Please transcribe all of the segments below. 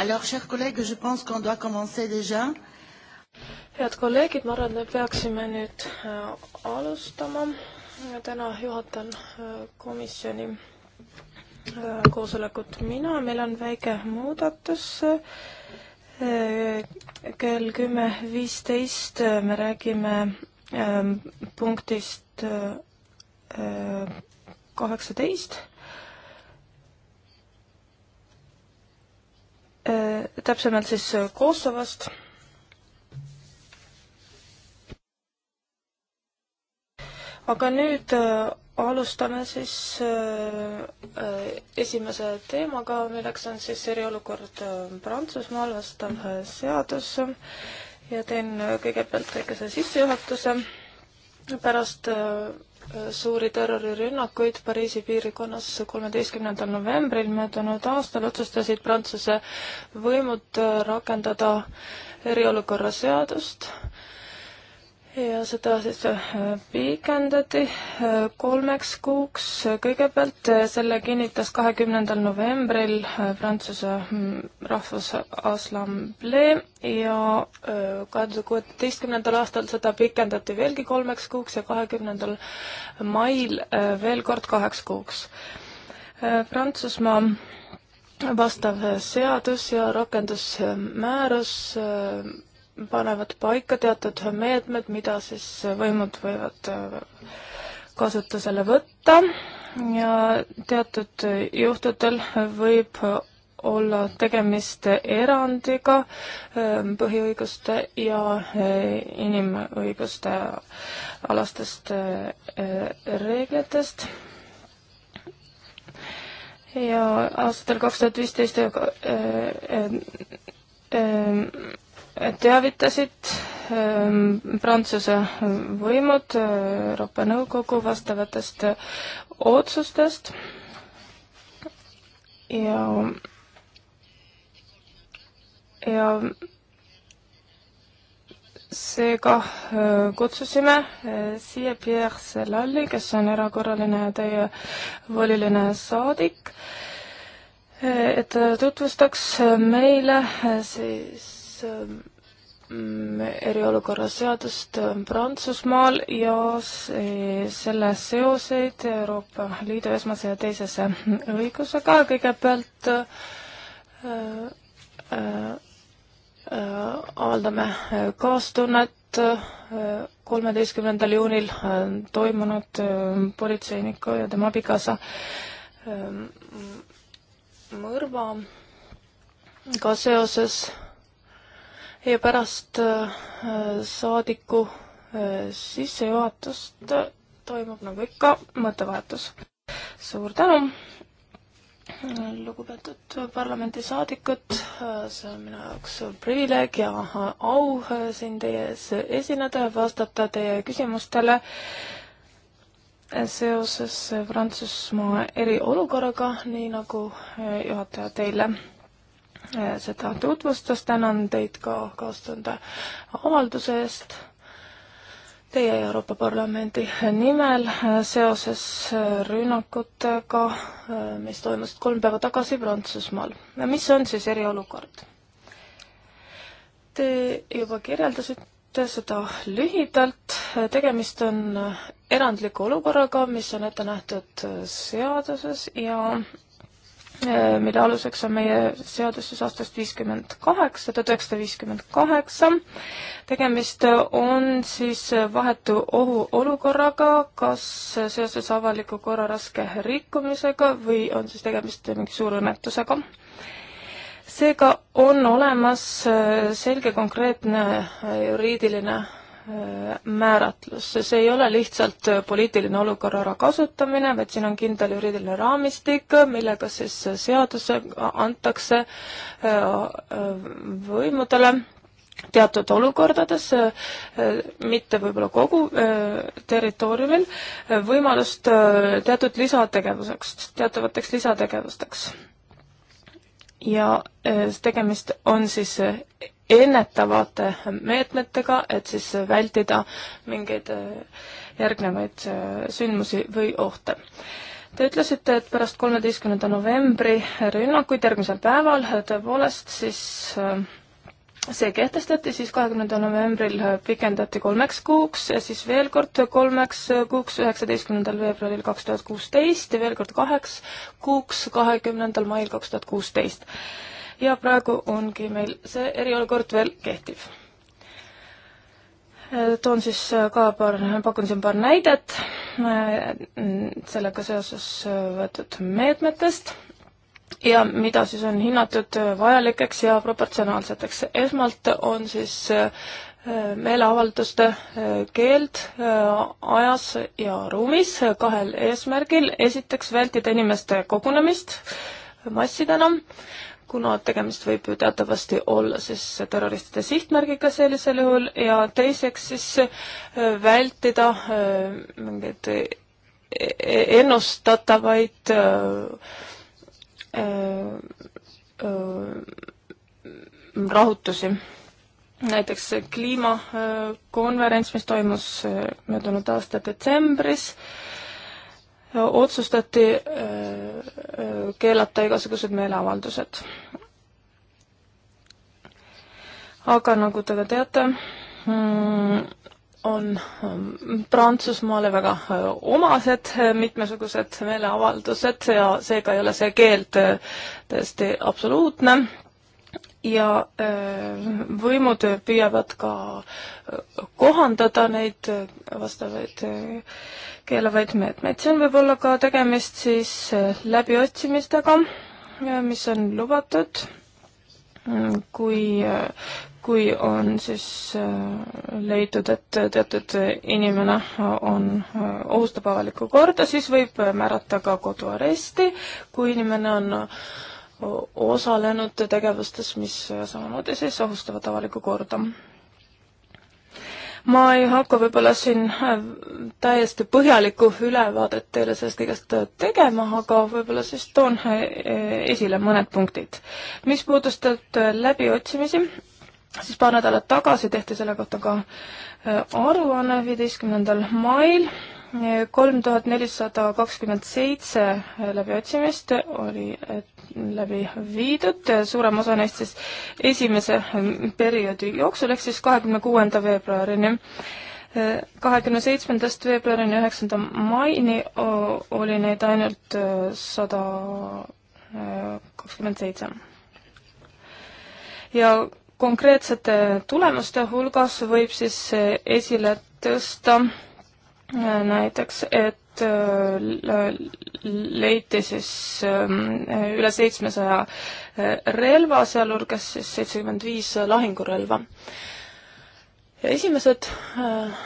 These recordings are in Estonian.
Alors, chers collègues, je pense qu'on doit commencer déjà. head kolleegid, ma arvan, et me peaksime nüüd äh, alustama. täna juhatan äh, komisjoni äh, koosolekut mina, meil on väike muudatus. kell kümme viisteist me räägime punktist kaheksateist Äh, täpsemalt siis äh, Kosovost. aga nüüd äh, alustame siis esimese teemaga, milleks on siis eriolukord Prantsusmaal, vastav seadus ja teen kõigepealt väikese sissejuhatuse. pärast suuri terrorirünnakuid Pariisi piirkonnas kolmeteistkümnendal novembril möödunud aastal otsustasid Prantsuse võimud rakendada eriolukorra seadust ja seda siis äh, pikendati äh, kolmeks kuuks. kõigepealt äh, selle kinnitas kahekümnendal novembril Prantsuse mm, Rahvusassamblee ja kahe tuhande kuueteistkümnendal aastal seda pikendati veelgi kolmeks kuuks ja kahekümnendal mail veel kord kaheks kuuks. Prantsusmaa vastav seadus ja rakendusmäärus panevad paika teatud meetmed, mida siis võimud võivad äh, kasutusele võtta ja teatud juhtudel võib olla tegemist erandiga äh, põhiõiguste ja äh, inimõiguste alastest reeglitest ja aastatel kaks tuhat viisteist teavitasid ähm, Prantsuse võimud äh, Euroopa Nõukogu vastavatest otsustest ja, ja seega äh, kutsusime äh, siia Pierre Selalli, kes on erakorraline teie voliline saadik, et tutvustaks meile siis Ähm, eriolukorra seadust ähm, Prantsusmaal ja selle seoseid Euroopa Liidu esmase ja teisese õigusega. kõigepealt äh, äh, äh, avaldame kaastunnet kolmeteistkümnendal juunil toimunud politseiniku ja tema abikaasa mõrvaga seoses ja pärast äh, saadiku äh, sissejuhatust äh, toimub nagu ikka mõttevahetus. suur tänu, lugupeetud parlamendisaadikud, see on minu jaoks privileeg ja au siin teie ees esineda ja vastata teie küsimustele seoses Prantsusmaa eriolukorraga, nii nagu juhataja teile seda tutvustust, tänan teid ka kaastunde avalduse eest teie Euroopa Parlamendi nimel seoses rünnakutega, mis toimusid kolm päeva tagasi Prantsusmaal. mis on siis eriolukord? Te juba kirjeldasite seda lühidalt, tegemist on erandliku olukorraga, mis on ette nähtud seaduses ja Äh, mille aluseks on meie seaduses aastast viiskümmend kaheksa, tuhat üheksasada viiskümmend kaheksa. tegemist on siis vahetu ohu olukorraga, kas seoses avaliku korra raske rikkumisega või on siis tegemist mingi suurõnnetusega. seega on olemas äh, selge konkreetne äh, juriidiline Äh, määratlus, see ei ole lihtsalt äh, poliitiline olukorra ärakasutamine, vaid siin on kindel juriidiline raamistik, millega siis äh, seadusega antakse võimudele teatud olukordades, mitte võib-olla kogu territooriumil, võimalust teatud lisategevuseks, teatavateks lisategevusteks. ja tegemist on siis ennetavate meetmetega, et siis vältida mingeid äh, järgnevaid äh, sündmusi või ohte. Te ütlesite, et pärast kolmeteistkümnenda novembri rünnakuid järgmisel päeval tõepoolest siis äh, see kehtestati, siis kahekümnendal novembril pikendati kolmeks kuuks ja siis veel kord kolmeks kuuks, üheksateistkümnendal veebruaril kaks tuhat kuusteist ja veel kord kaheks kuuks, kahekümnendal mail kaks tuhat kuusteist ja praegu ongi meil see eriolukord veel kehtiv. Äh, toon siis äh, ka paar, pakun siin paar näidet äh, sellega seoses võetud meetmetest ja mida siis on hinnatud vajalikeks ja proportsionaalseteks. esmalt on siis meeleavalduste keeld ajas ja ruumis kahel eesmärgil. esiteks vältida inimeste kogunemist massidena kuna tegemist võib ju teatavasti olla siis terroristide sihtmärgiga sellisel juhul ja teiseks siis äh, vältida äh, mingeid e-, e-, ennustatavaid äh, rahutusi. näiteks kliimakonverents, mis toimus möödunud aasta detsembris äh,, otsustati äh, äh, keelata igasugused meeleavaldused. aga nagu te ka teate, mm, on mm, Prantsusmaale väga äh, omased mitmesugused meeleavaldused ja seega ei ole see keeld tõesti absoluutne ja äh, võimud püüavad ka äh, kohandada neid äh, vastavaid keelavaid meetmeid. siin võib olla ka tegemist siis läbiotsimistega, mis on lubatud, mm, kui, kui on siis leitud, et teatud inimene on, ohustab avalikku korda, siis võib määrata ka koduaresti, kui inimene on osalenud tegevustes, mis samamoodi siis ohustavad avalikku korda. ma ei hakka võib-olla siin äh, täiesti põhjalikku ülevaadet teile sellest kõigest äh, tegema, aga võib-olla siis toon äh, esile mõned punktid. mis puudutab läbiotsimisi, siis paar nädalat tagasi tehti selle kohta ka aruanne viieteistkümnendal mail kolm tuhat nelisada kakskümmend seitse läbiotsimist oli läbi viidud, suurem osa neist siis esimese perioodi jooksul ehk siis kahekümne kuuenda veebruarini. kahekümne seitsmendast veebruarini üheksanda maini oli neid ainult äh, sada äh, kakskümmend seitse. ja konkreetsete tulemuste hulgas võib siis äh, esile tõsta näiteks, et äh, leiti siis ähm, üle seitsmesaja äh, relva, sealhulgas siis seitsekümmend viis lahingurelva. ja esimesed äh,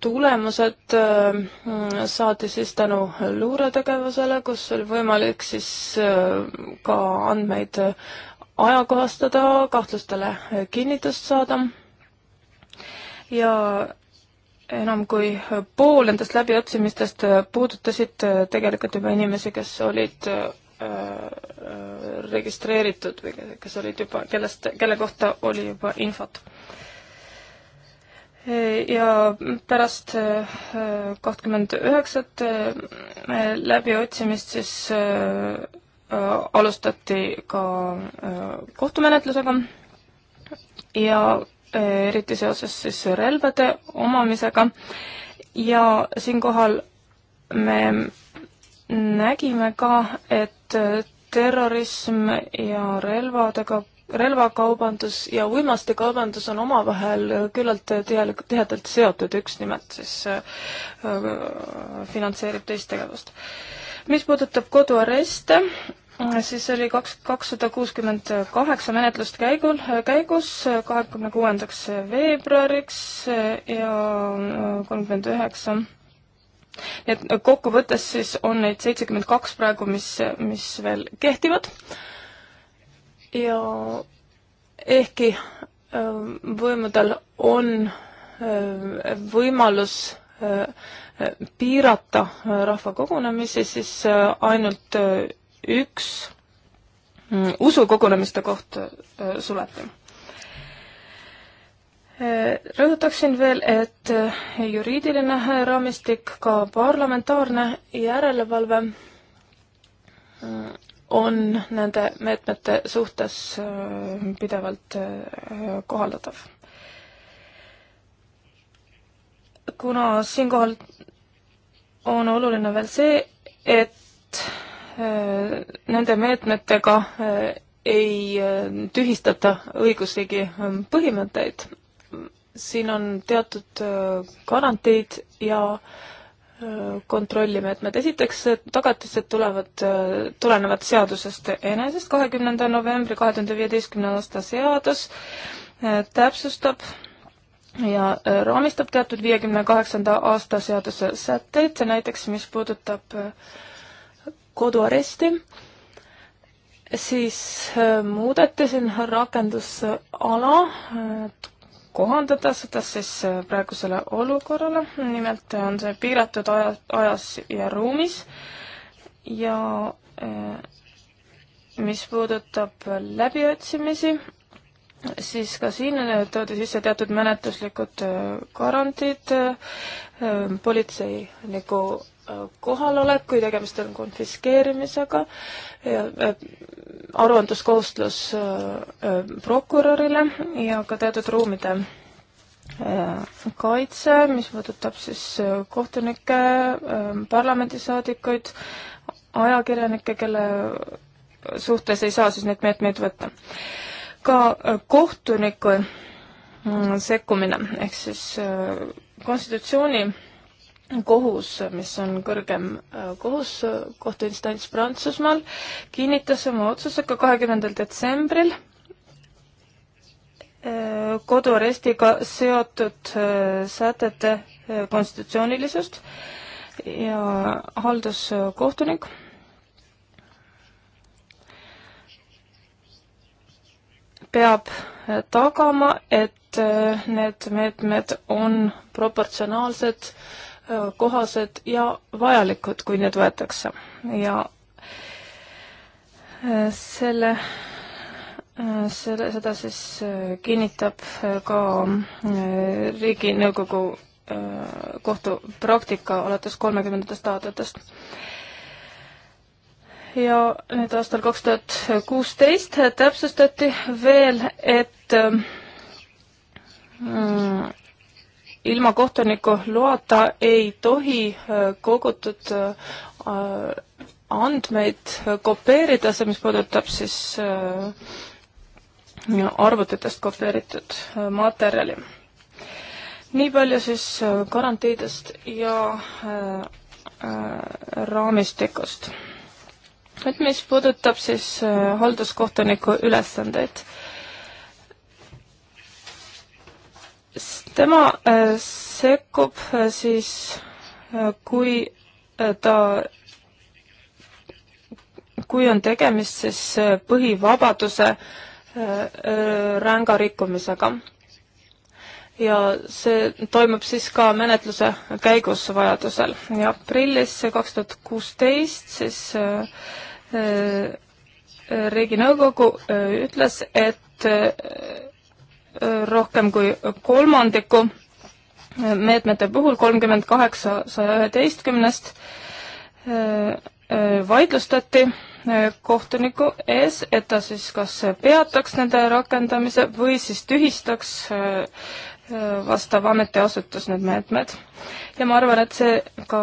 tulemused saadi siis tänu luuretegevusele, kus oli võimalik siis ka andmeid ajakohastada, kahtlustele kinnitust saada ja enam kui pool nendest läbiotsimistest puudutasid äh, tegelikult juba inimesi, kes olid äh, äh, registreeritud või kes olid juba, kellest, kelle kohta oli juba infot. ja pärast kahtkümmend üheksat läbiotsimist siis alustati ka kohtumenetlusega ja eriti seoses siis relvade omamisega ja siinkohal me nägime ka, et terrorism ja relvadega, relvakaubandus ja uimastikaubandus on omavahel küllalt tihedalt, tihedalt seotud, üks nimelt siis äh, finantseerib teist tegevust. mis puudutab koduareste, Äh, siis oli kaks, kakssada kuuskümmend kaheksa menetlust käigul, äh, käigus äh, kahekümne kuuendaks veebruariks ja kolmkümmend üheksa. nii et kokkuvõttes siis on neid seitsekümmend kaks praegu, mis, mis veel kehtivad. ja ehkki võimudel on võimalus piirata rahvakogunemisi, siis ainult üks mm, usukogunemiste koht äh, suleti. Äh, rõhutaksin veel, et äh, juriidiline raamistik, ka parlamentaarne järelevalve on nende meetmete suhtes pidevalt kohaldatav. kuna siinkohal on oluline veel see, et nende meetmetega eh, ei eh, tühistata õigusriigi eh, põhimõtteid. siin on teatud garantiid ja kontrollimeetmed. esiteks, tagatised tulevad, tulenevad seadusest enesest, kahekümnenda novembri kahe tuhande viieteistkümnenda aasta seadus täpsustab ja raamistab teatud viiekümne kaheksanda aasta seaduse sätteid, näiteks mis puudutab äh, koduaresti, siis äh, muudeti siin rakendusala, et äh, kohandada seda siis äh, praegusele olukorrale, nimelt on see piiratud aja, ajas ja ruumis ja mis puudutab läbiotsimisi, siis ka siin toodi sisse teatud menetluslikud garantiid politseiniku Äh, kohalolek, kui tegemist on konfiskeerimisega, äh, aruandluskohustus äh, prokurörile ja ka teatud ruumide kaitse, mis puudutab siis kohtunikke, parlamendisaadikuid, ajakirjanikke, kelle suhtes ei saa siis neid meetmeid võtta. ka kohtuniku mm, sekkumine ehk siis konstitutsiooni kohus, mis on kõrgem äh, kohus, äh, kohtuinstants Prantsusmaal, kinnitas oma otsusega kahekümnendal detsembril äh, koduarestiga seotud sätete konstitutsioonilisust ja halduskohtunik peab tagama, et need meetmed on proportsionaalsed äh, kohased ja vajalikud, kui need võetakse ja selle, selle, seda siis kinnitab ka Riiginõukogu kohtupraktika alates kolmekümnendatest aastatest ja nüüd aastal kaks tuhat kuusteist täpsustati veel, et ilma kohtuniku loata ei tohi äh, kogutud äh, andmeid äh, kopeerida, see, mis puudutab siis arvutitest kopeeritud materjali. nii palju siis garantiidest ja raamistikust. nüüd, mis puudutab siis halduskohtuniku ülesandeid tema äh, sekkub äh, siis, äh, kui ta, kui on tegemist siis põhivabaduse ränga rikkumisega. ja see toimub siis ka menetluse käigus vajadusel ja aprillis kaks tuhat kuusteist siis riiginõukogu ütles, et rohkem kui kolmandiku meetmete puhul, kolmkümmend kaheksa saja üheteistkümnest äh, äh, vaidlustati äh, kohtuniku ees, et ta siis kas peataks nende rakendamise või siis tühistaks vastav ametiasutus need meetmed. ja ma arvan, et see ka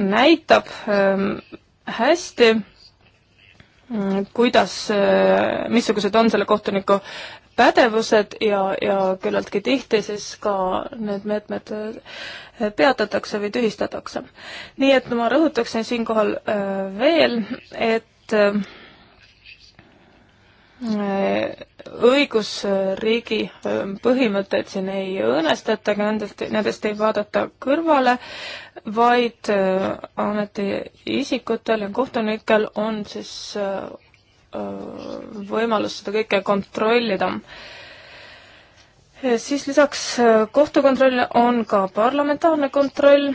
näitab ähm, hästi, mm, kuidas, missugused on selle kohtuniku pädevused ja, ja küllaltki tihti siis ka need meetmed eh, peatatakse või tühistatakse. nii et ma rõhutaksin siinkohal eh, veel, et eh, õigusriigi põhimõtteid siin ei õõnestata, aga nendest, nendest ei vaadata kõrvale, vaid ametiisikutel ja kohtunikel on siis võimalus seda kõike kontrollida. siis lisaks äh, kohtukontroll on ka parlamentaarne kontroll.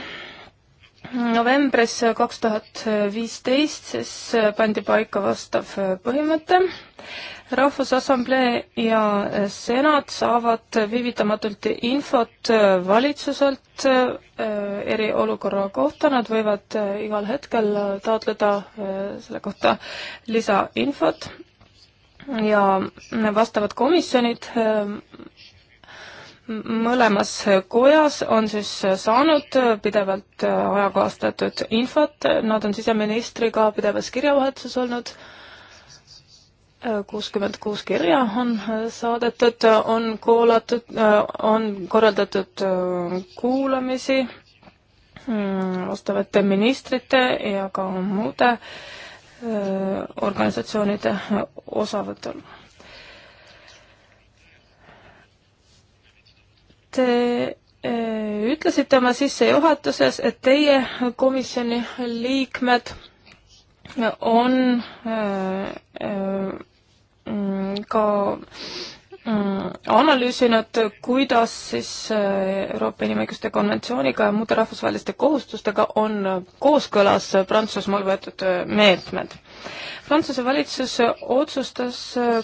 novembris kaks tuhat viisteist siis äh, pandi paika vastav äh, põhimõte rahvusassamblee ja senat saavad viivitamatult infot valitsuselt äh, eriolukorra kohta, nad võivad äh, igal hetkel äh, taotleda selle kohta lisainfot ja vastavad komisjonid mõlemas kojas on siis saanud pidevalt ajakohastatud infot, nad on siseministriga pidevas kirjavahetuses olnud äh, kuuskümmend kuus kirja on äh, saadetud, on kuulatud, äh, on korraldatud äh, kuulamisi mm, vastavate ministrite ja ka muude organisatsioonide osavõtul. Te ütlesite oma sissejuhatuses, et teie komisjoni liikmed on äh, äh, ka äh, analüüsinud, kuidas siis Euroopa Inimõiguste Konventsiooniga ja muude rahvusvaheliste kohustustega on kooskõlas Prantsusmaal võetud meetmed. Prantsuse valitsus otsustas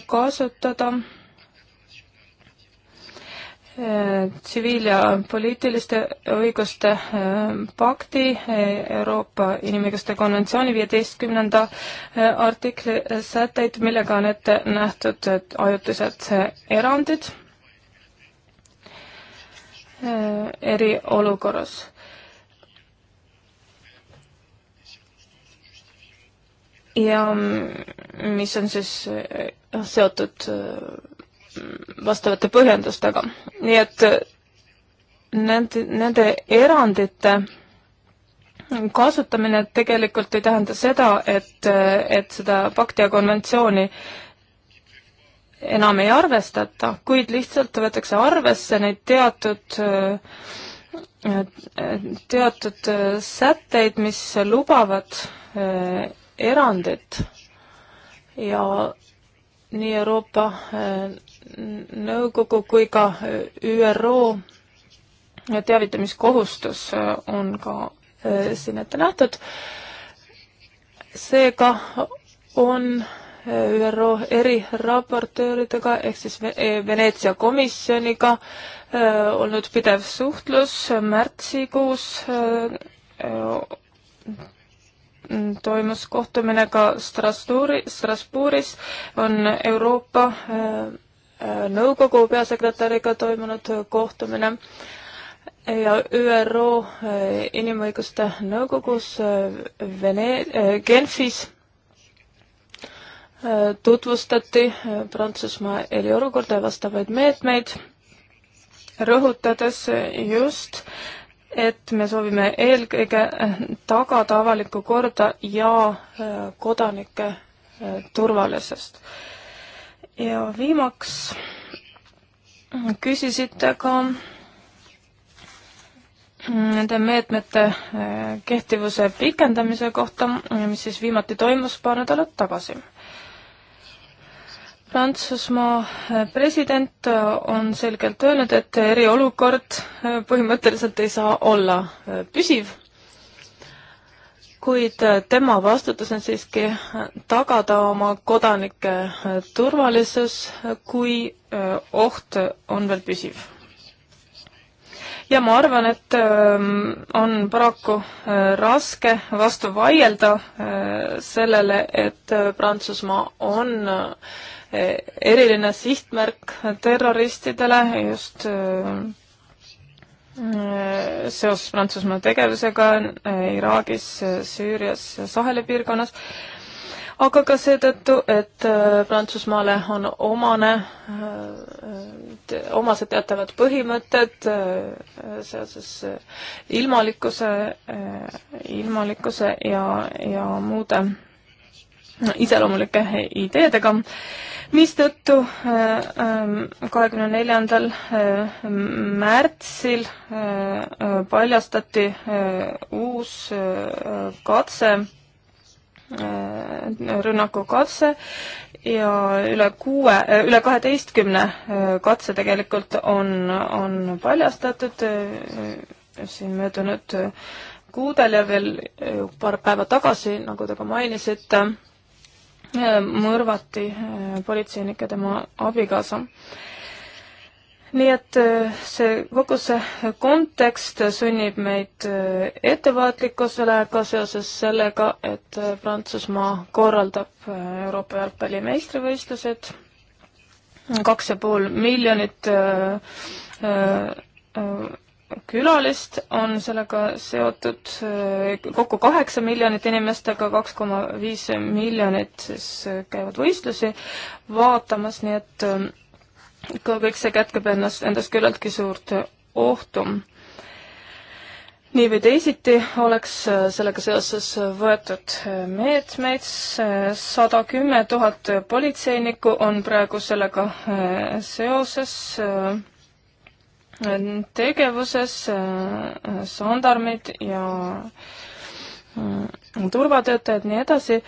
kasutada Eh, tsiviil- ja poliitiliste õiguste eh, pakti, eh, Euroopa Inimõiguste konventsiooni viieteistkümnenda artikli sätteid, millega on ette nähtud ajutised erandid eriolukorras. ja mm, mis on siis seotud vastavate põhjendustega. nii et äh, nende, nende erandite kasutamine tegelikult ei tähenda seda, et, äh, et seda pakti ja konventsiooni enam ei arvestata, kuid lihtsalt võetakse arvesse neid teatud, äh, teatud sätteid, mis lubavad erandit ja nii Euroopa nõukogu kui ka ÜRO teavitamiskohustus on ka äh, siin ette nähtud. seega on äh, ÜRO eriraportööridega ehk siis äh, Veneetsia komisjoniga olnud pidev suhtlus märtsikuus toimus kohtumine ka Strasbourgi, Strasbourgis on Euroopa Äh, nõukogu peasekretäriga toimunud kohtumine ja ÜRO äh, Inimõiguste Nõukogus äh, Vene-, Genfis tutvustati Prantsusmaa eriolukorda ja vastavaid meetmeid, rõhutades just, et me soovime eelkõige tagada avalikku korda ja kodanike turvalisust ja viimaks küsisite ka nende meetmete äh, kehtivuse pikendamise kohta, mis siis viimati toimus paar nädalat tagasi. Prantsusmaa äh, president äh, on selgelt öelnud, et eriolukord põhimõtteliselt ei saa olla püsiv kuid äh, tema vastutus on siiski tagada oma kodanike äh, turvalisus, kui äh, oht on veel püsiv. ja ma arvan, et ähm, on paraku raske vastu vaielda sellele, et Prantsusmaa on eriline sihtmärk terroristidele just Äh, seoses Prantsusmaa tegevusega äh, Iraagis, äh, Süürias, Saheli piirkonnas, aga ka seetõttu, et Prantsusmaale on omane, omased teatavad põhimõtted seoses ilmalikkuse, ilmalikkuse ja, ja muude iseloomulike ideedega, mistõttu äh, äh, kahekümne neljandal äh, märtsil paljastati uus katse, rünnaku katse ja üle kuue, üle kaheteistkümne katse tegelikult on, on paljastatud siin möödunud kuudel ja veel paar päeva tagasi, nagu te ka mainisite Äh, mõrvati äh, politseinik ja tema abikaasa. nii et äh, see, kogu see kontekst sunnib meid ettevaatlikkusele ka seoses sellega, et Prantsusmaa korraldab Euroopa jalgpalli meistrivõistlused, kaks ja pool miljonit külalist on sellega seotud äh, kokku kaheksa miljonit inimest, aga kaks koma viis miljonit siis äh, käivad võistlusi vaatamas, nii et äh, ka kõik see kätkeb ennast, endas küllaltki suurt ohtu. nii või teisiti oleks sellega seoses võetud meetmeid, sada kümme tuhat politseinikku on praegu sellega seoses tegevuses äh, sandarmid ja äh, turvatöötajad, nii edasi,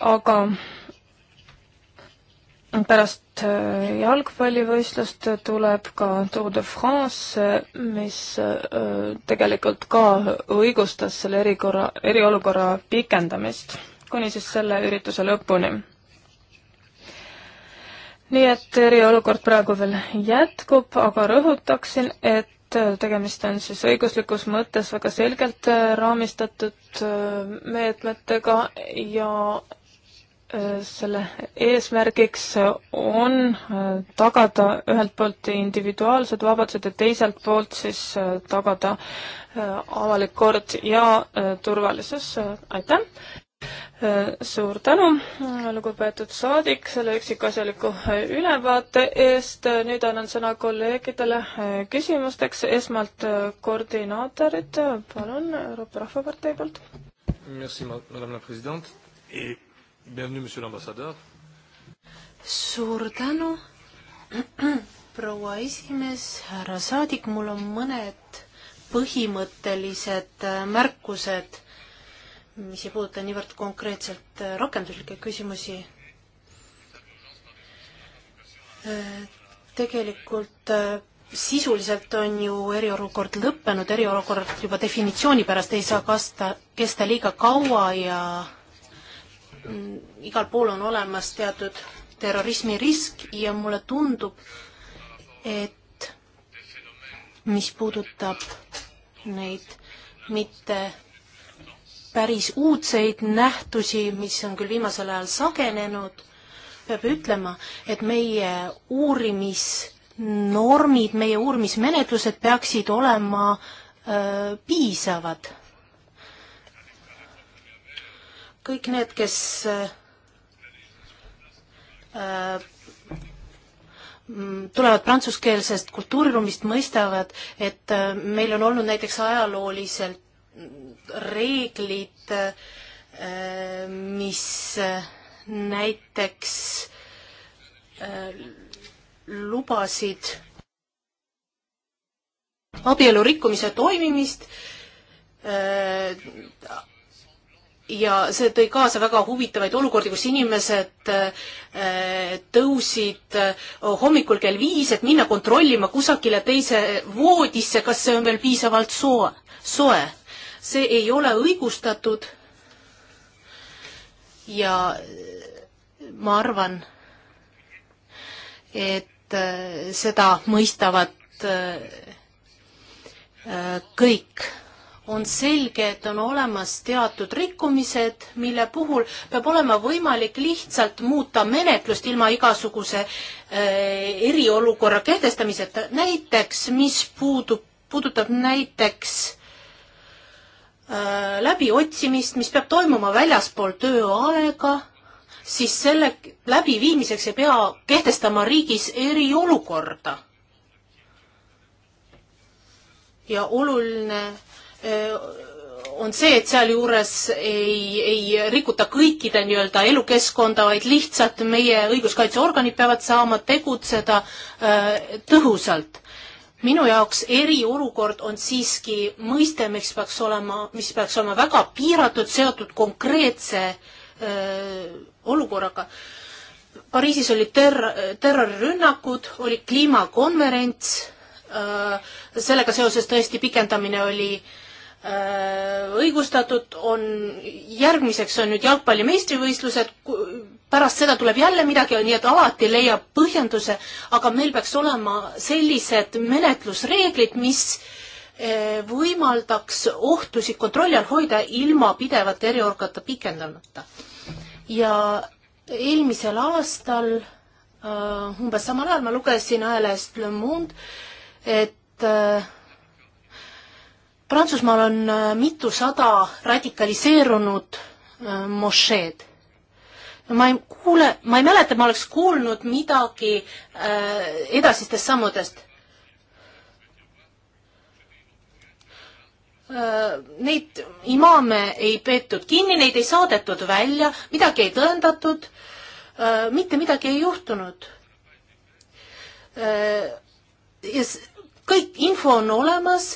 aga pärast äh, jalgpallivõistlust tuleb ka Tour de France, mis tegelikult ka õigustas selle erikorra, eriolukorra pikendamist kuni siis selle ürituse lõpuni nii et eriolukord praegu veel jätkub, aga rõhutaksin, et äh, tegemist on siis õiguslikus mõttes väga selgelt äh, raamistatud äh, meetmetega ja selle eesmärgiks on tagada ühelt poolt individuaalsed vabadused ja teiselt poolt siis tagada avalik kord ja turvalisus. aitäh! Äh, suur tänu, lugupeetud saadik, selle üksikasjaliku äh, ülevaate eest. Äh, nüüd annan sõna kolleegidele küsimusteks. esmalt koordinaatorid, palun, Euroopa Rahvapartei poolt. Merci, madame la president et bienvenue, monsieur l'ambassadeur. suur tänu, proua esimees, härra saadik, mul on mõned põhimõttelised märkused mis ei puuduta niivõrd konkreetselt äh, rakenduslikke küsimusi. Äh, tegelikult äh, sisuliselt on ju eriolukord lõppenud, eriolukord juba definitsiooni pärast ei saa kasta, kesta liiga kaua ja mm, igal pool on olemas teatud terrorismirisk ja mulle tundub, et mis puudutab neid mitte päris uudseid nähtusi, mis on küll viimasel ajal sagenenud, peab ütlema, et meie uurimisnormid, meie uurimismenetlused peaksid olema öö, piisavad. kõik need, kes öö, tulevad prantsuskeelsest kultuuriruumist, mõistavad, et meil on olnud näiteks ajalooliselt reeglid, äh, mis näiteks äh, lubasid abielu rikkumise toimimist äh, ja see tõi kaasa väga huvitavaid olukordi, kus inimesed tõusid hommikul kell viis, et minna kontrollima kusagile teise voodisse, kas see on veel piisavalt soe, soe see ei ole õigustatud. ja ma arvan, et äh, seda mõistavad äh, äh, kõik. on selge, et on olemas teatud rikkumised, mille puhul peab olema võimalik lihtsalt muuta menetlust ilma igasuguse eriolukorra kehtestamiseta, näiteks mis puudub, puudutab näiteks Äh, läbiotsimist, mis peab toimuma väljaspool tööaega, siis selle läbiviimiseks ei pea kehtestama riigis eriolukorda. ja oluline äh, on see, et sealjuures ei, ei rikuta kõikide nii-öelda elukeskkonda, vaid lihtsalt meie õiguskaitseorganid peavad saama tegutseda äh, tõhusalt minu jaoks eriolukord on siiski mõiste, mis peaks olema, mis peaks olema väga piiratud, seotud konkreetse öö, olukorraga. Pariisis olid ter-, terrorirünnakud, oli kliimakonverents, sellega seoses tõesti pikendamine oli öö, Äh, õigustatud, on, järgmiseks on nüüd jalgpalli meistrivõistlused, pärast seda tuleb jälle midagi, nii et alati leiab põhjenduse, aga meil peaks olema sellised menetlusreeglid, mis äh, võimaldaks ohtusid kontrolli all hoida ilma pidevat eriorgata pikendamata. ja eelmisel aastal äh, umbes samal ajal ma lugesin ajalehest Le Monde, et äh, Prantsusmaal on äh, mitusada radikaliseerunud äh, mošeed. ma ei kuule, ma ei mäleta, ma oleks kuulnud midagi äh, edasistest sammudest. Neid imaame ei peetud kinni, neid ei saadetud välja, midagi ei tõendatud, mitte midagi ei juhtunud. ja kõik info on olemas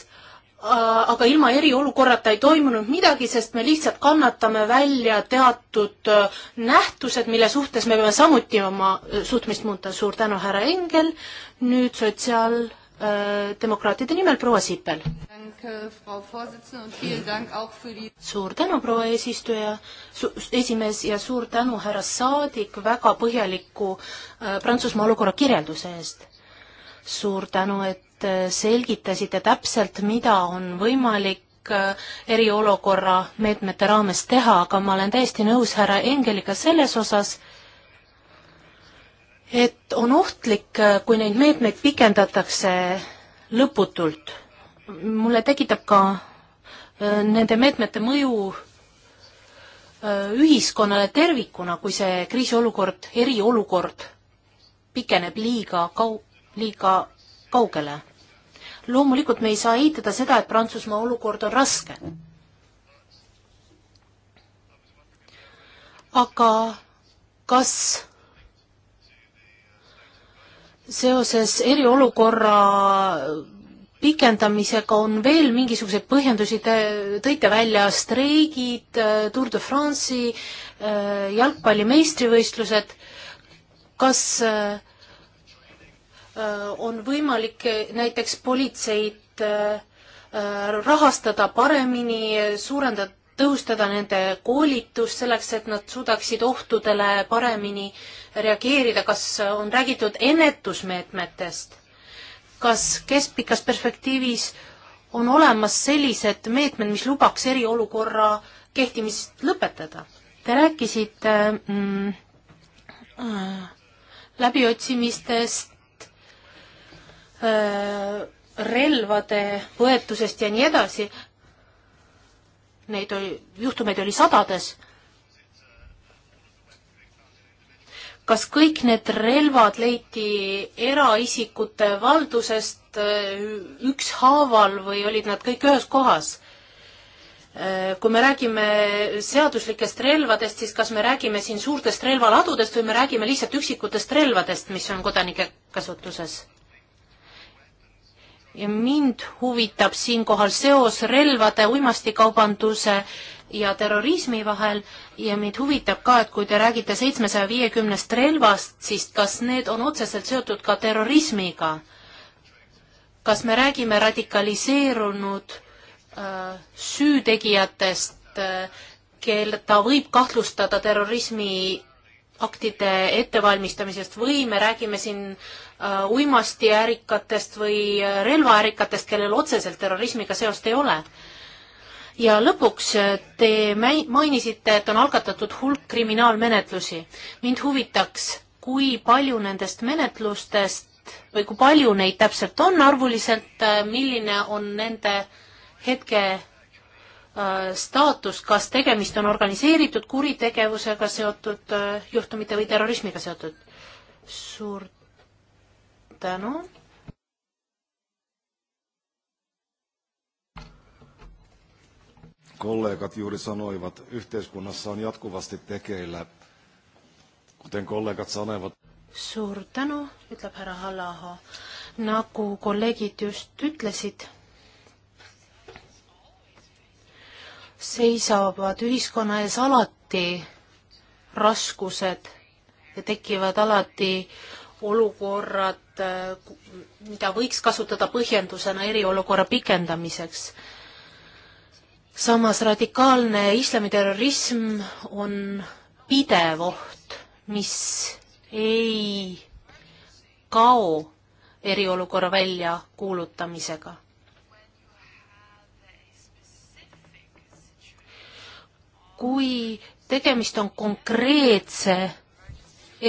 Äh, aga ilma eriolukorrata ei toimunud midagi, sest me lihtsalt kannatame välja teatud äh, nähtused, mille suhtes me peame samuti oma äh, suhtumist muuta. suur tänu, härra Engel, nüüd sotsiaaldemokraatide nimel proua Sipel. suur tänu, proua eesistuja su,, esimees ja suur tänu, härra saadik, väga põhjaliku äh, Prantsusmaa olukorra kirjelduse eest. suur tänu, et Äh, selgitasite täpselt, mida on võimalik äh, eriolukorra meetmete raames teha, aga ma olen täiesti nõus härra Engeliga selles osas, et on ohtlik, äh, kui neid meetmeid pikendatakse lõputult. mulle tekitab ka nende meetmete mõju ühiskonnale tervikuna, kui see kriisiolukord, eriolukord pikeneb liiga kau-, liiga kaugele. loomulikult me ei saa eitada seda, et Prantsusmaa olukord on raske. aga kas seoses eriolukorra pikendamisega on veel mingisuguseid põhjendusi, te tõite välja streigid, Tour de France'i, jalgpalli meistrivõistlused, kas äh, Äh, on võimalik äh, näiteks politseid äh, rahastada paremini, suurendada, tõhustada nende koolitust selleks, et nad suudaksid ohtudele paremini reageerida, kas on räägitud ennetusmeetmetest, kas keskpikas perspektiivis on olemas sellised meetmed, mis lubaks eriolukorra kehtimist lõpetada? Te rääkisite mm, äh, läbiotsimistest Äh, relvade põetusest ja nii edasi. Neid oli, juhtumeid oli sadades. kas kõik need relvad leiti eraisikute valdusest äh, ükshaaval või olid nad kõik ühes kohas? Äh, kui me räägime seaduslikest relvadest, siis kas me räägime siin suurtest relvaladudest või me räägime lihtsalt üksikutest relvadest, mis on kodanike kasutuses? ja mind huvitab siinkohal seos relvade, uimastikaubanduse ja terrorismi vahel ja mind huvitab ka, et kui te räägite seitsmesaja viiekümnest relvast, siis kas need on otseselt seotud ka terrorismiga? kas me räägime radikaliseerunud äh, süütegijatest äh,, keda võib kahtlustada terrorismi aktide ettevalmistamisest või me räägime siin äh, uimastiärikatest või äh, relvaärikatest, kellel otseselt terrorismiga seost ei ole. ja lõpuks äh, te mainisite, et on algatatud hulk kriminaalmenetlusi. mind huvitaks, kui palju nendest menetlustest või kui palju neid täpselt on arvuliselt, äh, milline on nende hetke Äh, staatust, kas tegemist on organiseeritud kuritegevusega seotud äh, juhtumite või terrorismiga seotud? suur tänu. kollegat juuri sanoivat, yhteiskunnassa on jatkuvasti tekeillä, kuten kollegat sanoivat. suur tänu, ütleb härra Hallaho. nagu kolleegid just ütlesid seisavad ühiskonna ees alati raskused ja tekivad alati olukorrad, mida võiks kasutada põhjendusena eriolukorra pikendamiseks. samas radikaalne islamiterrorism on pidev oht, mis ei kao eriolukorra väljakuulutamisega kui tegemist on konkreetse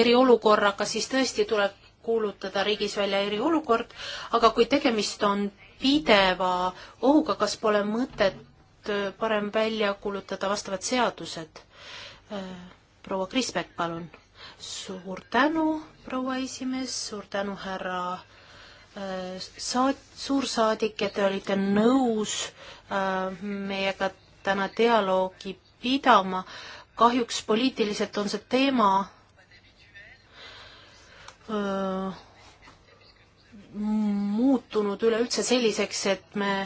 eriolukorraga, siis tõesti tuleb kuulutada riigis välja eriolukord, aga kui tegemist on pideva ohuga, kas pole mõtet äh, parem välja kuulutada vastavad seadused? Äh, proua Krispek, palun. suur tänu, proua esimees, suur tänu, härra äh, saat-, suursaadik, et te olite nõus meiega täna dialoogi pidama. kahjuks poliitiliselt on see teema öö, muutunud üleüldse selliseks, et me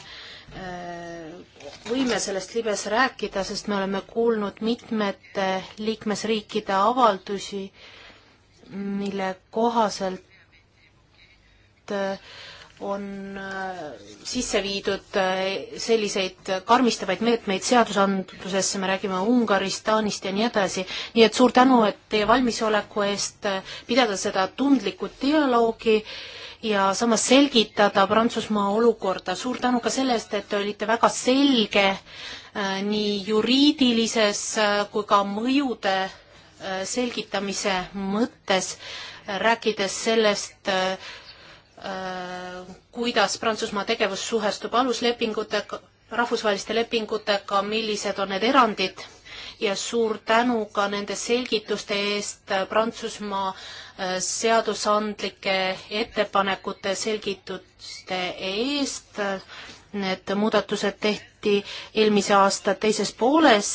võime sellest libes rääkida, sest me oleme kuulnud mitmete liikmesriikide avaldusi, mille kohaselt on äh, sisse viidud äh, selliseid karmistavaid meetmeid seadusandlusesse, me räägime Ungarist, Taanist ja nii edasi, nii et suur tänu, et teie valmisoleku eest äh, pidada seda tundlikku dialoogi ja samas selgitada Prantsusmaa olukorda, suur tänu ka selle eest, et te olite väga selge nii juriidilises kui ka mõjude selgitamise mõttes, rääkides sellest, Äh, kuidas Prantsusmaa tegevus suhestub aluslepingutega, rahvusvaheliste lepingutega, millised on need erandid ja suur tänu ka nende selgituste eest Prantsusmaa äh, seadusandlike ettepanekute selgituste eest. Need muudatused tehti eelmise aasta teises pooles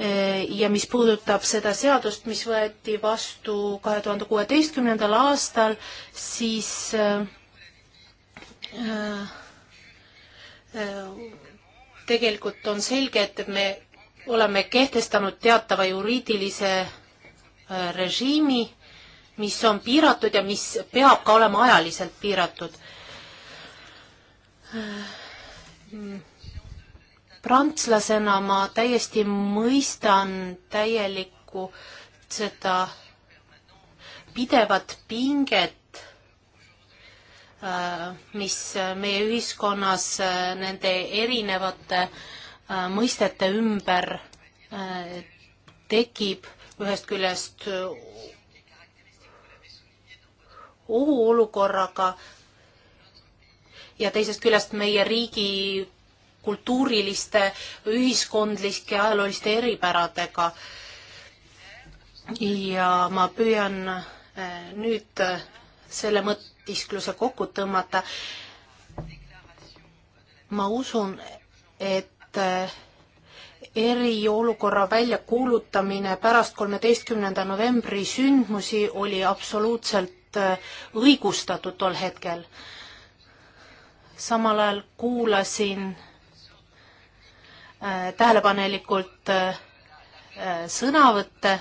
Äh, ja mis puudutab seda seadust, mis võeti vastu kahe tuhande kuueteistkümnendal aastal, siis äh, äh, tegelikult on selge, et me oleme kehtestanud teatava juriidilise režiimi, mis on piiratud ja mis peab ka olema ajaliselt piiratud mm. Prantslasena ma täiesti mõistan täielikku seda pidevat pinget, äh, mis meie ühiskonnas äh, nende erinevate äh, mõistete ümber tekib ühest küljest ohuolukorraga ja teisest küljest meie riigi kultuuriliste, ühiskondlike, ajalooliste eripäradega. ja ma püüan eh, nüüd eh, selle mõtiskluse kokku tõmmata. ma usun, et eh, eriolukorra väljakuulutamine pärast kolmeteistkümnenda novembri sündmusi oli absoluutselt õigustatud tol hetkel. samal ajal kuulasin Äh, tähelepanelikult äh, sõnavõtte,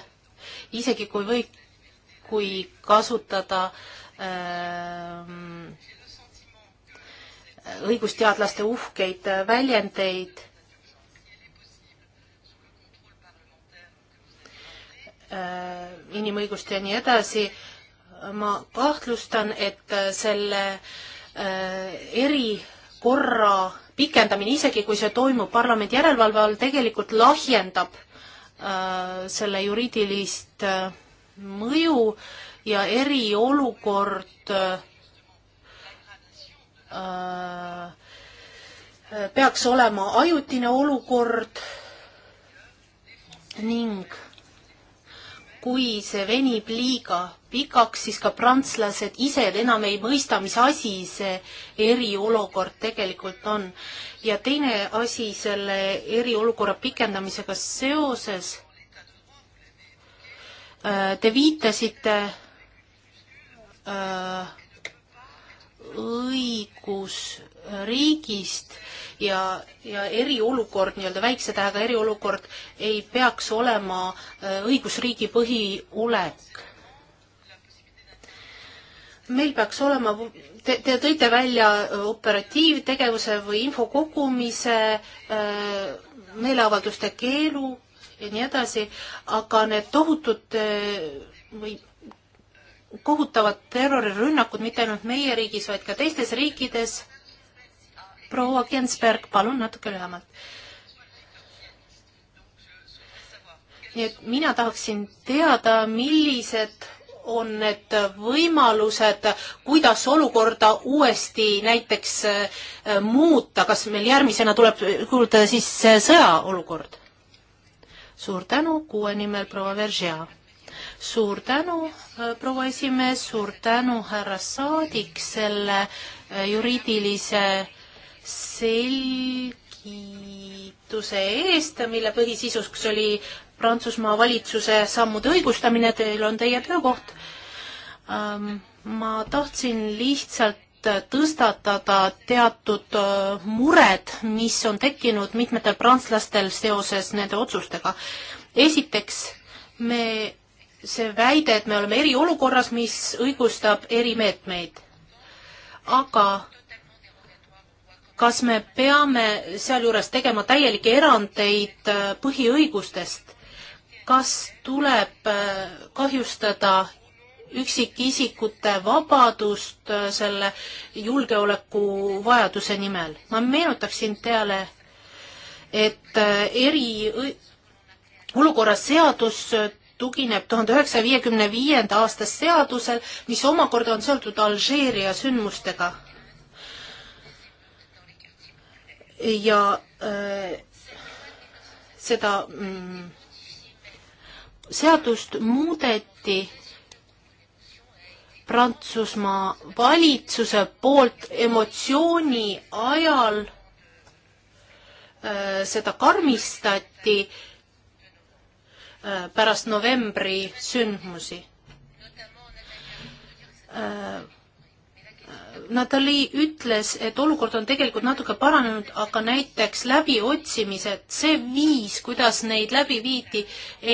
isegi kui või, kui kasutada ähm, õigusteadlaste uhkeid väljendeid äh, inimõigust ja nii edasi, ma kahtlustan, et selle eri korra pikendamine, isegi kui see toimub parlamendi järelevalve all, tegelikult lahjendab äh, selle juriidilist äh, mõju ja eriolukord äh, äh peaks olema ajutine olukord ning kui see venib liiga pikaks, siis ka prantslased ise enam ei mõista, mis asi see eriolukord tegelikult on. ja teine asi selle eriolukorra pikendamisega seoses, äh, te viitasite äh, õigus riigist ja, ja eriolukord, nii-öelda väikse tähega eriolukord ei peaks olema äh, õigusriigi põhiolek. meil peaks olema, te, te tõite välja äh, operatiivtegevuse või info kogumise, äh, meeleavalduste keelu ja nii edasi, aga need tohutud või kohutavad terrorirünnakud mitte ainult meie riigis, vaid ka teistes riikides proua Gensberg, palun natuke lühemalt. nii et mina tahaksin teada, millised on need võimalused, kuidas olukorda uuesti näiteks äh, muuta, kas meil järgmisena tuleb kuuluda siis äh, sõjaolukord? suur tänu, kuue nimel proua Veržea. suur tänu, äh, proua esimees, suur tänu, härra saadik, selle juriidilise selgituse eest, mille põhisisuks oli Prantsusmaa valitsuse sammude õigustamine, teil on teie töökoht. Ähm, ma tahtsin lihtsalt tõstatada teatud äh, mured, mis on tekkinud mitmetel prantslastel seoses nende otsustega. esiteks, me, see väide, et me oleme eriolukorras, mis õigustab erimeetmeid. aga kas me peame sealjuures tegema täielikke erandeid äh, põhiõigustest? kas tuleb äh, kahjustada üksikisikute vabadust äh, selle julgeolekuvajaduse nimel. ma meenutaksin teale, et eri olukorra seadus tugineb tuhande üheksasaja viiekümne viienda aasta seadusel, mis omakorda on seotud Alžeeria sündmustega. ja äh, seda mm, seadust muudeti Prantsusmaa valitsuse poolt emotsiooni ajal äh, seda karmistati äh, pärast novembri sündmusi äh, Natali ütles, et olukord on tegelikult natuke paranenud, aga näiteks läbiotsimised, see viis, kuidas neid läbi viidi,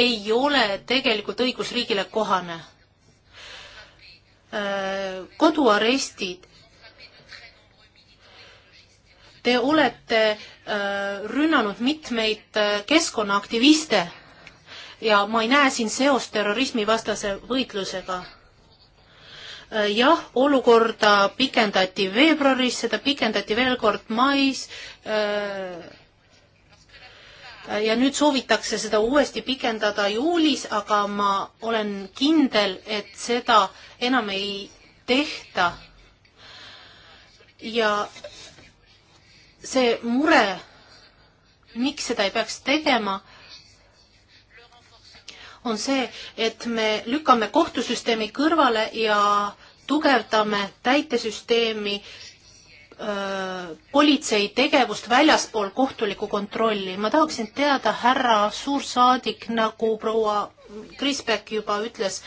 ei ole tegelikult õigusriigile kohane. Äh, koduarestid. Te olete äh, rünnanud mitmeid äh, keskkonnaaktiviste ja ma ei näe siin seost terrorismivastase võitlusega Äh, jah, olukorda pikendati veebruaris, seda pikendati veel kord mais. Äh, ja nüüd soovitakse seda uuesti pikendada juulis, aga ma olen kindel, et seda enam ei tehta. ja see mure, miks seda ei peaks tegema on see, et me lükkame kohtusüsteemi kõrvale ja tugevdame täitesüsteemi politsei tegevust väljaspool kohtulikku kontrolli. ma tahaksin teada, härra suursaadik, nagu proua Krisbek juba ütles,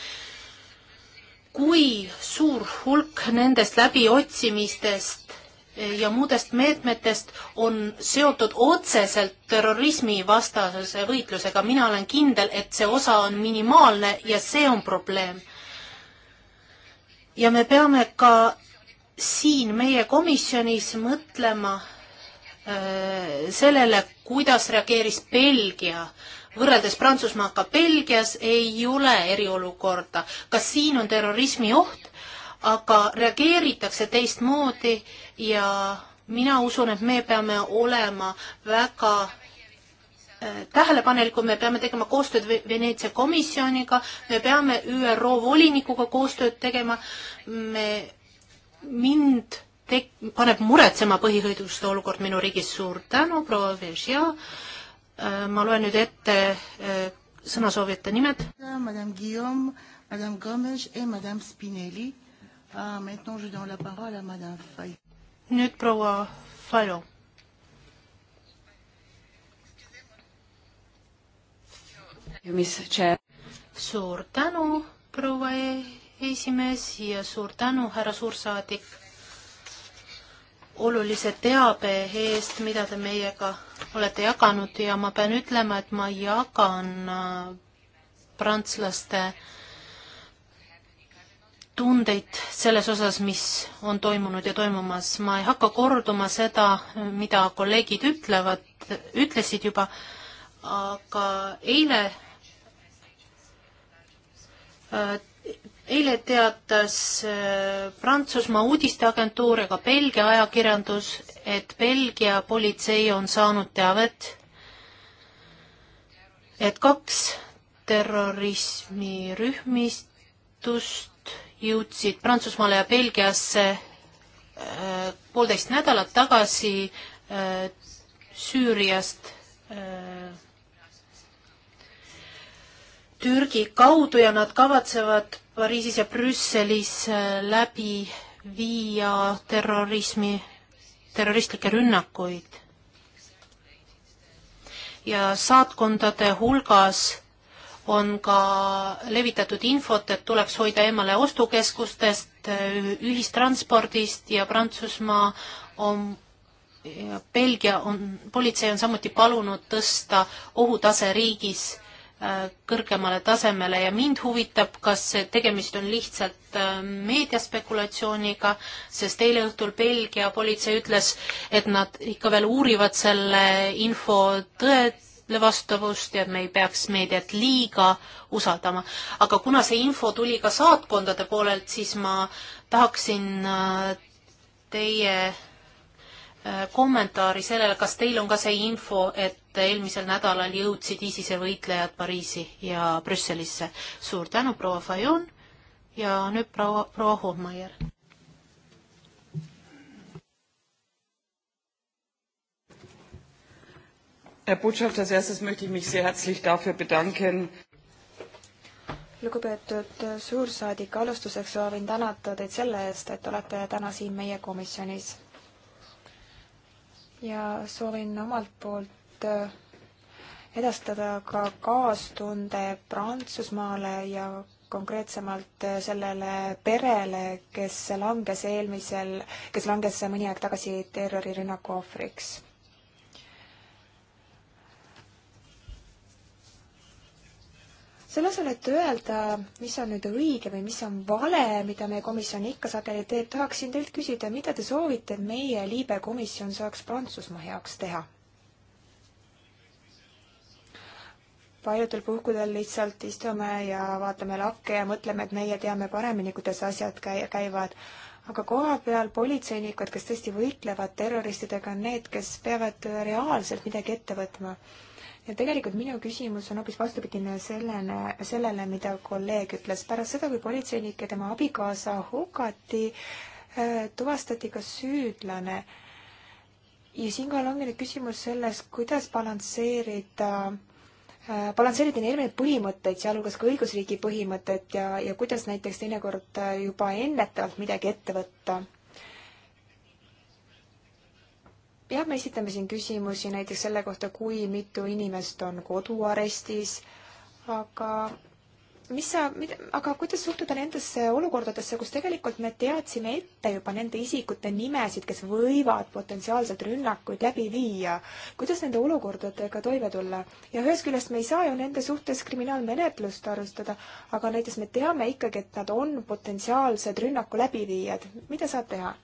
kui suur hulk nendest läbiotsimistest ja muudest meetmetest on seotud otseselt terrorismi vastase võitlusega. mina olen kindel, et see osa on minimaalne ja see on probleem. ja me peame ka siin meie komisjonis mõtlema äh, sellele, kuidas reageeris Belgia võrreldes Prantsusmaaga Belgias ei ole eriolukorda. kas siin on terrorismi oht? aga reageeritakse teistmoodi ja mina usun, et me peame olema väga äh, tähelepanelikud, me peame tegema koostööd Veneetsia komisjoniga, me peame ÜRO volinikuga koostööd tegema, me, mind tek-, paneb muretsema põhiõiguste olukord minu riigis, suur tänu, proua Veržia, äh, ma loen nüüd ette äh, sõnasoovijate nimed. Madame Guillaume, Madame Gomes ja Madame Spinelli Ah, nüüd proua Fajo. suur tänu, proua esimees ja suur tänu, härra suursaadik, olulise teabe eest, mida te meiega olete jaganud ja ma pean ütlema, et ma jagan äh, prantslaste äh, tundeid selles osas, mis on toimunud ja toimumas. ma ei hakka korduma seda, mida kolleegid ütlevad, ütlesid juba, aga eile, äh, eile teatas äh, Prantsusmaa uudisteagentuur ja ka Belgia ajakirjandus, et Belgia politsei on saanud teavet, et kaks terrorismirühmistust jõudsid Prantsusmaale ja Belgiasse äh, poolteist nädalat tagasi äh, Süüriast äh, Türgi kaudu ja nad kavatsevad Pariisis ja Brüsselis läbi viia terrorismi, terroristlikke rünnakuid. ja saatkondade hulgas on ka levitatud infot, et tuleks hoida eemale ostukeskustest, ühistranspordist ja Prantsusmaa on ja Belgia on, politsei on samuti palunud tõsta ohutase riigis äh, kõrgemale tasemele ja mind huvitab, kas tegemist on lihtsalt äh, meediaspekulatsiooniga, sest eile õhtul Belgia politsei ütles, et nad ikka veel uurivad selle info tõed, vastavust ja me ei peaks meediat liiga usaldama. aga kuna see info tuli ka saatkondade poolelt, siis ma tahaksin äh, teie äh, kommentaari sellele, kas teil on ka see info, et eelmisel nädalal jõudsid ISISe võitlejad Pariisi ja Brüsselisse. suur tänu, proua Fajon ja nüüd proua, proua Hohmeier. Herr Botschafter, als erstes möchte ich mich sehr herzlich dafür bedanken. lugupeetud suursaadik, alustuseks soovin tänada teid selle eest, et olete täna siin meie komisjonis. ja soovin omalt poolt äh, edastada ka kaastunde Prantsusmaale ja konkreetsemalt äh, sellele perele, kes langes eelmisel, kes langes mõni aeg tagasi terrorirünnaku ohvriks. selle asemel, et öelda, mis on nüüd õige või mis on vale, mida meie komisjon ikka sageli teeb, tahaksin teilt küsida, mida te soovite, et meie liibe komisjon saaks Prantsusmaa heaks teha? paljudel puhkudel lihtsalt istume ja vaatame lakke ja mõtleme, et meie teame paremini, kuidas asjad käi-, käivad aga kohapeal politseinikud, kes tõesti võitlevad terroristidega, on need, kes peavad reaalselt midagi ette võtma ja tegelikult minu küsimus on hoopis vastupidine sellele, sellele, mida kolleeg ütles. pärast seda, kui politseinik ja tema abikaasa hukati, äh, tuvastati ka süüdlane. ja siinkohal ongi nüüd küsimus selles, kuidas balansseerida äh, balansseerida neid erinevaid põhimõtteid, sealhulgas ka õigusriigi põhimõtet ja, ja kuidas näiteks teinekord äh, juba ennetavalt midagi ette võtta jah, me esitame siin küsimusi näiteks selle kohta, kui mitu inimest on koduarestis, aga mis sa, mida, aga kuidas suhtuda nendesse olukordadesse, kus tegelikult me teadsime ette juba nende isikute nimesid, kes võivad potentsiaalselt rünnakuid läbi viia? kuidas nende olukordadega toime tulla? ja ühest küljest me ei saa ju nende suhtes kriminaalmenetlust alustada, aga näiteks me teame ikkagi, et nad on potentsiaalsed rünnaku läbiviijad. mida saab teha?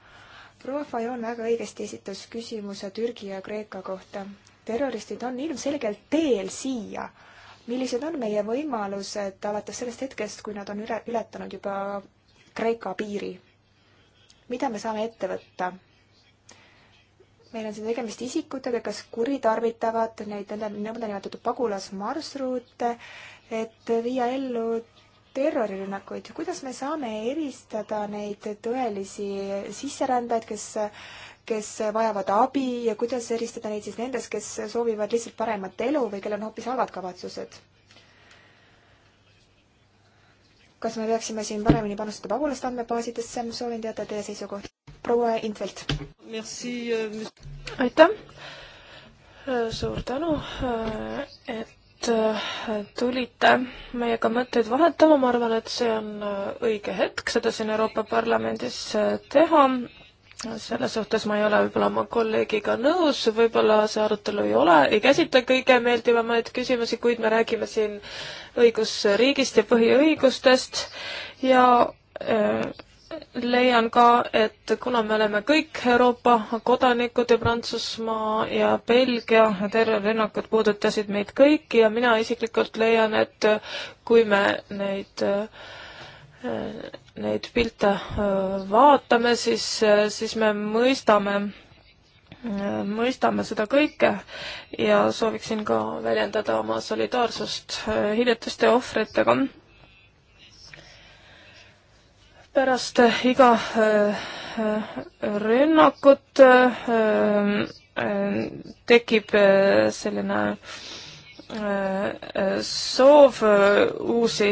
proua Fajon väga õigesti esitas küsimuse Türgi ja Kreeka kohta. terroristid on ilmselgelt teel siia. millised on meie võimalused alates sellest hetkest, kui nad on üle, ületanud juba Kreeka piiri? mida me saame ette võtta? meil on siin tegemist isikutega, kes kuritarvitavad neid nõndanimetatud pagulasmarsruute, et viia ellu terrorirünnakuid, kuidas me saame eristada neid tõelisi sisserändajaid, kes, kes vajavad abi ja kuidas eristada neid siis nendest, kes soovivad lihtsalt paremat elu või kellel on hoopis halvad kavatsused? kas me peaksime siin paremini panustada pagulaste andmebaasidesse, soovin teada teie seisukohti. proua Infeld. Euh, aitäh, suur tänu, euh, et et äh, tulite meiega mõtteid vahetama, ma arvan, et see on äh, õige hetk seda siin Euroopa Parlamendis äh, teha. selles suhtes ma ei ole võib-olla oma kolleegiga nõus, võib-olla see arutelu ei ole, ei käsitle kõige meeldivamaid küsimusi, kuid me räägime siin õigusriigist ja põhiõigustest ja leian ka, et kuna me oleme kõik Euroopa kodanikud ja Prantsusmaa ja Belgia terrorirünnakud puudutasid meid kõiki ja mina isiklikult leian, et kui me neid, neid pilte äh, vaatame, siis, siis me mõistame, mõistame seda kõike ja sooviksin ka väljendada oma solidaarsust äh, hiljutiste ohvritega pärast iga rünnakut tekib selline soov uusi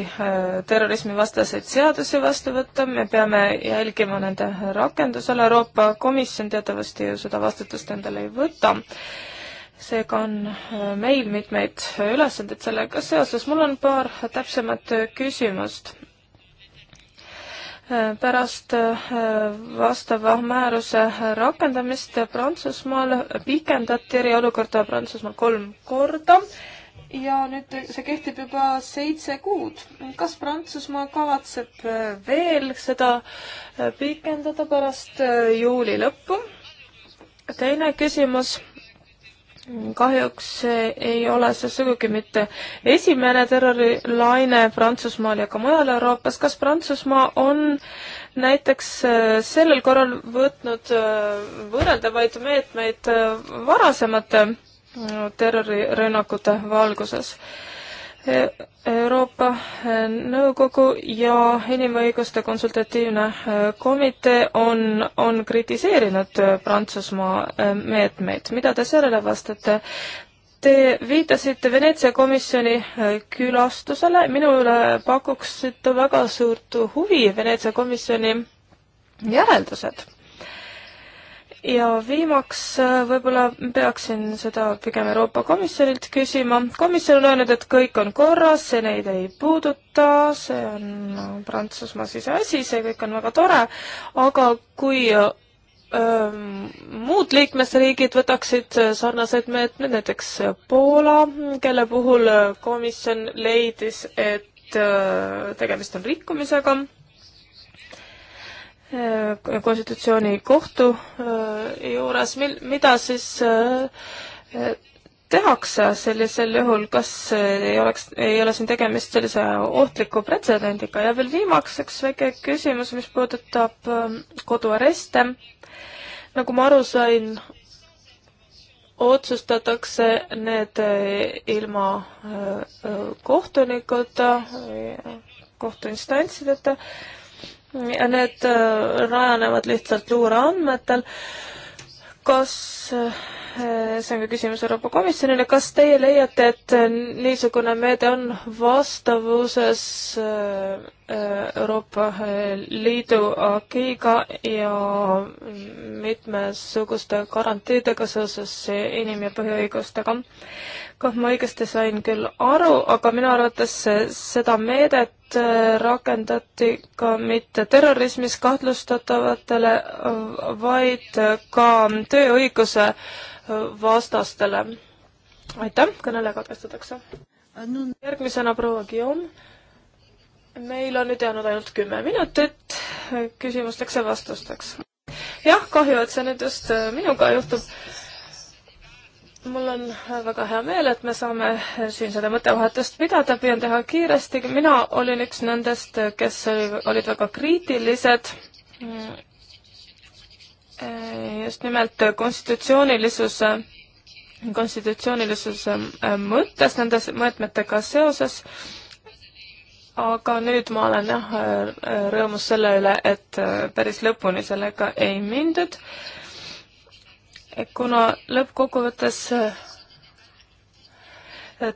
terrorismivastaseid seadusi vastu võtta, me peame jälgima nende rakendusele, Euroopa Komisjon teatavasti ju seda vastutust endale ei võta. seega on eh, meil mitmeid ülesandeid sellega seoses, mul on paar täpsemat eh, küsimust pärast äh, vastava määruse rakendamist Prantsusmaal pikendati eriolukorda Prantsusmaal kolm korda ja nüüd see kehtib juba seitse kuud. kas Prantsusmaa kavatseb äh, veel seda äh, pikendada pärast juuli lõppu? teine küsimus kahjuks ei ole see sugugi mitte esimene terrorilaine Prantsusmaal ja ka mujal Euroopas. kas Prantsusmaa on näiteks äh, sellel korral võtnud äh, võrreldavaid meetmeid äh, varasemate terrorirünnakute valguses? Euroopa eh, Nõukogu ja Inimõiguste Konsultatiivne eh, Komitee on, on kritiseerinud eh, Prantsusmaa meetmeid. mida te sellele vastate? Te viitasite Veneetsia komisjoni külastusele, minule pakuksite väga suurt huvi Veneetsia komisjoni järeldused ja viimaks äh, võib-olla peaksin seda pigem Euroopa Komisjonilt küsima. komisjon on öelnud, et kõik on korras, see neid ei puuduta, see on Prantsusmaa siseasi, see kõik on väga tore, aga kui öö, äh, ähm, muud liikmesriigid võtaksid äh, sarnased meetmed, näiteks Poola, kelle puhul komisjon leidis, et öö, tegemist on rikkumisega Äh, konstitutsioonikohtu äh, juures, mil-, mida siis äh, tehakse sellisel juhul, kas ei oleks, ei ole siin tegemist sellise ohtliku pretsedendiga ja veel viimaseks väike küsimus, mis puudutab ähm, koduareste. nagu ma aru sain, otsustatakse need ilma kohtunikud, kohtuinstantsideta ja need äh, rajanevad lihtsalt luureandmetel, kas äh, Eh, see on ka küsimus Euroopa Komisjonile, kas teie leiate, et niisugune meede on vastavuses eh, Euroopa eh, Liidu agiga ja mitmesuguste garantiidega seoses inim- ja põhiõigustega? kah ma õigesti sain küll aru, aga minu arvates seda meedet rakendati ka mitte terrorismis kahtlustatavatele, vaid ka tööõiguse vastastele. aitäh, kõnele katkestatakse. Äh, järgmisena proua Guillaume. meil on nüüd jäänud ainult kümme minutit küsimusteks ja vastusteks. jah, kahju, et see nüüd just äh, minuga juhtub mul on äh, väga hea meel, et me saame siin seda mõttevahetust pidada, püüan teha kiiresti. mina olin üks nendest, kes olid väga kriitilised mm, Äh, just nimelt konstitutsioonilisuse, konstitutsioonilisuse äh, mõttes nende mõõtmetega seoses, aga nüüd ma olen jah äh, rõõmus selle üle, et päris lõpuni sellega ei mindud, kuna lõppkokkuvõttes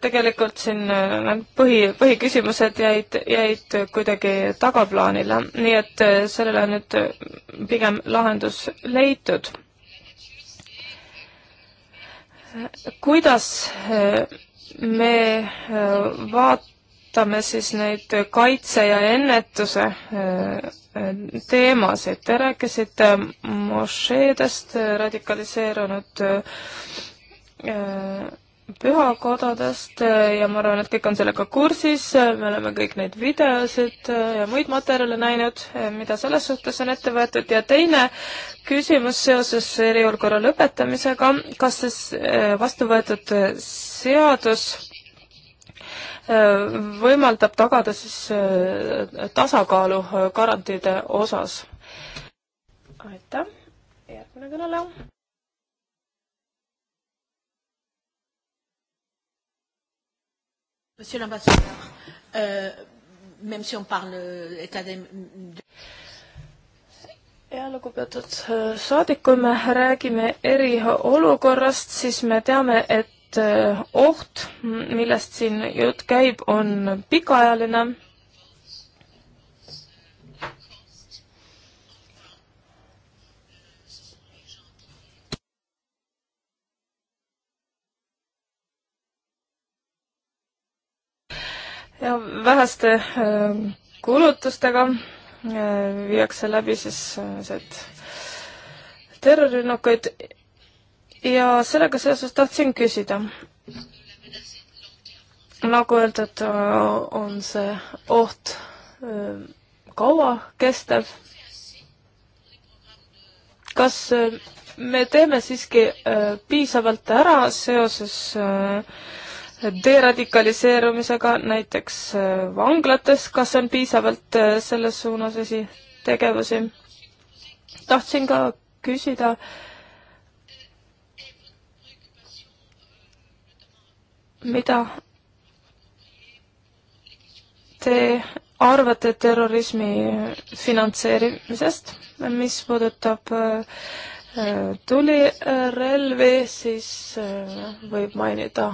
tegelikult siin äh, põhi, põhiküsimused jäid, jäid kuidagi tagaplaanile, nii et äh, sellele on nüüd äh, pigem lahendus leitud. kuidas me vaatame siis neid kaitse ja ennetuse teemasid, te rääkisite mošeedest radikaliseerunud pühakodadest äh, ja ma arvan, et kõik on sellega kursis, äh, me oleme kõik neid videosid äh, ja muid materjale näinud, mida selles suhtes on ette võetud ja teine küsimus seoses eriolukorra lõpetamisega, kas siis vastu võetud seadus võimaldab tagada siis tasakaalu garantiide osas? aitäh, järgmine kõneleja. Monsieur l'ambassadeur euh,, même si on parle euh, état de ja lugupeetud äh, saadik, kui me räägime eriolukorrast, siis me teame, et äh, oht, millest siin jutt käib, on pikaajaline ja väheste ähm, kulutustega äh, viiakse läbi siis äh, sellised terrorirünnakuid ja sellega seoses tahtsin küsida. nagu öeldud, äh, on see oht kauakestev. kas me teeme siiski piisavalt ära seoses äh, deradikaliseerumisega näiteks äh, vanglates, kas on piisavalt äh, selles suunas esi tegevusi? tahtsin ka küsida, mida te arvate terrorismi finantseerimisest, mis puudutab äh, tulirelvi, äh, siis äh, võib mainida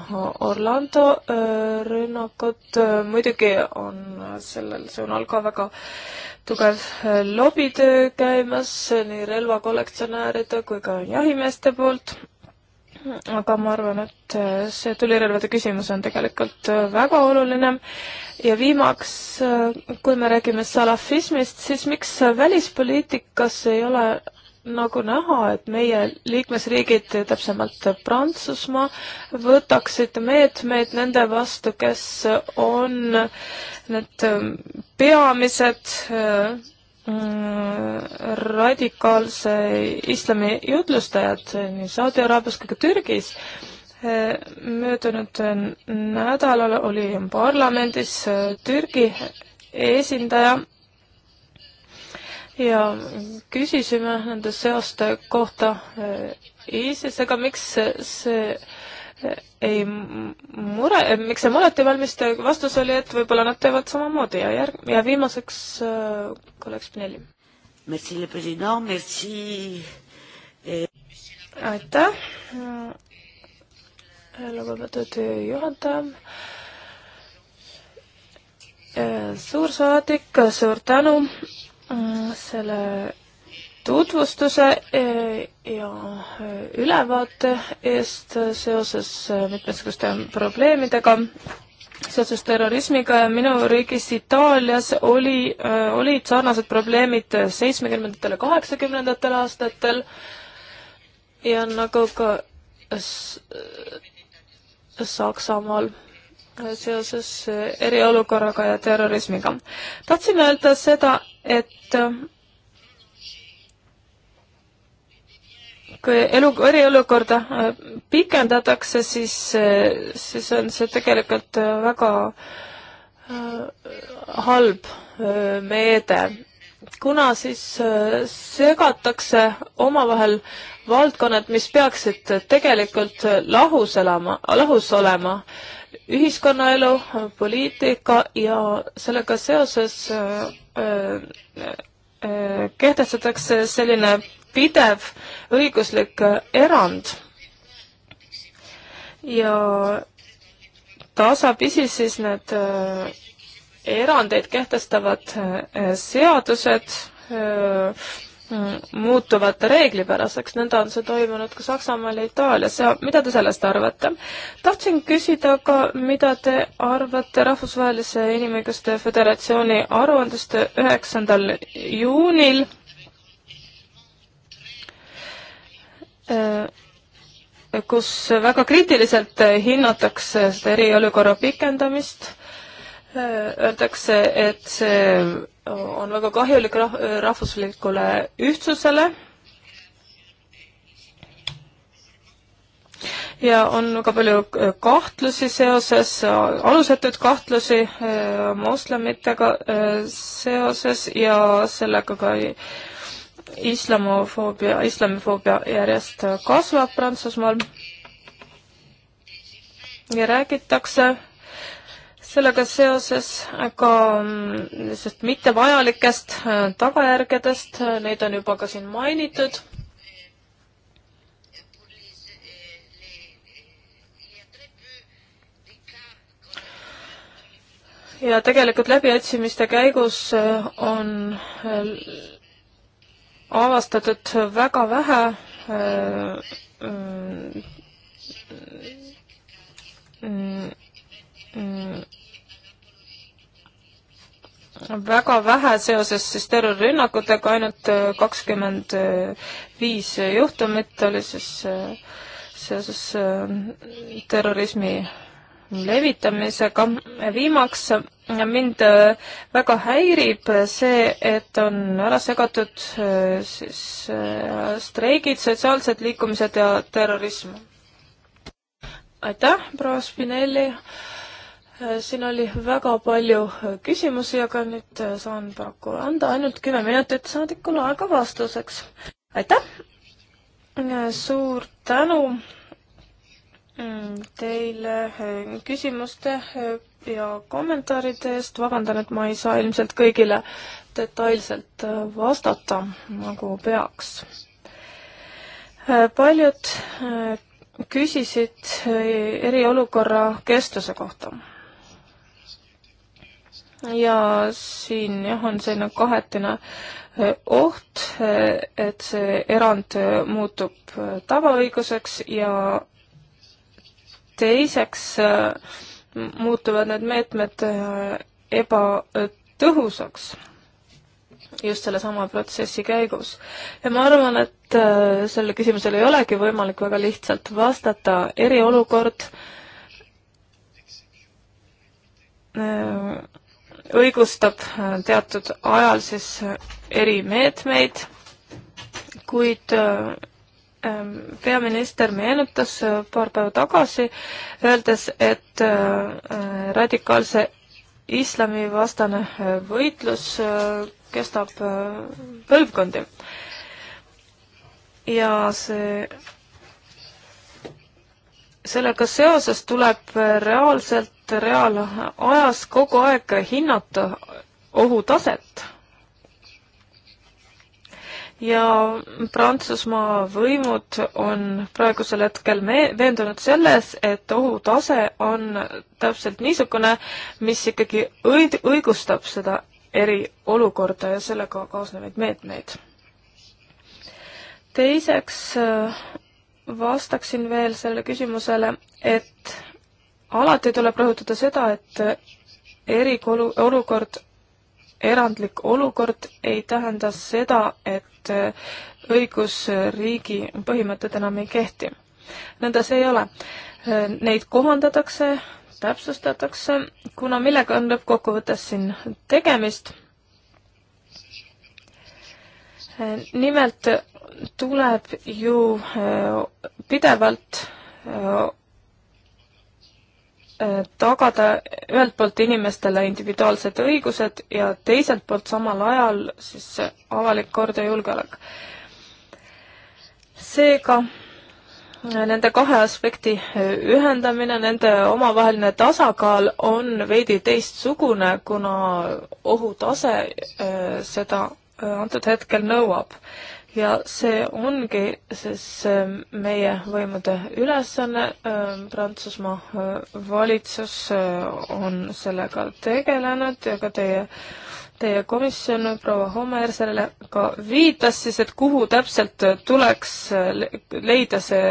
Orlando äh, rünnakut, muidugi on sellel suunal ka väga tugev lobitöö käimas nii relvakollektsionääride kui ka jahimeeste poolt. aga ma arvan, et see tulirelvade küsimus on tegelikult väga oluline ja viimaks, kui me räägime salafismist, siis miks välispoliitikas ei ole nagu näha, et meie liikmesriigid, täpsemalt Prantsusmaa, võtaksid meetmeid nende vastu, kes on need ähm, peamised äh, mm, radikaalse islami jutlustajad nii Saudi Araabias kui ka Türgis. Äh, möödunud nädalal oli parlamendis äh, Türgi esindaja ja küsisime nende seoste kohta eh, ISISega, miks see eh, ei mure, eh, miks see muret ei valmista, vastus oli, et võib-olla nad teevad samamoodi ja järg-, ja viimaseks kolleeg Spinelli. aitäh, lugupeetud juhataja suursaadik, suur tänu selle tutvustuse e, ja e, ülevaate eest seoses e, mitmesuguste probleemidega seoses terrorismiga ja minu riigis Itaalias oli, olid sarnased probleemid seitsmekümnendatel ja kaheksakümnendatel aastatel ja nagu ka Saksamaal seoses äh, eriolukorraga ja terrorismiga. tahtsime öelda seda, et kui elu, eriolukorda äh, pikendatakse, siis, äh, siis on see tegelikult väga halb meede, kuna siis segatakse omavahel valdkonnad, mis peaksid tegelikult lahus elama, lahus olema ühiskonnaelu, poliitika ja sellega seoses äh, äh, äh, kehtestatakse selline pidev õiguslik erand ja tasapisi siis need erandeid kehtestavad seadused Mm, muutuvad reeglipäraseks, nõnda on see toimunud ka Saksamaal ja Itaalias ja mida te sellest arvate? tahtsin küsida ka, mida te arvate Rahvusvahelise Inimõiguste Föderatsiooni aruandest üheksandal juunil äh, kus väga kriitiliselt hinnatakse seda eriolukorra pikendamist öeldakse, et see on väga kahjulik rah-, rahvuslikule ühtsusele ja on väga palju kahtlusi seoses, alusetuid kahtlusi äh, moslemitega äh, seoses ja sellega ka islamofoobia, islamifoobia järjest kasvab Prantsusmaal ja räägitakse sellega seoses ka mm, sest mittevajalikest äh, tagajärgedest, äh, neid on juba ka siin mainitud. ja tegelikult läbiotsimiste käigus äh, on avastatud väga vähe äh, äh, väga vähe seoses siis terrorirünnakutega, ainult äh, kakskümmend äh, viis juhtumit oli siis äh, seoses terrorismi levitamisega. viimaks mind väga häirib see, et on ära segatud siis streigid, sotsiaalsed liikumised ja terrorism. aitäh, proua Spinelli siin oli väga palju küsimusi, aga nüüd saan paraku anda ainult kümme minutit saadikul aega vastuseks. aitäh! suur tänu teile küsimuste ja kommentaaride eest, vabandan, et ma ei saa ilmselt kõigile detailselt vastata, nagu peaks. paljud küsisid eriolukorra kestuse kohta ja siin jah, on selline nagu kahetine äh, oht, äh, et see erand äh, muutub tavaõiguseks ja teiseks muutuvad need meetmed ebatõhusaks just sellesama protsessi käigus. ja ma arvan, et sellele küsimusele ei olegi võimalik väga lihtsalt vastata, eriolukord äh, õigustab äh, teatud ajal siis äh, erimeetmeid, kuid äh, ähm, peaminister meenutas paar päeva tagasi, öeldes, et radikaalse islamivastane võitlus kestab põlvkondi. ja see, sellega seoses tuleb reaalselt et reaalajas kogu aeg hinnata ohutaset. ja Prantsusmaa võimud on praegusel hetkel me-, veendunud selles, et ohutase on täpselt niisugune, mis ikkagi õid-, õigustab seda eriolukorda ja sellega kaasnevaid meetmeid. teiseks äh, vastaksin veel sellele küsimusele, et alati tuleb rõhutada seda, et erikolu-, olukord, erandlik olukord ei tähenda seda, et õigusriigi põhimõtted enam ei kehti. nõnda see ei ole. Neid kohandatakse, täpsustatakse, kuna millega on lõppkokkuvõttes siin tegemist, nimelt tuleb ju eh, pidevalt eh, Äh, tagada ühelt poolt inimestele individuaalsed õigused ja teiselt poolt samal ajal siis avalik kord ja julgeolek. seega äh, nende kahe aspekti äh, ühendamine, nende omavaheline tasakaal on veidi teistsugune, kuna ohutase seda antud hetkel nõuab ja see ongi siis ähm, meie võimude ülesanne, ähm, Prantsusmaa äh, valitsus äh, on sellega tegelenud ja ka teie teie komisjon proua Homer sellele ka viitas siis, et kuhu täpselt äh, tuleks leida see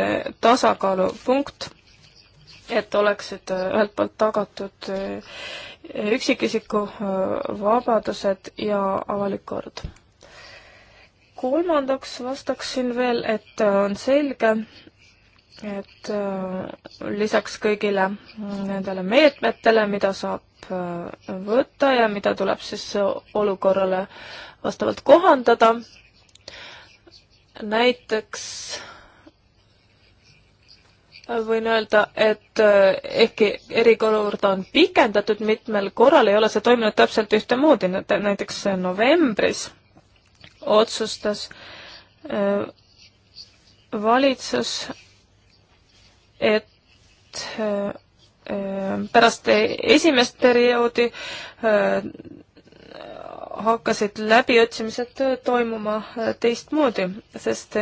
tasakaalupunkt, et oleksid ühelt poolt tagatud üksikisiku vabadused ja avalik kord kolmandaks vastaksin veel, et äh, on selge, et äh, lisaks kõigile nendele meetmetele, mida saab äh, võtta ja mida tuleb siis olukorrale vastavalt kohandada, näiteks võin öelda, et ehkki erikorda on pikendatud mitmel korral, ei ole see toimunud täpselt ühtemoodi, näiteks novembris otsustas äh, valitsus, et äh, äh, pärast esimest perioodi hakkasid läbiotsimised toimuma teistmoodi, sest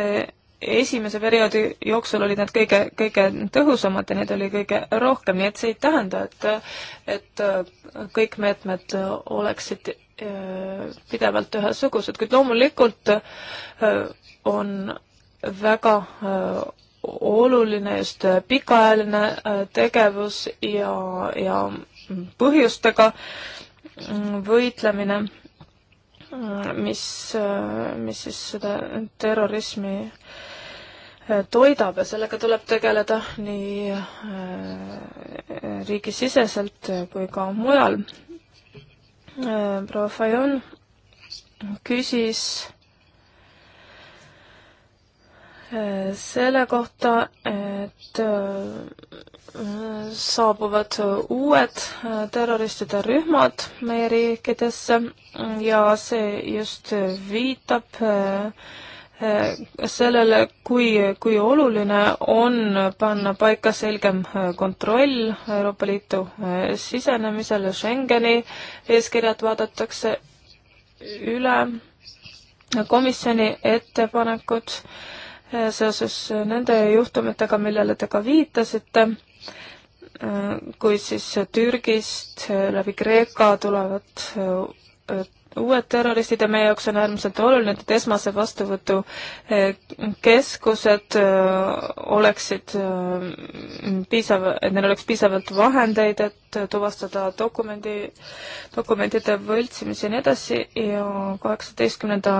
esimese perioodi jooksul olid nad kõige, kõige tõhusamad ja neid oli kõige rohkem, nii et see ei tähenda, et, et kõik meetmed oleksid Äh, pidevalt ühesugused, kuid loomulikult äh, on väga äh, oluline just pikaajaline tegevus ja, ja põhjustega mm, võitlemine, mis, mis siis seda terrorismi toidab ja sellega tuleb tegeleda nii riigisiseselt kui ka mujal Äh, proua Fajon küsis äh, selle kohta, et äh, saabuvad uued terroristide rühmad meie riikidesse ja see just viitab äh, Äh, sellele, kui, kui oluline on panna paika selgem äh, kontroll Euroopa Liitu äh, sisenemisel, Schengeni eeskirjad vaadatakse üle, komisjoni ettepanekud seoses nende juhtumitega, millele te ka viitasite, kui siis Türgist läbi Kreeka tulevad uued terroristid ja meie jaoks on äärmiselt oluline, et esmase vastuvõtu eh, keskused eh, oleksid eh, piisav, et neil oleks piisavalt vahendeid, et tuvastada dokumendi, dokumentide võltsimisi ja nii edasi ja kaheksateistkümnenda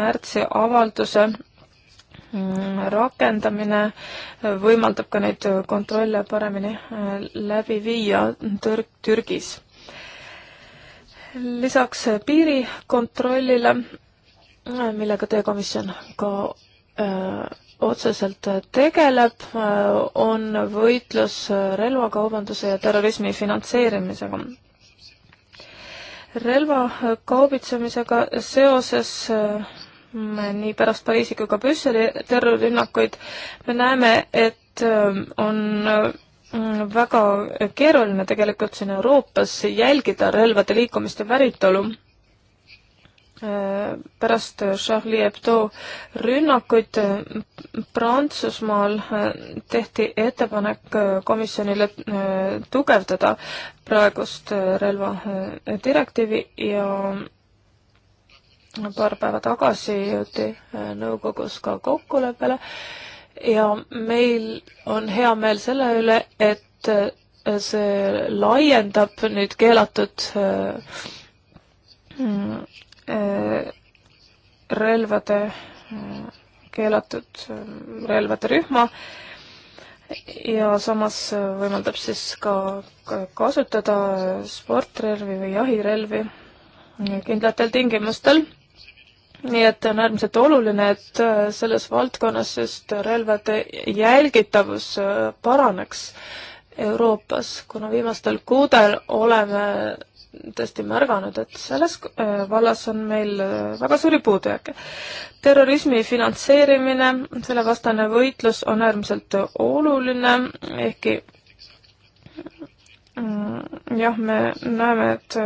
märtsi avalduse mm, rakendamine võimaldab ka neid kontrolle paremini läbi viia Türk-, Türgis lisaks piirikontrollile, millega teie komisjon ka öö, äh, otseselt tegeleb, äh, on võitlus relvakaubanduse ja terrorismi finantseerimisega. relvakaubitsemisega seoses äh, nii pärast Pariisi kui ka Brüsseli terrorirünnakuid me näeme, et on Mm, väga keeruline tegelikult siin Euroopas jälgida relvade liikumist ja päritolu. Äh, pärast Charlie Hebdo rünnakuid äh, Prantsusmaal äh, tehti ettepanek komisjonile tugevdada praegust relvadirektiivi ja paar päeva tagasi jõuti nõukogus ka kokkuleppele äh, ja meil on hea meel selle üle, et äh, see laiendab nüüd keelatud äh, äh, relvade, keelatud relvade rühma ja samas võimaldab siis ka kasutada sportrelvi või jahirelvi kindlatel tingimustel nii et on äärmiselt oluline, et äh, selles valdkonnas just relvade jälgitavus äh, paraneks Euroopas, kuna viimastel kuudel oleme tõesti märganud, et selles äh, vallas on meil väga suuri puudujääke. terrorismi finantseerimine, sellevastane võitlus on äärmiselt oluline, ehkki mm, jah, me näeme, et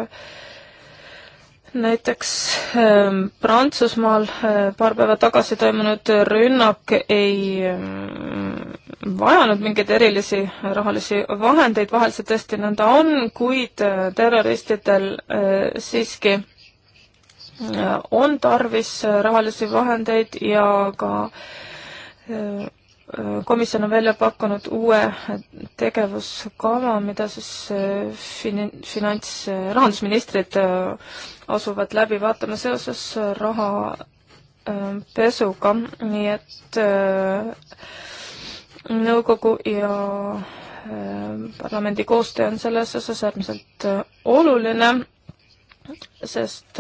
näiteks ähm, Prantsusmaal äh, paar päeva tagasi toimunud rünnak ei mm, vajanud mingeid erilisi rahalisi vahendeid, vahel see tõesti nõnda on, kuid äh, terroristidel äh, siiski on tarvis rahalisi vahendeid ja ka komisjon on välja pakkunud uue tegevuskava, mida siis eh, fin-, finants, rahandusministrid eh, asuvad läbi vaatama seoses rahapesuga, eh, nii et nõukogu ja parlamendi koostöö on selles osas äärmiselt oluline, sest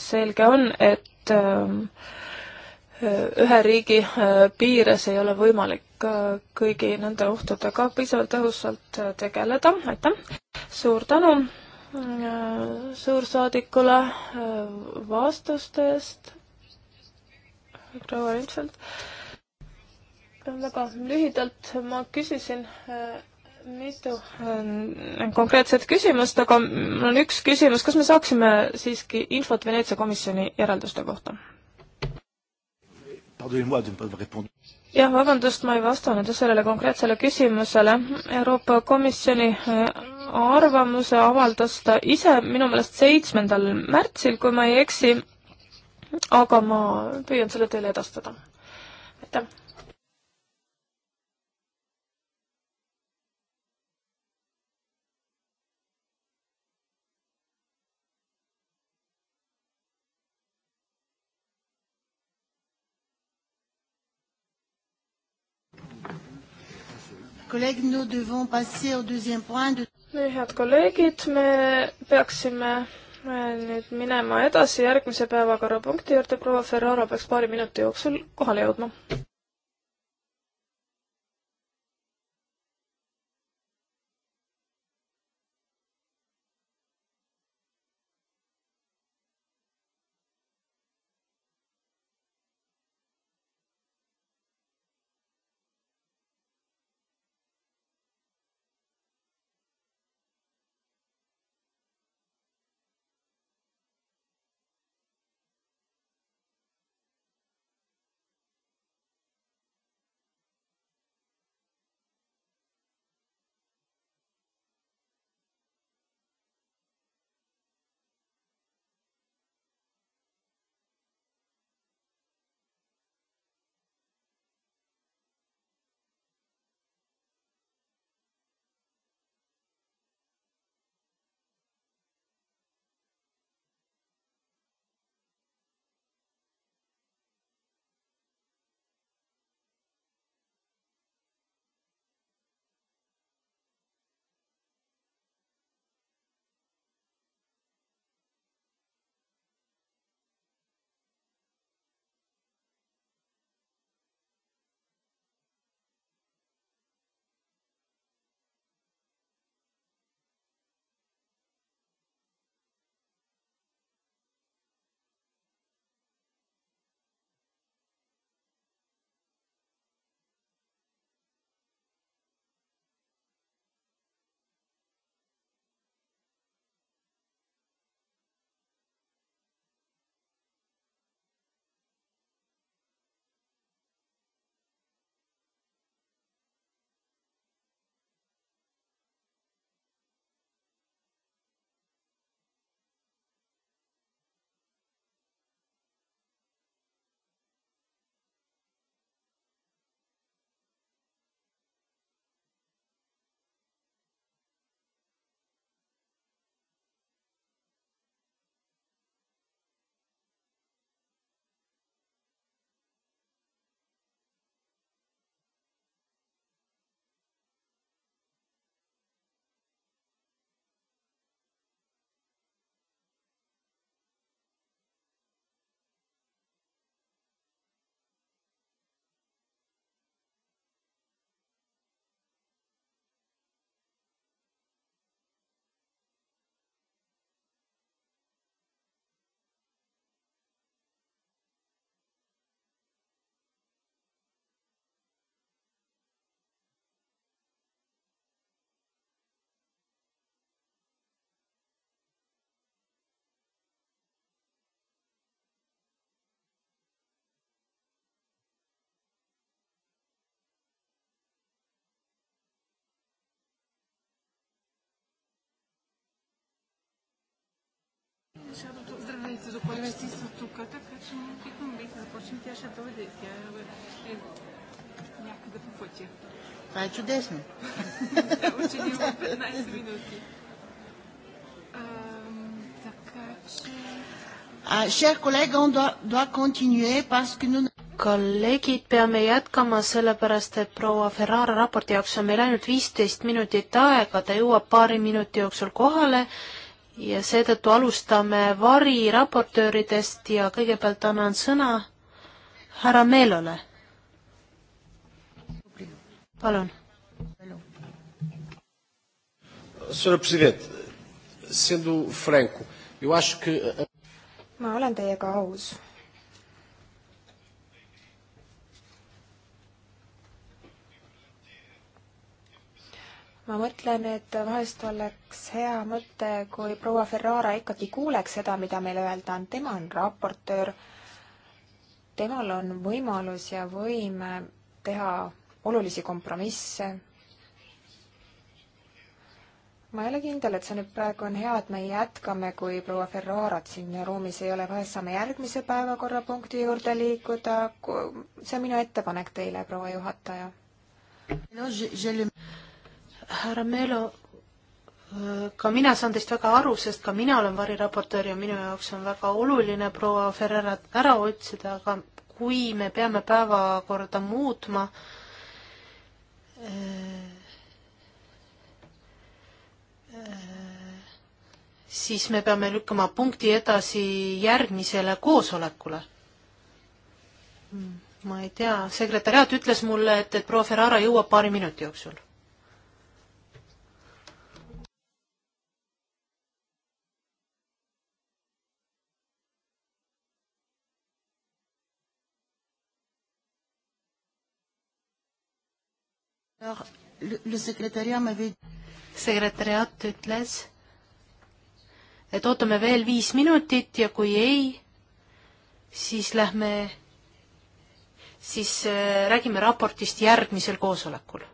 selge on, et äh, ühe riigi äh, piires ei ole võimalik äh, kõigi nende ohtudega piisavalt tõhusalt äh, tegeleda, aitäh! suur tänu suursaadikule vastuste eest, proua Rindfeld. väga lühidalt ma küsisin mitu konkreetset küsimust, aga mul on üks küsimus, kas me saaksime siiski infot Veneetsia komisjoni järelduste kohta? jah, vabandust, ma ei vastanud sellele konkreetsele küsimusele. Euroopa Komisjoni äh, arvamuse avaldas ta ise minu meelest seitsmendal märtsil, kui ma ei eksi, aga ma püüan selle teile edastada. aitäh! head kolleegid, me peaksime äh, nüüd minema edasi järgmise päevakorrapunkti juurde, proua Ferraro peaks paari minuti jooksul kohale jõudma. Здравейте, за кой си са тук, така че му питам, бих започнем, тя ще дойде. Тя е някъде по пътя. Това е чудесно. Само, че няма 15 минути. Така че... Uh, Chers collègues, on doit, doit continuer parce que nous kolleegid, peame jätkama, sellepärast et proua Ferrara raporti jaoks on meil ainult viisteist minutit aega, ta jõuab paari minuti jooksul kohale ja seetõttu alustame variraportööridest ja kõigepealt annan sõna härra Meelole. palun. ma olen teiega aus ma mõtlen, et vahest oleks hea mõte, kui proua Ferrara ikkagi kuuleks seda, mida meile öelda on, tema on raportöör, temal on võimalus ja võim teha olulisi kompromisse. ma ei ole kindel, et see nüüd praegu on hea, et me jätkame, kui proua Ferrarat siin ruumis ei ole, vahest saame järgmise päevakorrapunkti juurde liikuda, see on minu ettepanek teile, proua juhataja no, härra Meelo, ka mina saan teist väga aru, sest ka mina olen variraportöör ja minu jaoks on väga oluline proua Ferrerat ära otsida, aga kui me peame päevakorda muutma, eh, siis me peame lükkama punkti edasi järgmisele koosolekule. Hmm, ma ei tea, sekretäriaat ütles mulle, et, et proua Ferrara jõuab paari minuti jooksul sekretäriat ütles, et ootame veel viis minutit ja kui ei, siis lähme, siis äh, räägime raportist järgmisel koosolekul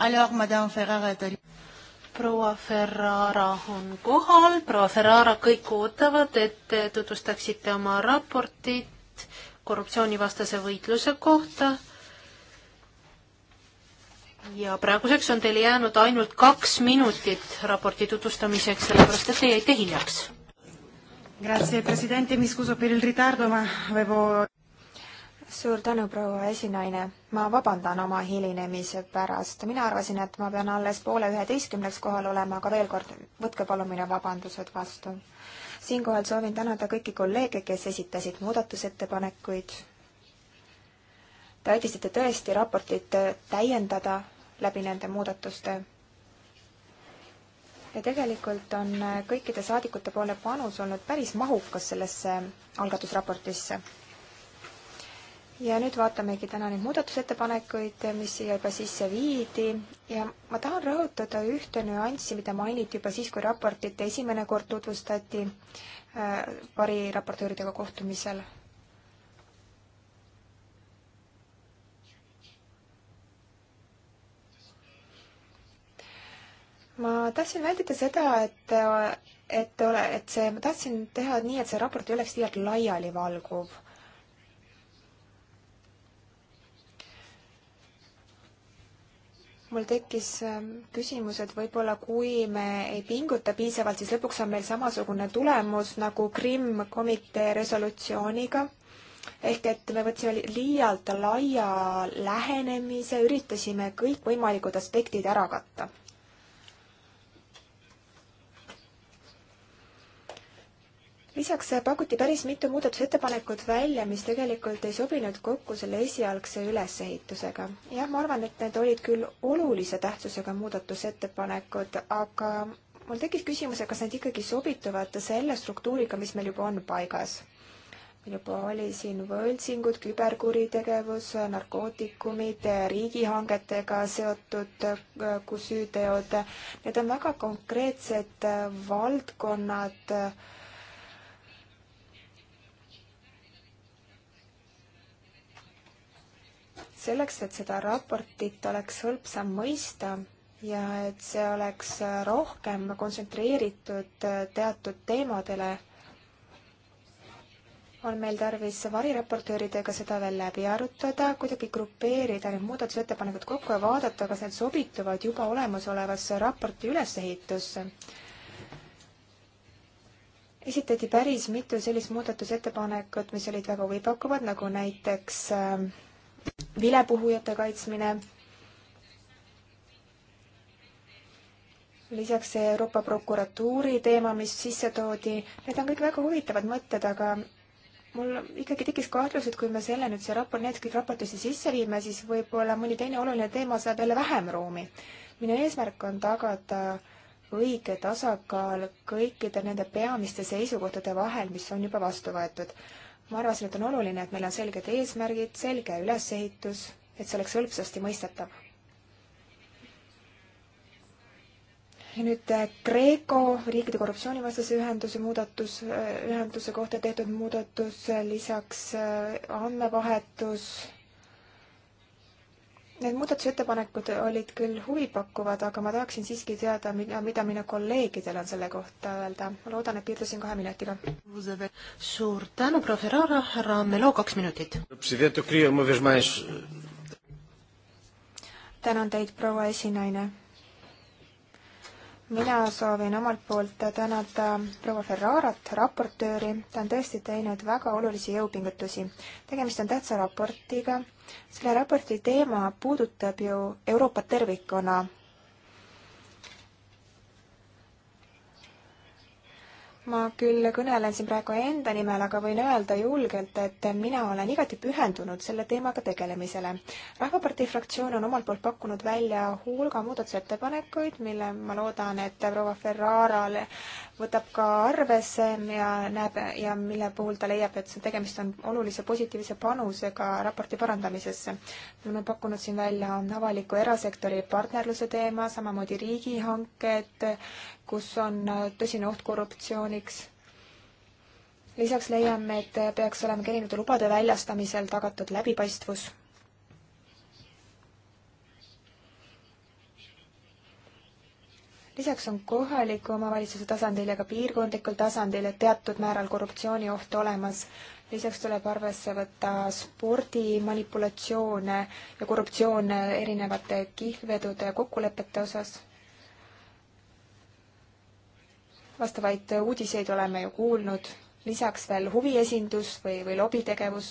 Alors, madame Ferrara, teil proua Ferrara on kohal. proua Ferrara, kõik ootavad, et te tutvustaksite oma raportit korruptsioonivastase võitluse kohta. ja praeguseks on teil jäänud ainult kaks minutit raporti tutvustamiseks, sellepärast et te jäite hiljaks. Grazie Presidente, mi scuso per il ritardo, ma avevo suur tänu, proua esinaine. ma vabandan oma hilinemise pärast. mina arvasin, et ma pean alles poole üheteistkümneks kohal olema, aga veel kord, võtke palun minu vabandused vastu. siinkohal soovin tänada kõiki kolleege, kes esitasid muudatusettepanekuid. Te aitasite tõesti raportit täiendada läbi nende muudatuste ja tegelikult on kõikide saadikute poole panus olnud päris mahukas sellesse algatusraportisse ja nüüd vaatamegi täna neid muudatusettepanekuid, mis siia juba sisse viidi ja ma tahan rõhutada ühte nüanssi, mida mainiti juba siis, kui raportit esimene kord tutvustati variraportööridega äh, kohtumisel. ma tahtsin väldida seda, et, äh, et ole, et see, ma tahtsin teha nii, et see raport ei oleks liialt laialivalguv mul tekkis ähm, küsimus, et võib-olla kui me ei pinguta piisavalt, siis lõpuks on meil samasugune tulemus nagu Krimm komitee resolutsiooniga. ehk et me võtsime liialt laia lähenemise, üritasime kõikvõimalikud aspektid ära katta lisaks pakuti päris mitu muudatusettepanekut välja, mis tegelikult ei sobinud kokku selle esialgse ülesehitusega. jah, ma arvan, et need olid küll olulise tähtsusega muudatusettepanekud, aga mul tekkis küsimus, et kas need ikkagi sobituvad selle struktuuriga, mis meil juba on paigas meil juba oli siin võltsingud, küberkuritegevus, narkootikumid, riigihangetega seotud äh, süüteod. Need on väga konkreetsed äh, valdkonnad, äh, selleks, et seda raportit oleks hõlpsam mõista ja et see oleks rohkem kontsentreeritud teatud teemadele, on meil tarvis variraportööridega seda veel läbi arutada, kuidagi grupeerida need muudatusettepanekud kokku ja vaadata, kas need sobituvad juba olemasolevasse raporti ülesehitusse esitati päris mitu sellist muudatusettepanekut, mis olid väga huvipakkuvad, nagu näiteks äh, vilepuhujate kaitsmine. lisaks see Euroopa prokuratuuri teema, mis sisse toodi, need on kõik väga huvitavad mõtted, aga mul ikkagi tekkis kahtlus, et kui me selle nüüd, see raport, need kõik raportisse sisse viime, siis võib-olla mõni teine oluline teema saab jälle vähem ruumi. minu eesmärk on tagada õige tasakaal kõikide nende peamiste seisukohtade vahel, mis on juba vastu võetud ma arvasin, et on oluline, et meil on selged eesmärgid, selge ülesehitus, et see oleks hõlpsasti mõistetav. ja nüüd äh, Kreeko riikide korruptsioonivastase ühenduse muudatus, äh, ühenduse kohta tehtud muudatus, lisaks äh, andmevahetus Need muudatusettepanekud olid küll huvipakkuvad, aga ma tahaksin siiski teada, mida, mida minu kolleegidel on selle kohta öelda. ma loodan, et piirdusin kahe minutiga. suur tänu, proua Ferrara, härra Melo, kaks minutit. Eh, tänan teid, proua esinaine. mina soovin omalt poolt tänada proua Ferrarat, raportööri, ta on tõesti teinud väga olulisi jõupingutusi. tegemist on tähtsa raportiga selle raporti teema puudutab ju Euroopat tervikuna ma küll kõnelen siin praegu enda nimel, aga võin öelda julgelt, et mina olen igati pühendunud selle teemaga tegelemisele. rahvapartei fraktsioon on omalt poolt pakkunud välja hulga muudatusettepanekuid, mille ma loodan, et proua Ferrarale võtab ka arvesse ja näeb ja mille puhul ta leiab, et see tegemist on olulise positiivse panusega raporti parandamisesse. me oleme pakkunud siin välja avaliku erasektori partnerluse teema, samamoodi riigihanked, kus on äh, tõsine oht korruptsiooniks. lisaks leiame, et peaks olema erinevate lubade väljastamisel tagatud läbipaistvus. lisaks on kohaliku omavalitsuse tasandil ja ka piirkondlikul tasandil teatud määral korruptsioonioht olemas. lisaks tuleb arvesse võtta spordimanipulatsioone ja korruptsioone erinevate kihlvedude kokkulepete osas vastavaid uudiseid oleme ju kuulnud, lisaks veel huviesindus või, või lobitegevus.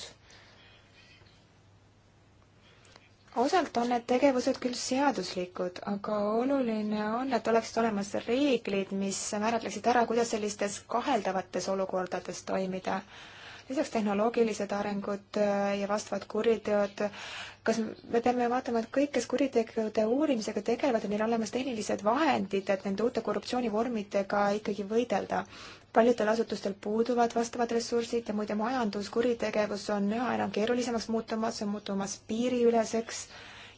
osalt on need tegevused küll seaduslikud, aga oluline on, et oleksid olemas reeglid, mis määratleksid ära, kuidas sellistes kaheldavates olukordades toimida lisaks tehnoloogilised arengud äh, ja vastavad kuriteod. kas me peame vaatama, et kõik, kes kuritegude uurimisega tegelevad, et neil on olemas tehnilised vahendid, et nende uute korruptsioonivormidega ikkagi võidelda? paljudel asutustel puuduvad vastavad ressursid ja muide, majanduskuritegevus on üha enam keerulisemaks muutumas, on muutumas piiriüleseks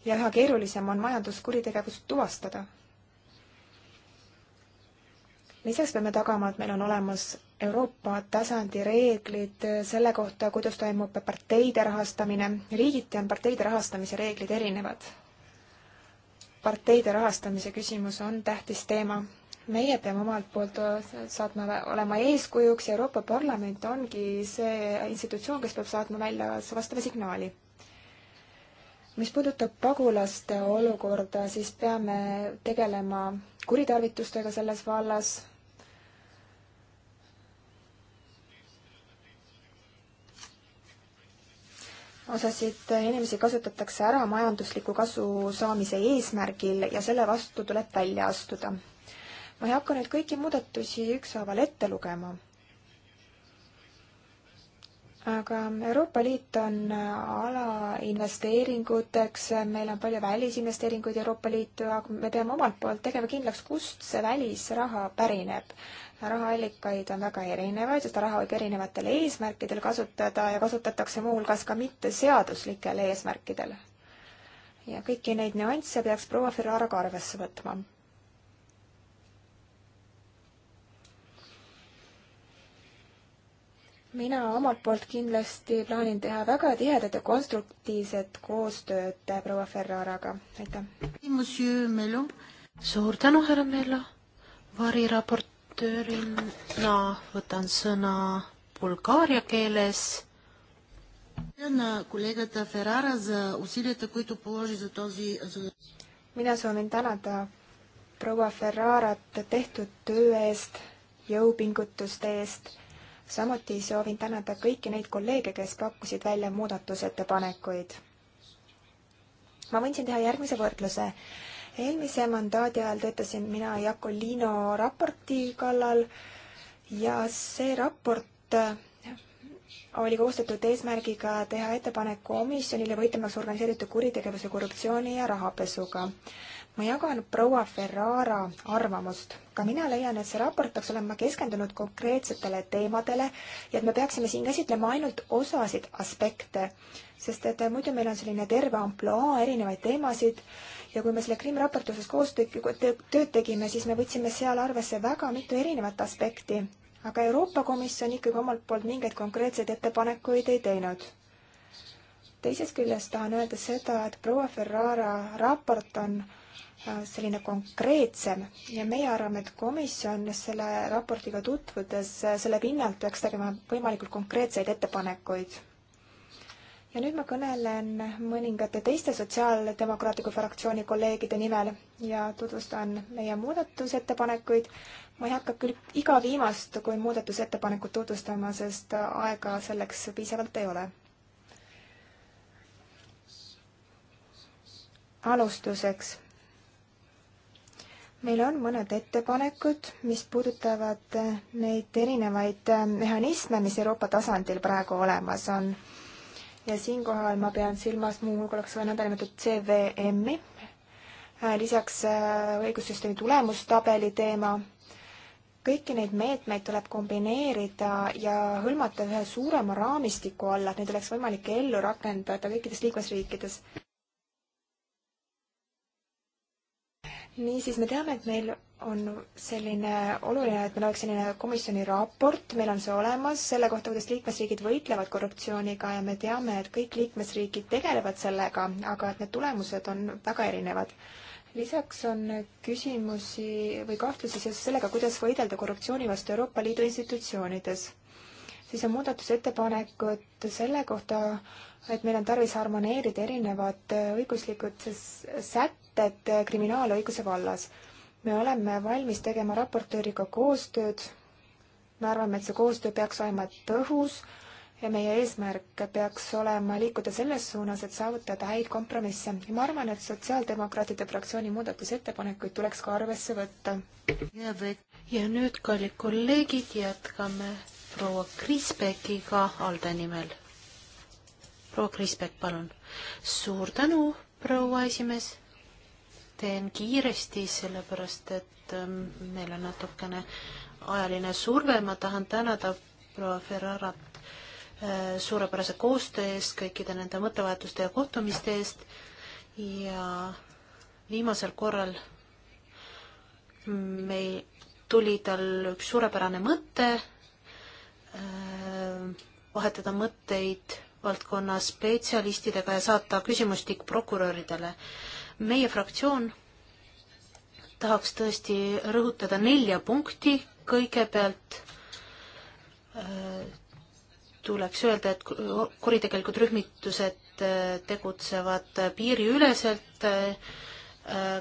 ja üha keerulisem on majanduskuritegevust tuvastada lisaks peame tagama, et meil on olemas Euroopa tasandi reeglid selle kohta, kuidas toimub parteide rahastamine. riigiti on parteide rahastamise reeglid erinevad. parteide rahastamise küsimus on tähtis teema. meie peame omalt poolt saatma, olema eeskujuks ja Euroopa Parlament ongi see institutsioon, kes peab saatma välja vastava signaali mis puudutab pagulaste olukorda, siis peame tegelema kuritarvitustega selles vallas, osasid inimesi kasutatakse ära majandusliku kasu saamise eesmärgil ja selle vastu tuleb välja astuda. ma ei hakka nüüd kõiki muudatusi ükshaaval ette lugema aga Euroopa Liit on alainvesteeringuteks, meil on palju välisinvesteeringuid Euroopa Liitu, aga me peame omalt poolt tegema kindlaks, kust see välisraha pärineb. rahaallikaid on väga erinevaid, seda raha võib erinevatel eesmärkidel kasutada ja kasutatakse muuhulgas ka mitteseaduslikel eesmärkidel. ja kõiki neid nüansse peaks proua Ferrara ka arvesse võtma mina omalt poolt kindlasti plaanin teha väga tihedat ja konstruktiivset koostööd äh, proua Ferraraga, aitäh. suur tänu, härra Mello. variraportöörina võtan sõna bulgaaria keeles. mina soovin tänada proua Ferrarat tehtud töö eest, jõupingutuste eest samuti soovin tänada kõiki neid kolleege, kes pakkusid välja muudatusettepanekuid. ma võin siin teha järgmise võrdluse. eelmise mandaadi ajal töötasin mina Jakolino raporti kallal ja see raport oli koostatud eesmärgiga teha ettepanek komisjonile võitlemaks organiseeritud kuritegevuse, korruptsiooni ja rahapesuga ma jagan proua Ferrara arvamust. ka mina leian, et see raport peaks olema keskendunud konkreetsetele teemadele ja et me peaksime siin käsitlema ainult osasid aspekte, sest et eh, muidu meil on selline terve ampluaa erinevaid teemasid ja kui me selle Krimm raporti osas koos tööd tegime, siis me võtsime seal arvesse väga mitu erinevat aspekti, aga Euroopa Komisjon ikkagi omalt poolt mingeid konkreetseid ettepanekuid ei teinud. teisest küljest tahan öelda seda, et proua Ferrara raport on Äh, selline konkreetsem ja meie arvame, et komisjon selle raportiga tutvudes äh, selle pinnalt peaks tegema võimalikult konkreetseid ettepanekuid. ja nüüd ma kõnelen mõningate teiste Sotsiaaldemokraatliku fraktsiooni kolleegide nimel ja tutvustan meie muudatusettepanekuid. ma ei hakka küll iga viimast kui muudatusettepanekut tutvustama, sest aega selleks piisavalt ei ole alustuseks meil on mõned ettepanekud, mis puudutavad neid erinevaid mehhanisme, mis Euroopa tasandil praegu olemas on. ja siinkohal ma pean silmas muuhulgas ka nõndanimetatud CVM-i, lisaks äh, õigussüsteemi tulemustabeli teema. kõiki neid meetmeid tuleb kombineerida ja hõlmata ühe suurema raamistiku alla, et neid oleks võimalik ellu rakendada kõikides liikmesriikides niisiis, me teame, et meil on selline oluline, et meil oleks selline komisjoni raport, meil on see olemas selle kohta, kuidas liikmesriigid võitlevad korruptsiooniga ja me teame, et kõik liikmesriigid tegelevad sellega, aga et need tulemused on väga erinevad. lisaks on küsimusi või kahtlusi seoses sellega, kuidas võidelda korruptsiooni vastu Euroopa Liidu institutsioonides. siis on muudatusettepanekud selle kohta, et meil on tarvis harmoneerida erinevad õiguslikud sätted, mõtet kriminaalõiguse vallas. me oleme valmis tegema raportööriga koostööd. me arvame, et see koostöö peaks olema tõhus ja meie eesmärk peaks olema liikuda selles suunas, et saavutada häid kompromisse ja ma arvan, et Sotsiaaldemokraatide fraktsiooni muudatusettepanekuid tuleks ka arvesse võtta. ja nüüd, kallid kolleegid, jätkame proua Kriisbekiga Alde nimel. proua Kriisbek, palun. suur tänu, proua esimees teen kiiresti, sellepärast et ähm, meil on natukene ajaline surve, ma tahan tänada proua Ferrarat äh, suurepärase koostöö eest, kõikide nende mõttevahetuste ja kohtumiste eest ja viimasel korral meil tuli tal üks suurepärane mõte, äh, vahetada mõtteid valdkonna spetsialistidega ja saata küsimustik prokuröridele meie fraktsioon tahaks tõesti rõhutada nelja punkti. kõigepealt äh, tuleks öelda, et kuritegelikud rühmitused äh, tegutsevad piiriüleselt äh,,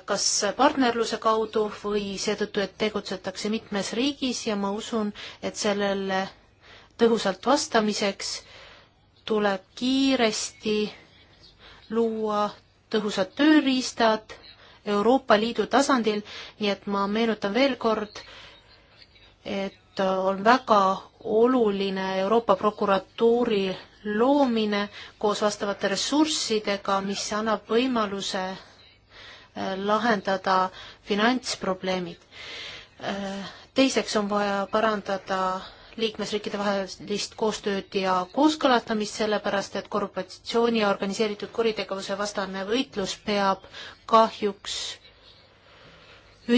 kas partnerluse kaudu või seetõttu, et tegutsetakse mitmes riigis ja ma usun, et sellele tõhusalt vastamiseks tuleb kiiresti luua tõhusad tööriistad Euroopa Liidu tasandil, nii et ma meenutan veel kord, et on väga oluline Euroopa prokuratuuri loomine koos vastavate ressurssidega, mis annab võimaluse äh, lahendada finantsprobleemid. Äh, teiseks on vaja parandada liikmesriikide vahelist koostööd ja kooskõlastamist, sellepärast et korruptsiooni ja organiseeritud kuritegevuse vastane võitlus peab kahjuks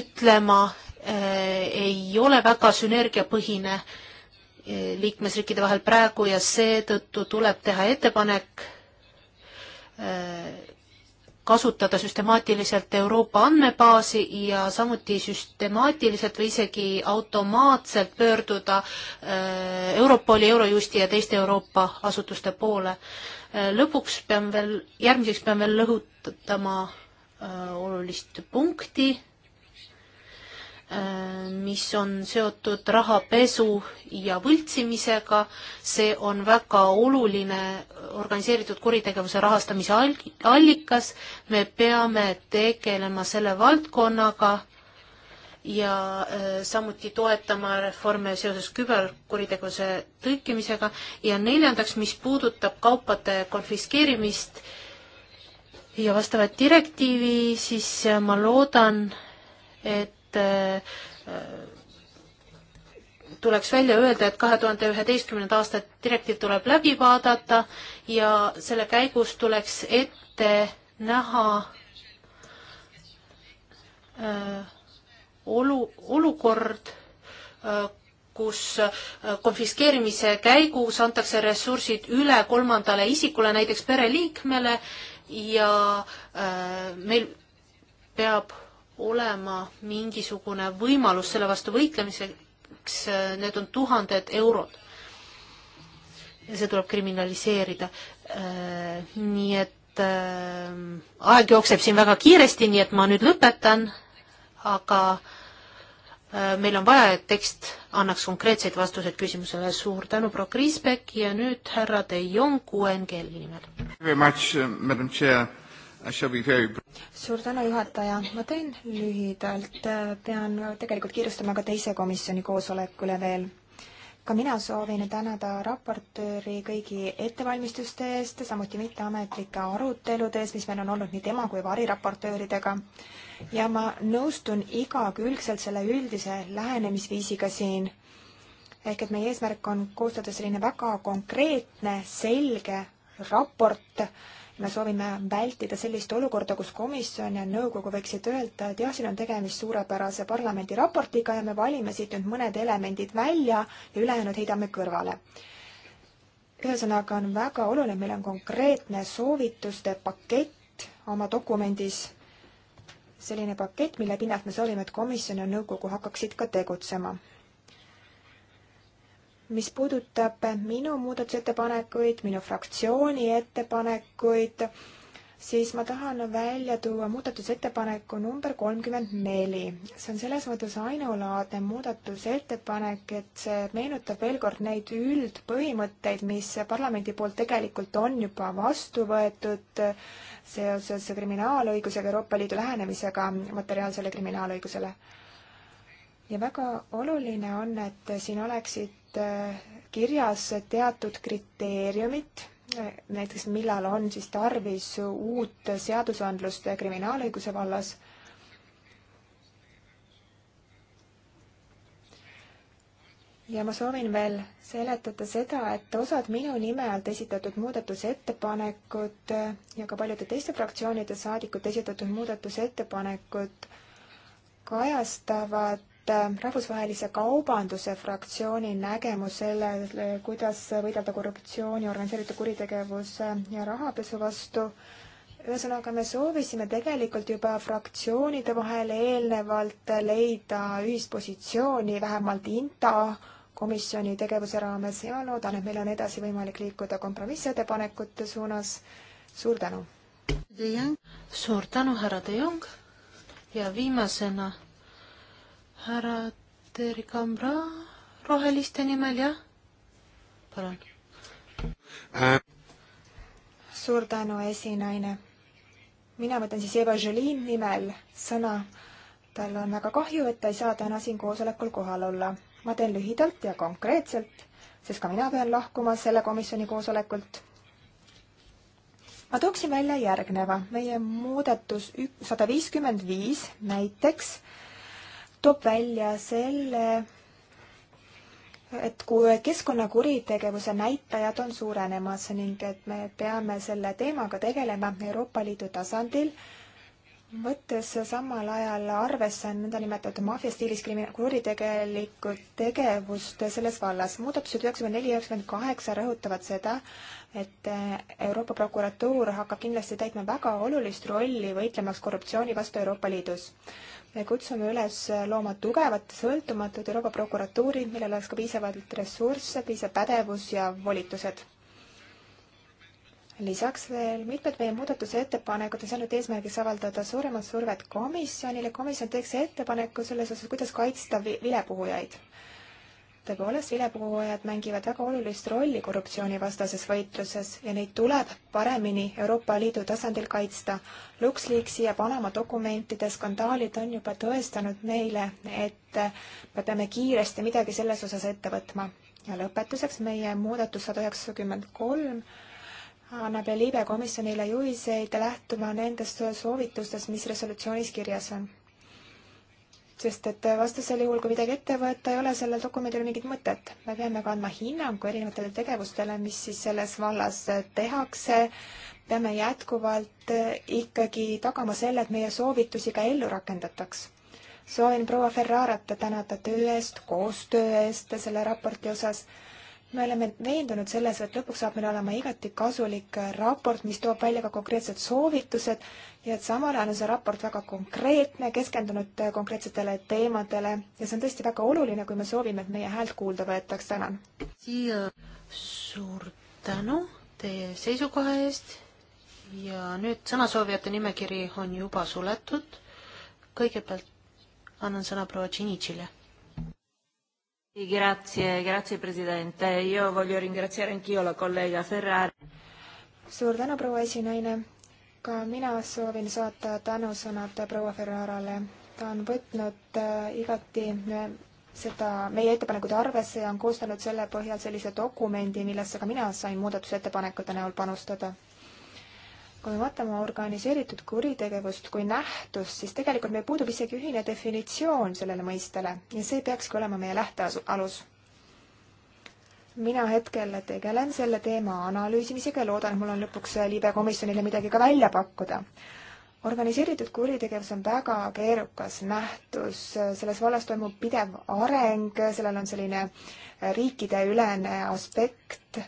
ütlema, eh, ei ole väga sünergiapõhine eh, liikmesriikide vahel praegu ja seetõttu tuleb teha ettepanek eh, kasutada süstemaatiliselt Euroopa andmebaasi ja samuti süstemaatiliselt või isegi automaatselt pöörduda äh, Europoli, Eurojusti ja teiste Euroopa asutuste poole. Äh, lõpuks pean veel, järgmiseks pean veel lõhutama äh, olulist punkti Äh, mis on seotud rahapesu ja võltsimisega, see on väga oluline organiseeritud kuritegevuse rahastamise allikas, me peame tegelema selle valdkonnaga ja äh, samuti toetama reforme seoses küberkuritegevuse tõlkimisega ja neljandaks, mis puudutab kaupade konfiskeerimist ja vastavat direktiivi, siis ma loodan, et et äh, tuleks välja öelda, et kahe tuhande üheteistkümnenda aasta direktiiv tuleb läbi vaadata ja selle käigus tuleks ette näha äh, olu, olukord, äh, kus konfiskeerimise käigus antakse ressursid üle kolmandale isikule, näiteks pereliikmele ja meil peab olema mingisugune võimalus selle vastu võitlemiseks, need on tuhanded eurod. ja see tuleb kriminaliseerida. Äh, nii et äh, aeg jookseb siin väga kiiresti, nii et ma nüüd lõpetan, aga äh, meil on vaja, et tekst annaks konkreetseid vastuseid küsimusele. suur tänu, proua Kriisbeck ja nüüd härra De Jong QNGL-i nimel. Very... suur tänu, juhataja. ma teen lühidalt, pean tegelikult kiirustama ka teise komisjoni koosolekule veel. ka mina soovin tänada raportööri kõigi ettevalmistuste eest, samuti mitteametlike arutelude eest, mis meil on olnud nii tema kui variraportööridega. ja ma nõustun igakülgselt selle üldise lähenemisviisiga siin. ehk et meie eesmärk on koostada selline väga konkreetne, selge raport me soovime vältida sellist olukorda, kus komisjon ja nõukogu võiksid öelda, et jah, siin on tegemist suurepärase parlamendi raportiga ja me valime siit nüüd mõned elemendid välja ja ülejäänud heidame kõrvale. ühesõnaga on väga oluline, meil on konkreetne soovituste pakett oma dokumendis, selline pakett, mille pinnalt me soovime, et komisjon ja nõukogu hakkaksid ka tegutsema mis puudutab minu muudatusettepanekuid, minu fraktsiooni ettepanekuid, siis ma tahan välja tuua muudatusettepaneku number kolmkümmend neli. see on selles mõttes ainulaadne muudatusettepanek, et see meenutab veel kord neid üldpõhimõtteid, mis parlamendi poolt tegelikult on juba vastu võetud seoses kriminaalõigusega, Euroopa Liidu lähenemisega materiaalsele kriminaalõigusele ja väga oluline on, et siin oleksid äh, kirjas teatud kriteeriumid, äh, näiteks millal on siis tarvis uut seadusandlust kriminaalõiguse vallas. ja ma soovin veel seletada seda, et osad minu nime alt esitatud muudatusettepanekud äh, ja ka paljude teiste fraktsioonide saadikute esitatud muudatusettepanekud kajastavad Äh, rahvusvahelise kaubanduse fraktsiooni nägemus sellele, kuidas võidelda korruptsiooni, organiseeritud kuritegevuse ja rahapesu vastu. ühesõnaga, me soovisime tegelikult juba fraktsioonide vahel eelnevalt leida ühispositsiooni vähemalt INTA komisjoni tegevuse raames ja loodan, et meil on edasi võimalik liikuda kompromissettepanekute suunas. suur tänu! suur tänu, härra De Jong ja viimasena härra Terik Ambra roheliste nimel, jah? palun. suur tänu, esinaine. mina võtan siis Eva Jolin nimel sõna. tal on väga kahju, et ta ei saa täna siin koosolekul kohal olla. ma teen lühidalt ja konkreetselt, sest ka mina pean lahkuma selle komisjoni koosolekult ma tooksin välja järgneva. meie muudatus sada viiskümmend viis näiteks toob välja selle, et kui keskkonnakuritegevuse näitajad on suurenemas ning et me peame selle teemaga tegelema Euroopa Liidu tasandil, võttes samal ajal arvesse nõndanimetatud maffiastiilis kuritegelikku tegevust selles vallas. muudatused üheksakümmend neli ja üheksakümmend kaheksa rõhutavad seda, et Euroopa prokuratuur hakkab kindlasti täitma väga olulist rolli võitlemaks korruptsiooni vastu Euroopa Liidus me kutsume üles looma tugevat, sõltumatut Euroopa prokuratuuri, millel oleks ka piisavalt ressursse, piisav pädevus ja volitused. lisaks veel mitmed meie muudatusettepanekud on saanud eesmärgiks avaldada suuremat survet komisjonile. komisjon teeks ettepaneku selles osas, kuidas kaitsta vilepuhujaid tõepoolest, vilepuhujad mängivad väga olulist rolli korruptsioonivastases võitluses ja neid tuleb paremini Euroopa Liidu tasandil kaitsta. LuxLeaksi ja Panama dokumentide skandaalid on juba tõestanud meile, et me peame kiiresti midagi selles osas ette võtma. ja lõpetuseks meie muudatus sada üheksakümmend kolm annab Liibe komisjonile juhiseid lähtuma nendest soovitustest, mis resolutsioonis kirjas on sest et vastasel juhul, kui midagi ette võtta, ei ole sellel dokumendil mingit mõtet. me peame ka andma hinnangu erinevatele tegevustele, mis siis selles vallas tehakse. peame jätkuvalt ikkagi tagama selle, et meie soovitusi ka ellu rakendataks. soovin proua Ferrarat tänada töö eest, koostöö eest selle raporti osas me oleme veendunud selles, et lõpuks saab meil olema igati kasulik raport, mis toob välja ka konkreetsed soovitused ja et samal ajal on see raport väga konkreetne, keskendunud konkreetsetele teemadele ja see on tõesti väga oluline, kui me soovime, et meie häält kuulda võetaks. tänan. suur tänu teie seisukoha eest ja nüüd sõnasoovijate nimekiri on juba suletud. kõigepealt annan sõna proua Tšinitšile Grazie, grazie presidente, io voglio ringraziare anch'io la kolleega Ferrari. suur tänu, proua esinaine. ka mina soovin saata tänusõnad proua Ferrarale. ta on võtnud äh, igati äh, seda meie ettepanekuid arvesse ja on koostanud selle põhjal sellise dokumendi, millesse ka mina sain muudatusettepanekute näol panustada kui me vaatame organiseeritud kuritegevust kui nähtust, siis tegelikult meil puudub isegi ühine definitsioon sellele mõistele ja see peakski olema meie lähtealus. mina hetkel tegelen selle teema analüüsimisega ja loodan, et mul on lõpuks liibe komisjonile midagi ka välja pakkuda organiseeritud kuritegevus on väga keerukas nähtus, selles vallas toimub pidev areng, sellel on selline riikideülene aspekt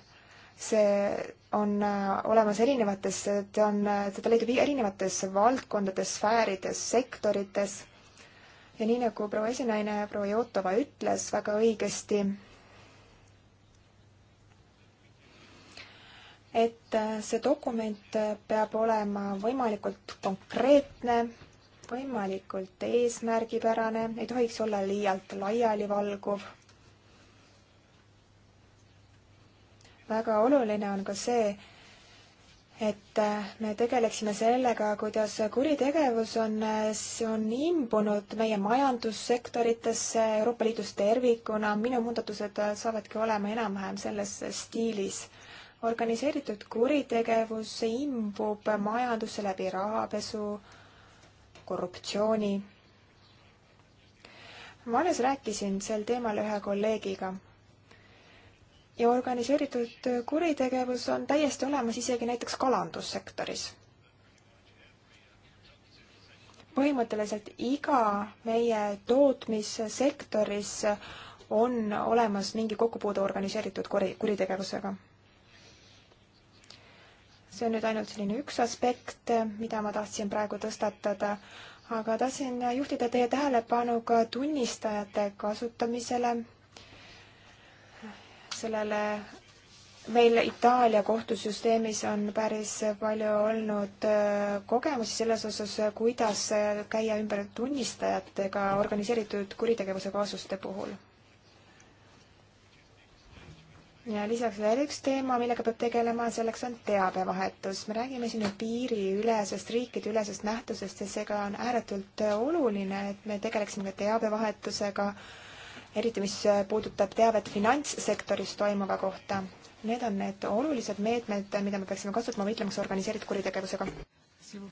see on äh, olemas erinevates, ta on, seda leidub erinevates valdkondades, sfäärides, sektorites. ja nii nagu proua esinaine, proua Jotova ütles väga õigesti, et äh, see dokument peab olema võimalikult konkreetne, võimalikult eesmärgipärane, ei tohiks olla liialt laialivalguv väga oluline on ka see, et me tegeleksime sellega, kuidas kuritegevus on, on imbunud meie majandussektoritesse Euroopa Liidus tervikuna. minu muudatused saavadki olema enam-vähem selles stiilis. organiseeritud kuritegevus imbub majandusse läbi rahapesu, korruptsiooni. ma alles rääkisin sel teemal ühe kolleegiga ja organiseeritud kuritegevus on täiesti olemas isegi näiteks kalandussektoris. põhimõtteliselt iga meie tootmissektoris on olemas mingi kokkupuude organiseeritud kuri, kuritegevusega. see on nüüd ainult selline üks aspekt, mida ma tahtsin praegu tõstatada, aga tahtsin juhtida teie tähelepanu ka tunnistajate kasutamisele sellele meil Itaalia kohtusüsteemis on päris palju olnud äh, kogemusi selles osas, kuidas äh, käia ümber tunnistajatega organiseeritud kuritegevuse kaasuste puhul. ja lisaks veel üks teema, millega peab tegelema, selleks on teabevahetus. me räägime siin ju piiriülesest, riikideülesest nähtusest ja seega on ääretult äh, oluline, et me tegeleksime ka teabevahetusega äh, eriti mis puudutab teavet finantssektoris toimuva kohta. Need on need olulised meetmed, mida me peaksime kasutama võitlemaks organiseeritud kuritegevusega.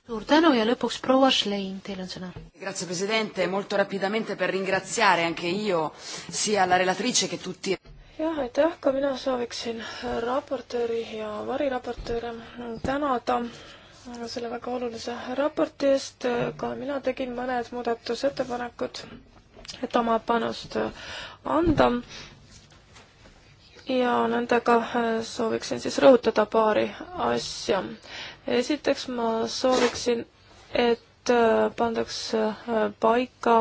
suur tänu ja lõpuks proua Schlein, teil on sõna. Grazie presidente, molto rapidamente per ringraziare anche io sia la relatrice che tutti jah, aitäh, ka mina sooviksin raportööri ja variraportööre tänada selle väga olulise raporti eest, ka mina tegin mõned muudatusettepanekud et oma panust äh, anda. ja nendega äh, sooviksin siis rõhutada paari asja. esiteks ma sooviksin, et äh, pandaks paika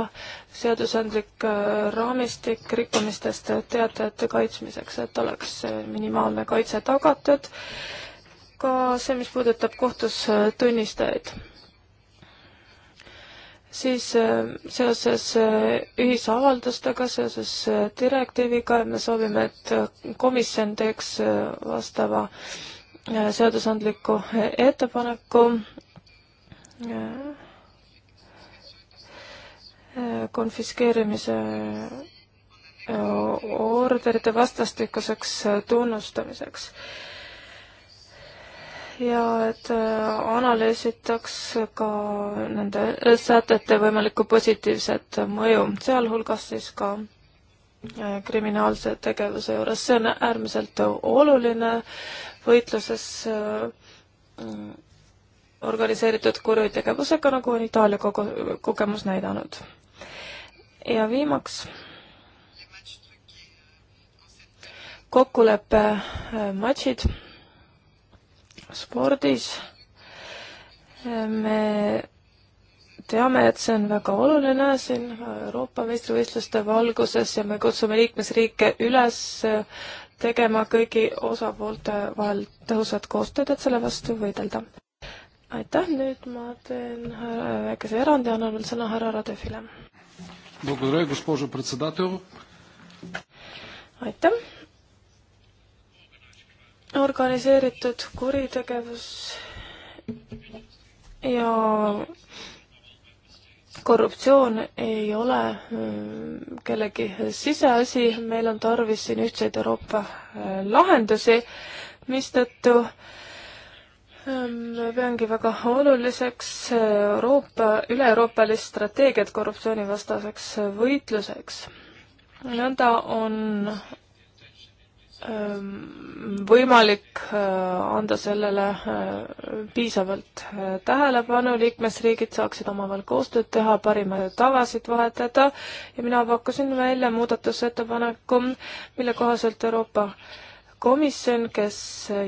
seadusandlik raamistik rikkumistest teatajate kaitsmiseks, et oleks minimaalne kaitse tagatud. ka see, mis puudutab kohtus tunnistajaid siis äh, seoses äh, ühisavaldustega, seoses äh, direktiiviga me soovime, et komisjon teeks vastava seadusandliku ettepaneku konfiskeerimise orderite vastastikuseks tunnustamiseks ja et äh, analüüsitaks ka nende sätete võimalikku positiivset mõju, sealhulgas siis ka äh, kriminaalse tegevuse juures, see on äärmiselt oluline võitluses äh, organiseeritud kuritegevusega, nagu on Itaalia kogu-, kogemus näidanud. ja viimaks kokkuleppe matšid spordis. me teame, et see on väga oluline siin Euroopa meistrivõistluste valguses ja me kutsume liikmesriike üles tegema kõigi osapoolte vahel tõhusat koostööd, et selle vastu võidelda. aitäh, nüüd ma teen väikese erandi, annan veel sõna härra Radefile. aitäh organiseeritud kuritegevus ja korruptsioon ei ole mm, kellegi siseasi, meil on tarvis siin ühtseid Euroopa äh, lahendusi, mistõttu ma mm, peangi väga oluliseks äh, Euroopa, üle-euroopalist strateegiat korruptsioonivastaseks võitluseks. nõnda on võimalik anda sellele piisavalt tähelepanu, liikmesriigid saaksid omavahel koostööd teha, parimaid tavasid vahetada ja mina pakkusin välja muudatusettepaneku, mille kohaselt Euroopa Komisjon, kes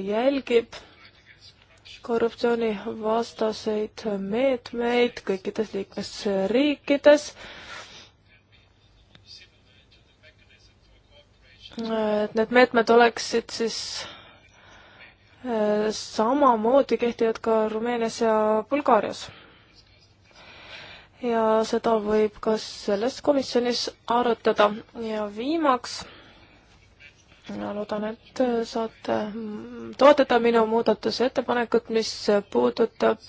jälgib korruptsioonivastaseid meetmeid kõikides liikmesriikides, et need meetmed oleksid siis äh, samamoodi kehtivad ka Rumeenias ja Bulgaarias. ja seda võib ka selles komisjonis arutada ja viimaks ja loodan, et saate toetada minu muudatusettepanekut, mis puudutab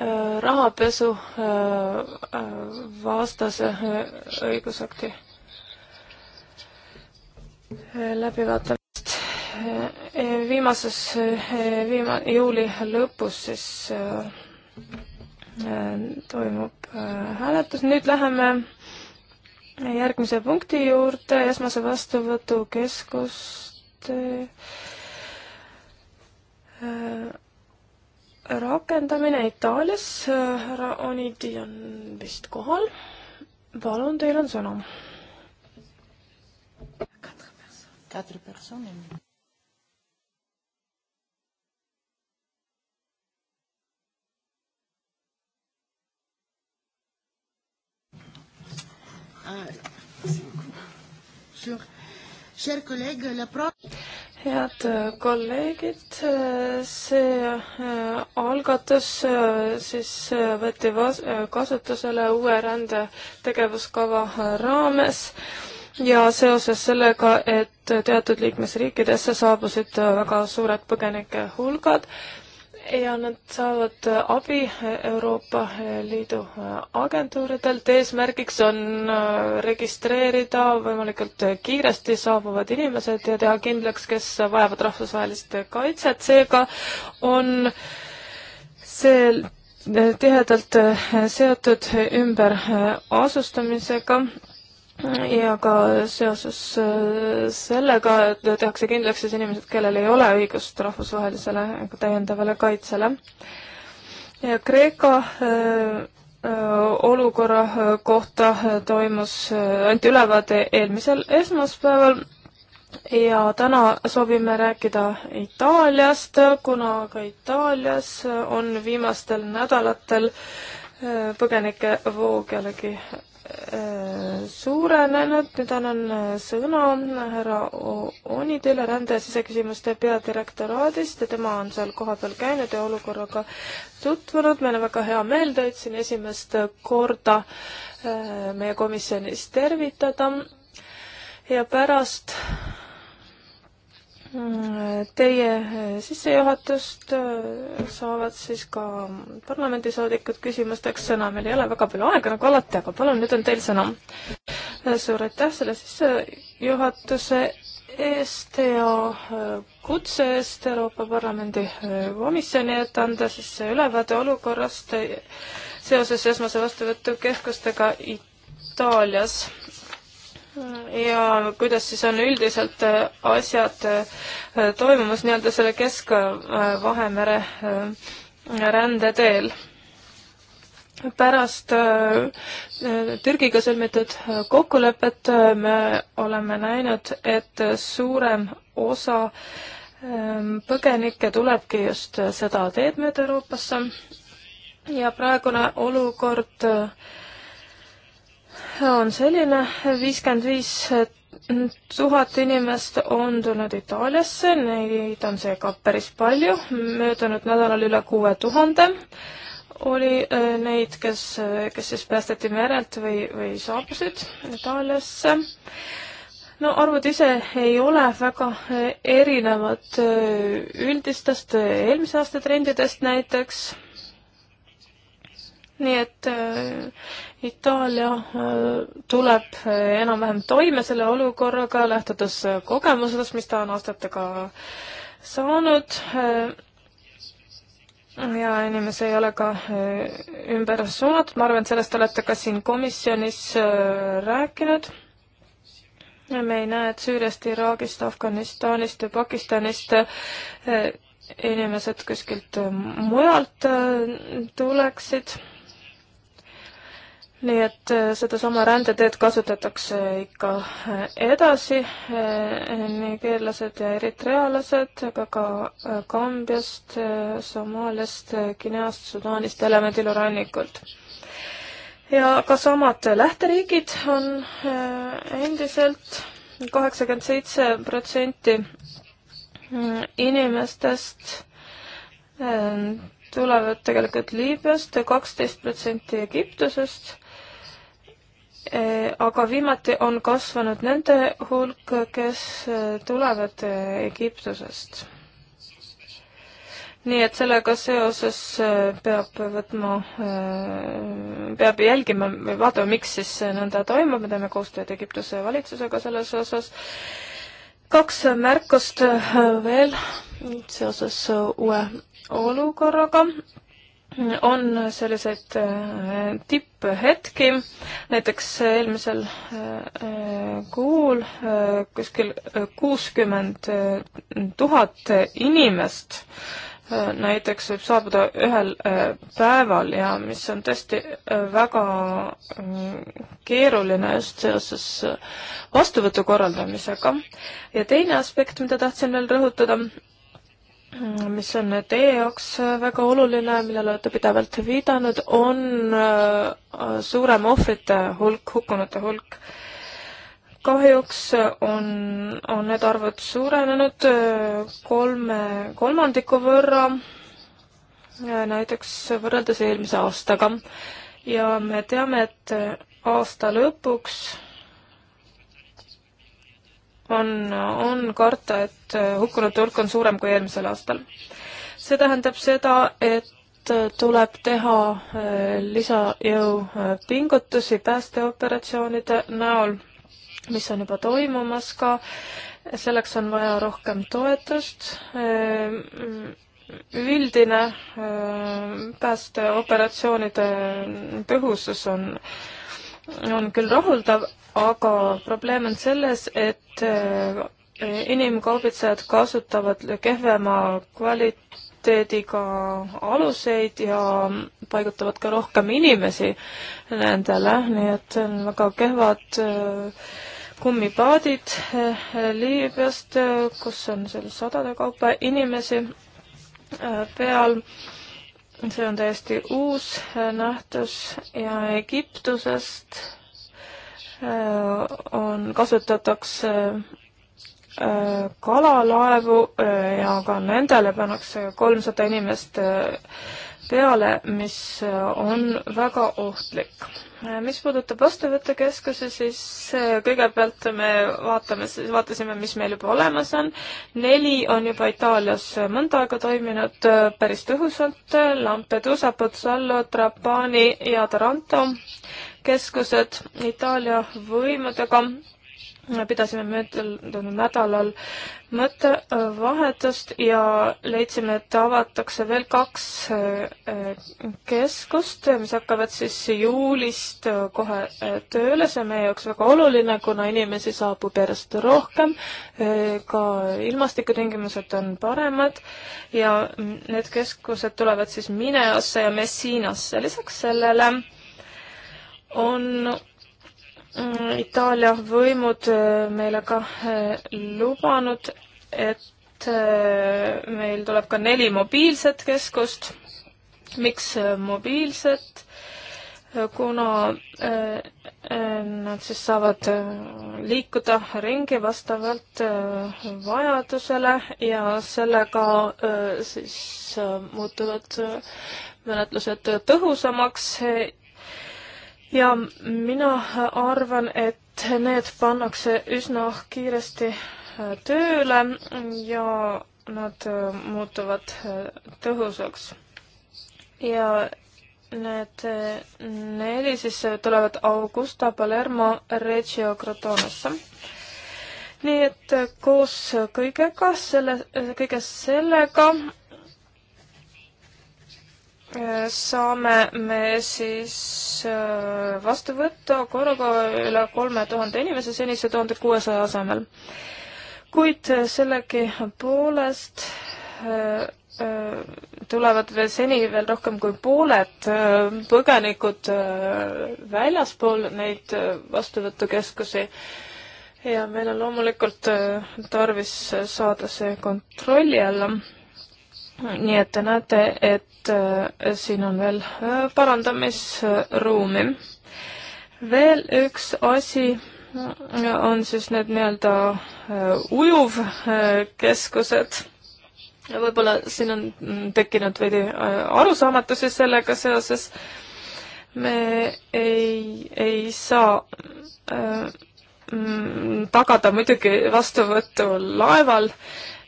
äh, rahapesu äh, vastase õigusakti läbivaatamist. viimases, viima-, juuli lõpus siis äh, toimub äh, hääletus, nüüd läheme järgmise punkti juurde, esmase vastuvõtukeskust äh, rakendamine Itaalias, härra Onidi on vist kohal. palun, teil on sõna. Quatre personnes. head äh, kolleegid, äh, see äh, algatus siis võeti kasutusele uue rände tegevuskava raames ja seoses sellega, et teatud liikmesriikidesse saabusid väga suured põgenike hulgad ja nad saavad abi Euroopa Liidu agentuuridelt, eesmärgiks on registreerida võimalikult kiiresti saabuvad inimesed ja teha kindlaks, kes vajavad rahvusvahelist kaitset, seega on see tihedalt seotud ümberasustamisega ja ka seoses äh, sellega tehakse kindlaks siis inimesed, kellel ei ole õigust rahvusvahelisele ega täiendavale kaitsele. ja Kreeka äh, äh, olukorra kohta toimus, anti ülevaade eelmisel esmaspäeval ja täna soovime rääkida Itaaliast, kuna ka Itaalias on viimastel nädalatel põgenike voog jällegi Äh, suurenenud, nüüd annan äh, sõna härra Onidele, rände- ja siseküsimuste peadirektoraadist ja tema on seal kohapeal käinud ja olukorraga tutvunud, meil on väga hea meel teid siin esimest korda äh, meie komisjonis tervitada ja pärast Teie eh, sissejuhatust eh, saavad siis ka parlamendisaadikud küsimusteks sõna, meil ei ole väga palju aega nagu alati, aga palun, nüüd on teil sõna. Eh, suur aitäh selle sissejuhatuse eest ja kutse eest Euroopa Parlamendi komisjoni, et anda siis ülevaade olukorrast seoses esmase vastuvõtukeskustega Itaalias ja kuidas siis on üldiselt äh, asjad äh, toimumas nii-öelda selle Kesk-Vahemere äh, rände teel? pärast Türgiga sõlmitud kokkulepet me oleme näinud, et suurem osa ähm, põgenikke tulebki just seda teed mööda Euroopasse ja praegune olukord äh, on selline, viiskümmend viis tuhat inimest on tulnud Itaaliasse, neid on seega päris palju, möödunud nädalal üle kuue tuhande oli äh, neid, kes, kes siis päästeti merelt või, või saabusid Itaaliasse. no arvud ise ei ole väga äh, erinevad äh, üldistest eelmise aasta trendidest näiteks. nii et Itaalia äh, tuleb äh, enam-vähem toime selle olukorraga, lähtudes äh, kogemusest, mis ta on aastatega saanud. ja inimesi ei ole ka ümber suunatud, ma arvan, et sellest olete ka siin komisjonis rääkinud me ei näe, et Süüriast, Iraagist, Afganistanist ja Pakistanist inimesed kuskilt mujalt tuleksid nii et äh, sedasama rändeteed kasutatakse ikka äh, edasi, äh, nigeerlased ja eritrealased, aga ka Kambjast, Somaaliast, Guineast, Sudaanist, Elemendi rannikult. ja ka samad lähteriigid on endiselt kaheksakümmend seitse protsenti mm, inimestest tulevad tegelikult Liibüast ja kaksteist protsenti Egiptusest Äh, aga viimati on kasvanud nende hulk, kes äh, tulevad äh, Egiptusest. nii et sellega seoses peab võtma, peab jälgima või vaatama, miks siis nõnda toimub, me teeme koostööd Egiptuse valitsusega selles osas. kaks märkust veel seoses uue olukorraga on selliseid äh, tipphetki, näiteks eelmisel äh, äh, kuul kuskil kuuskümmend tuhat inimest näiteks võib saabuda ühel päeval ja mis on tõesti väga keeruline just seoses vastuvõtu korraldamisega. ja teine aspekt, mida tahtsin veel rõhutada, Mm, mis on teie jaoks äh, väga oluline, millele olete pidevalt viidanud, on äh, suurem ohvrite hulk, hukkunute hulk. kahjuks äh, on, on need arvud suurenenud kolme kolmandiku võrra, näiteks võrreldes eelmise aastaga. ja me teame, et aasta lõpuks on, on karta, et äh, hukkunute hulk on suurem kui eelmisel aastal. see tähendab seda, et äh, tuleb teha äh, lisajõupingutusi päästeoperatsioonide näol, mis on juba toimumas ka, selleks on vaja rohkem toetust, üldine päästeoperatsioonide tõhusus on äh, on küll rahuldav, aga probleem on selles, et äh, inimkaubitsejad kasutavad kehvema kvaliteediga aluseid ja paigutavad ka rohkem inimesi nendele, nii et on väga kehvad äh, kummipaadid äh, Liibüast, kus on seal sadade kaupa inimesi peal see on täiesti uus äh, nähtus ja Egiptusest äh, on, kasutatakse äh, kalalaevu ja ka nendele pannakse kolmsada inimest peale, mis on väga ohtlik. mis puudutab vastuvõtukeskusi, siis äh, kõigepealt me vaatame, vaatasime, mis meil juba olemas on. neli on juba Itaalias mõnda aega toiminud äh, päris tõhusalt, Lampedusa, Pozzallo, Trapani ja Taranto keskused Itaalia võimudega me pidasime möödunud nädalal mõttevahetust ja leidsime, et avatakse veel kaks äh, keskust, mis hakkavad siis juulist kohe äh, tööle, see on meie jaoks väga oluline, kuna inimesi saabub järjest rohkem, äh, ka ilmastikutingimused on paremad ja need keskused tulevad siis Mineosse ja Messinasse, lisaks sellele on Mm, Itaalia võimud äh, meile ka äh, lubanud, et äh, meil tuleb ka neli mobiilset keskust. miks mobiilset? kuna nad siis saavad liikuda ringi vastavalt vajadusele ja sellega siis muutuvad menetlused tõhusamaks ja mina arvan, et need pannakse üsna kiiresti äh, tööle ja nad äh, muutuvad äh, tõhusaks. ja need neli siis tulevad Augusta, Palermo, Reggio, Crotonasse nii et koos kõigega, selle, kõige sellega saame me siis äh, vastu võtta korraga üle kolme tuhande inimese senise tuhande kuuesaja asemel. kuid äh, sellegipoolest äh, tulevad veel seni veel rohkem kui pooled põgenikud väljaspool neid vastuvõtukeskusi ja meil on loomulikult tarvis saada see kontrolli alla nii et te näete, et äh, siin on veel äh, parandamisruumi. veel üks asi äh, on siis need nii-öelda ujuvkeskused. võib-olla siin on mm, tekkinud veidi arusaamatusi sellega seoses. me ei, ei saa mm, tagada muidugi vastuvõttu laeval äh,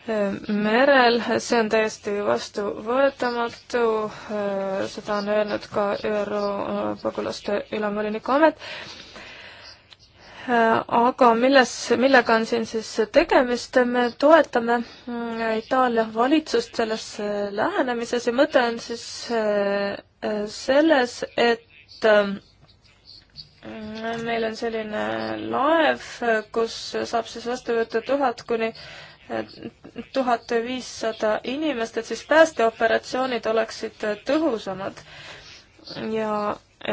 merel, see on täiesti vastuvõetamatu, seda on öelnud ka ÜRO pagulaste ülemvoliniku amet. aga milles, millega on siin siis tegemist, me toetame Itaalia valitsust selles lähenemises ja mõte on siis äh, selles, et äh, meil on selline laev, kus saab siis vastu võtta tuhat kuni tuhat viissada inimest, et siis päästeoperatsioonid oleksid tõhusamad ja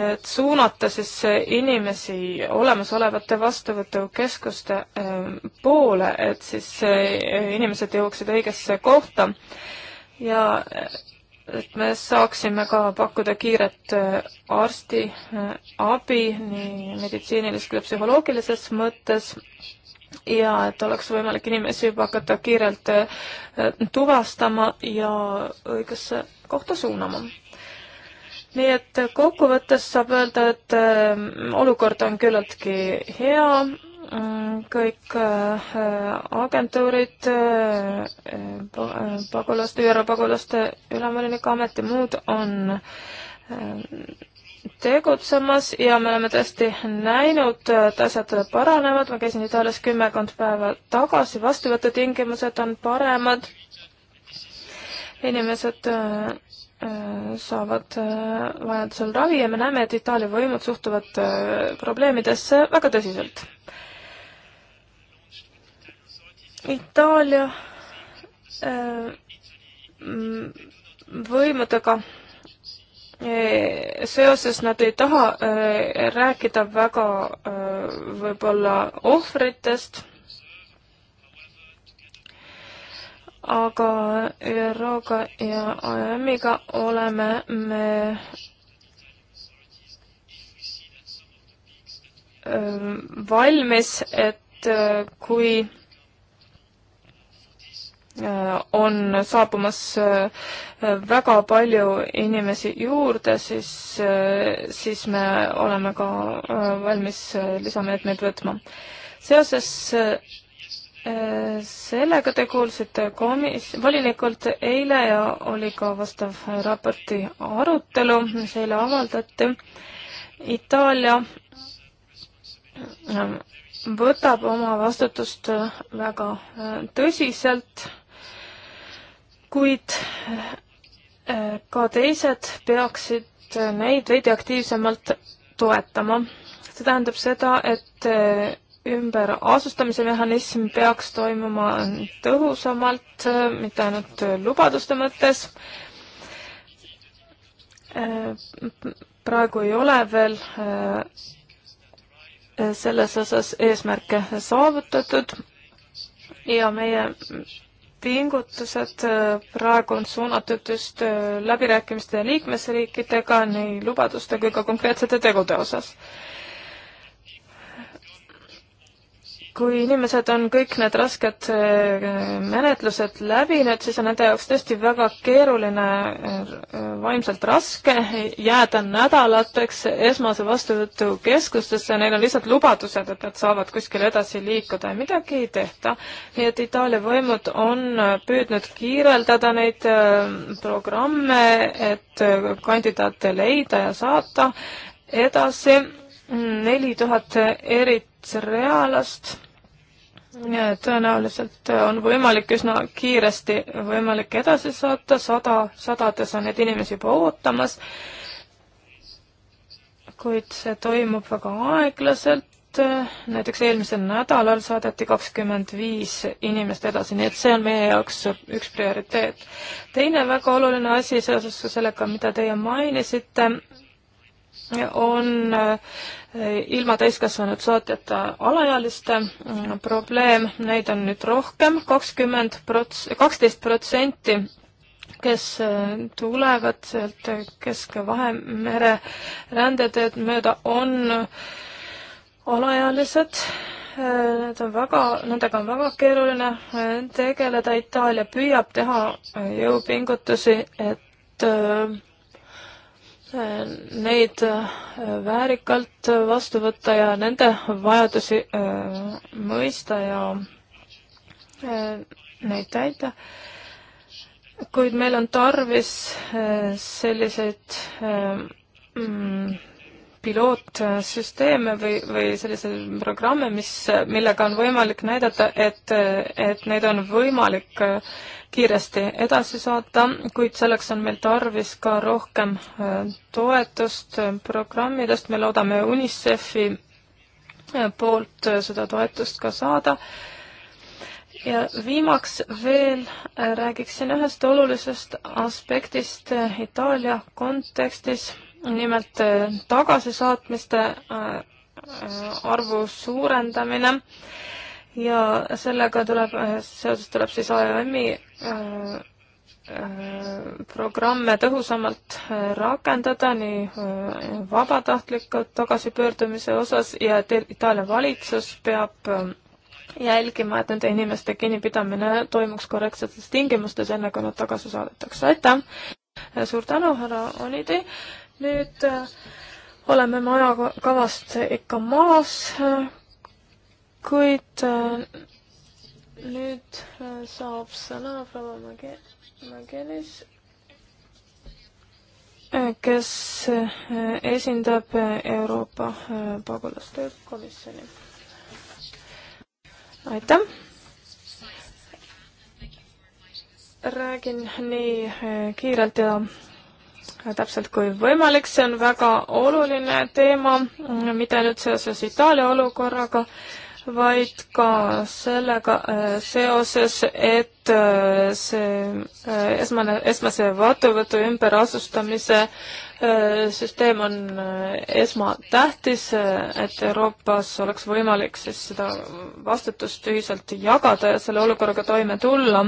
et suunata siis inimesi olemasolevate vastuvõtukeskuste ehm, poole, et siis eh, inimesed jõuaksid õigesse kohta ja eh, et me saaksime ka pakkuda kiiret eh, arstiabi nii meditsiinilises kui psühholoogilises mõttes ja et oleks võimalik inimesi juba hakata kiirelt äh, tuvastama ja õigesse kohta suunama. nii et kokkuvõttes saab öelda, et äh, olukord on küllaltki hea, mm, kõik äh, agentuurid, pagulaste, ÜRO pagulaste ülemvolinik amet ja muud on tegutsemas ja me oleme tõesti näinud, et asjad paranevad, ma käisin Itaalias kümmekond päeva tagasi, vastuvõtutingimused on paremad, inimesed äh, äh, saavad äh, vajadusel ravi ja me näeme, et Itaalia võimud suhtuvad probleemidesse väga tõsiselt. Itaalia võimudega seoses nad ei taha rääkida väga võib-olla ohvritest, aga ÜRO-ga ja IOM-iga oleme me valmis, et kui Äh, on saabumas äh, väga palju inimesi juurde, siis, äh, siis me oleme ka valmis lisameetmeid võtma. seoses sellega te kuulsite komis-, volinikult eile ja oli ka vastav raporti arutelu, mis eile avaldati. Itaalia võtab oma vastutust väga tõsiselt kuid äh, ka teised peaksid äh, neid veidi aktiivsemalt toetama. see tähendab seda, et äh, ümberasustamise mehhanism peaks toimuma tõhusamalt, mitte ainult lubaduste mõttes. praegu ei ole veel selles osas eesmärke saavutatud ja meie pingutused äh, praegu on suunatud just äh, läbirääkimiste liikmesriikidega nii lubaduste kui ka konkreetsete tegude osas. kui inimesed on kõik need rasked äh, menetlused läbinud, siis on nende jaoks tõesti väga keeruline, äh, vaimselt raske jääda nädalateks esmase vastuvõtu keskustesse, neil on lihtsalt lubadused, et nad saavad kuskile edasi liikuda ja midagi ei tehta. nii et Itaalia võimud on püüdnud kiireldada neid äh, programme, et kandidaate leida ja saata edasi mm, neli tuhat eritrealast ja tõenäoliselt äh, on võimalik üsna kiiresti võimalik edasi saata, sada, sadades on neid inimesi juba ootamas, kuid see toimub väga aeglaselt, äh, näiteks eelmisel nädalal saadeti kakskümmend viis inimest edasi, nii et see on meie jaoks üks prioriteet. teine väga oluline asi seoses sellega, mida teie mainisite, on äh, ilma täiskasvanud saatjata alaealiste mm, probleem, neid on nüüd rohkem, kakskümmend prots-, kaksteist protsenti kes äh, tulevad sealt Kesk-Vahemere rändeteed mööda, on alaealised. Äh, need on väga, nendega on väga keeruline äh, tegeleda. Itaalia püüab teha jõupingutusi, et neid äh, väärikalt vastu võtta ja nende vajadusi äh, mõista ja äh, neid täida. kuid meil on tarvis selliseid mm, pilootsüsteeme või, või selliseid programme, mis, millega on võimalik näidata, et, et neid on võimalik äh, kiiresti edasi saata, kuid selleks on meil tarvis ka rohkem äh, toetust äh, programmidest, me loodame UNICEF-i poolt seda toetust ka saada ja viimaks veel räägiksin ühest olulisest aspektist Itaalia kontekstis nimelt äh, tagasisaatmiste äh, äh, arvu suurendamine ja sellega tuleb, seoses tuleb siis AEM-i programme tõhusamalt rakendada nii vabatahtliku tagasipöördumise osas ja et Itaalia valitsus peab jälgima, et nende inimeste kinnipidamine toimuks korrektsetes tingimustes, enne kui nad tagasi saadetakse. aitäh! suur tänu, härra Onidi nüüd äh, oleme me ajakavast ikka maas, äh, kuid äh, nüüd saab sõna proua Magelis, kes esindab Euroopa pagulaste komisjoni. aitäh! räägin nii kiirelt ja täpselt kui võimalik, see on väga oluline teema, mitte ainult seoses Itaalia olukorraga, vaid ka sellega äh, seoses, et äh, see äh, esmane, esmase vastuvõtu ümberasustamise süsteem on esmatähtis, et Euroopas oleks võimalik siis seda vastutust ühiselt jagada ja selle olukorraga toime tulla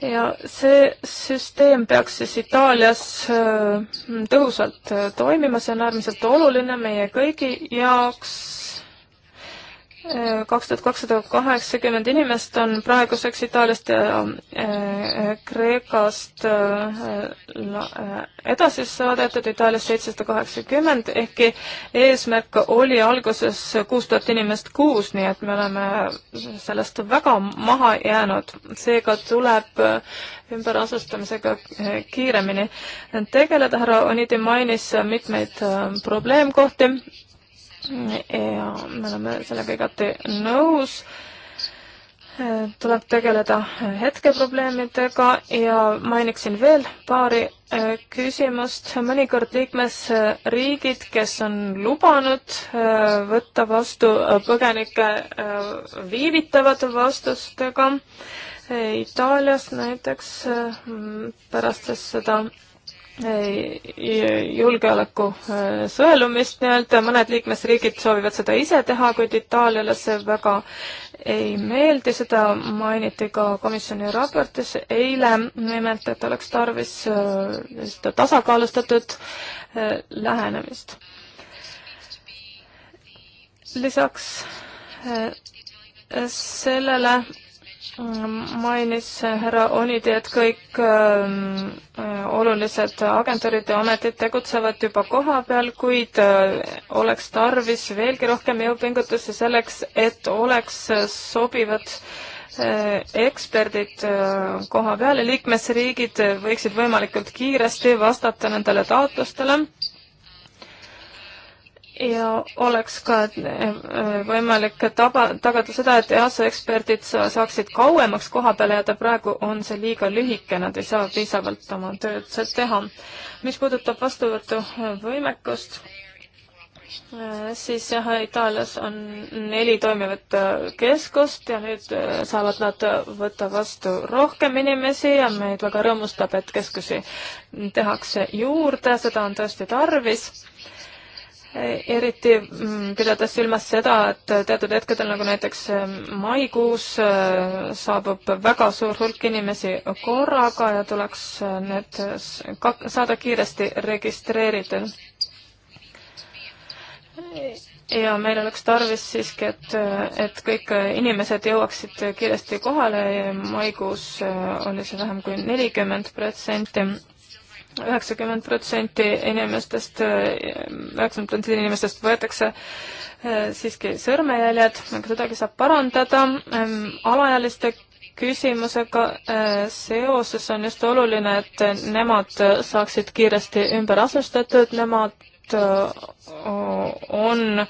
ja see süsteem peaks siis Itaalias äh, tõhusalt äh, toimima, see on äärmiselt oluline meie kõigi jaoks kaks tuhat kakssada kaheksakümmend inimest on praeguseks Itaaliast ja äh, äh, Kreekast äh, edasi saadetud, Itaaliast seitsesada kaheksakümmend, ehkki eesmärk oli alguses kuus tuhat inimest kuus, nii et me oleme sellest väga maha jäänud. seega tuleb ümberasustamisega kiiremini tegeleda, härra Onidi mainis mitmeid probleemkohti ja me oleme sellega igati nõus tuleb tegeleda hetkeprobleemidega ja mainiksin veel paari äh, küsimust. mõnikord liikmesriigid, kes on lubanud äh, võtta vastu äh, põgenikke, viivitavad vastustega. Itaalias näiteks pärast siis seda julgeoleku äh, sõelumist nii-öelda, mõned liikmesriigid soovivad seda ise teha, kuid Itaaliale see väga ei meeldi, seda mainiti ka komisjoni raportis eile, nimelt et oleks tarvis äh, seda tasakaalustatud äh, lähenemist. lisaks sellele Mm, mainis härra Onidi, et kõik ähm, äh, olulised agentuurid ja ametid tegutsevad juba kohapeal, kuid äh, oleks tarvis veelgi rohkem jõupingutusi selleks, et oleks sobivad äh, eksperdid äh, koha peal ja liikmesriigid võiksid võimalikult kiiresti vastata nendele taotlustele äh, ja oleks ka äh, võimalik taba, tagada seda, et EASO eksperdid saaksid kauemaks koha peale jääda, praegu on see liiga lühike, nad ei saa piisavalt oma tööd teha. mis puudutab vastuvõtuvõimekust, äh, siis jah, Itaalias on neli toimivat äh, keskust ja nüüd saavad nad võtta vastu rohkem inimesi ja meid väga rõõmustab, et keskusi tehakse juurde, seda on tõesti tarvis eriti mm, pidades silmas seda, et teatud hetkedel, nagu näiteks ähm, maikuus, äh, saabub väga suur hulk inimesi korraga ja tuleks äh, need saada kiiresti registreeritud. ja meil oleks tarvis siiski, et, äh, et kõik inimesed jõuaksid kiiresti kohale ja maikuus oli see vähem kui nelikümmend protsenti üheksakümmend protsenti inimestest, üheksakümmend protsenti inimestest võetakse äh, siiski sõrmejäljed, aga sedagi saab parandada. Ähm, alaealiste küsimusega äh, seoses on just oluline, et nemad saaksid kiiresti ümber asustatud, nemad äh, on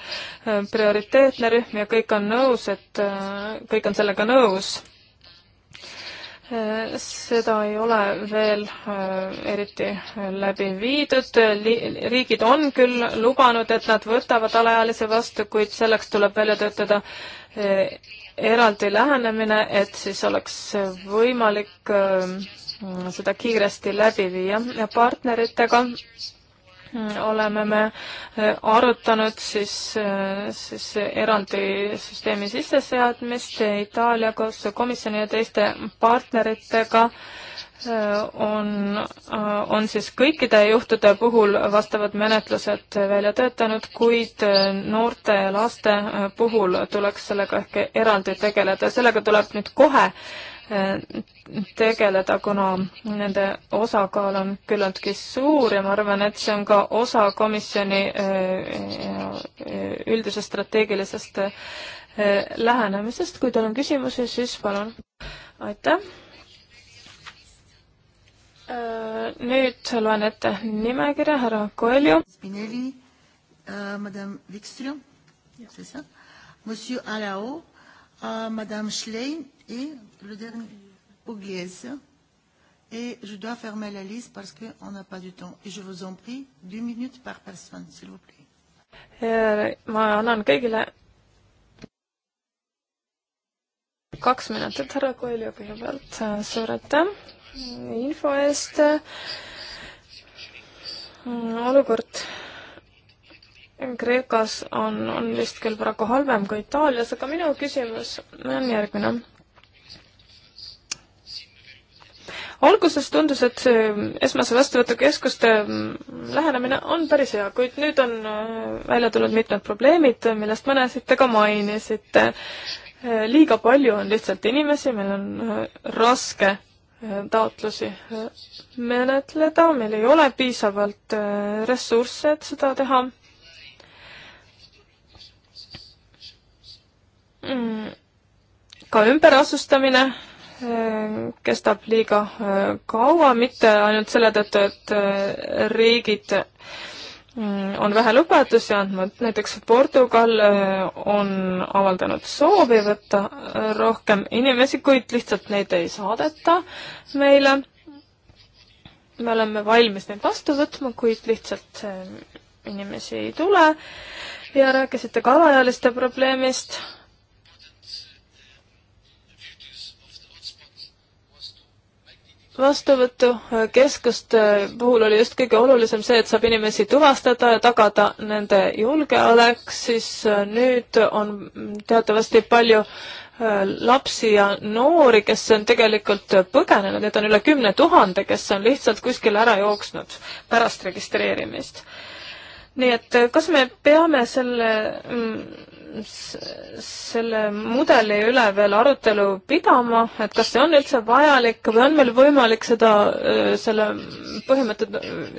prioriteetne rühm ja kõik on nõus, et kõik on sellega nõus Äh, seda ei ole veel äh, eriti äh, läbi viidud. riigid on küll lubanud, et nad võtavad alaealisi vastu, kuid selleks tuleb välja töötada eraldi lähenemine, et siis oleks võimalik seda kiiresti läbi viia ja partneritega oleme me äh, arutanud siis, äh, siis erandisüsteemi sisseseadmist Itaalia koos komisjoni ja teiste partneritega äh, on, on siis kõikide juhtude puhul vastavad menetlused välja töötanud, kuid noorte ja laste puhul tuleks sellega ehk eraldi tegeleda, sellega tuleb nüüd kohe tegeleda, kuna nende osakaal on küllaltki suur ja ma arvan, et see on ka osa komisjoni eh, eh, üldisest strateegilisest eh, lähenemisest. kui teil on küsimusi, siis palun. aitäh. nüüd loen ette nimekirja, härra Koelju. Spinelli, madam Vikström, Monsieur Alao à Madame Schlein et le dernier Pugliese. Et je dois fermer la liste parce qu'on n'a pas du temps. Et je vous en prie, deux minutes par personne, s'il vous plaît. Äh, ma annan kõigile kaks minutit ära Koelio kõigepealt. Äh, suur aitäh info eest. Mm, olukord Kreekas on, on vist küll praegu halvem kui Itaalias, aga minu küsimus on järgmine. alguses tundus, et see esmase vastuvõtukeskuste mm, lähenemine on päris hea, kuid nüüd on äh, välja tulnud mitmed probleemid, millest mõnesid te ka mainisite. Äh, liiga palju on lihtsalt inimesi, meil on äh, raske taotlusi menetleda, meil ei ole piisavalt ressursse, et seda teha Mm. ka ümberasustamine äh, kestab liiga äh, kaua, mitte ainult selle tõttu, et äh, riigid mm, on vähe lubadusi andnud, näiteks Portugal on avaldanud soovi võtta rohkem inimesi, kuid lihtsalt neid ei saadeta meile. me oleme valmis neid vastu võtma, kuid lihtsalt inimesi ei tule ja rääkisite ka alaealiste probleemist vastuvõtukeskuste äh, äh, puhul oli just kõige olulisem see, et saab inimesi tuvastada ja tagada nende julgeolek, siis äh, nüüd on teatavasti palju lapsi ja noori, kes on tegelikult põgenenud, neid on üle kümne tuhande, kes on lihtsalt kuskile ära jooksnud pärast registreerimist. nii et kas me peame selle mm, selle mudeli üle veel arutelu pidama, et kas see on üldse vajalik või on meil võimalik seda, selle põhimõtte,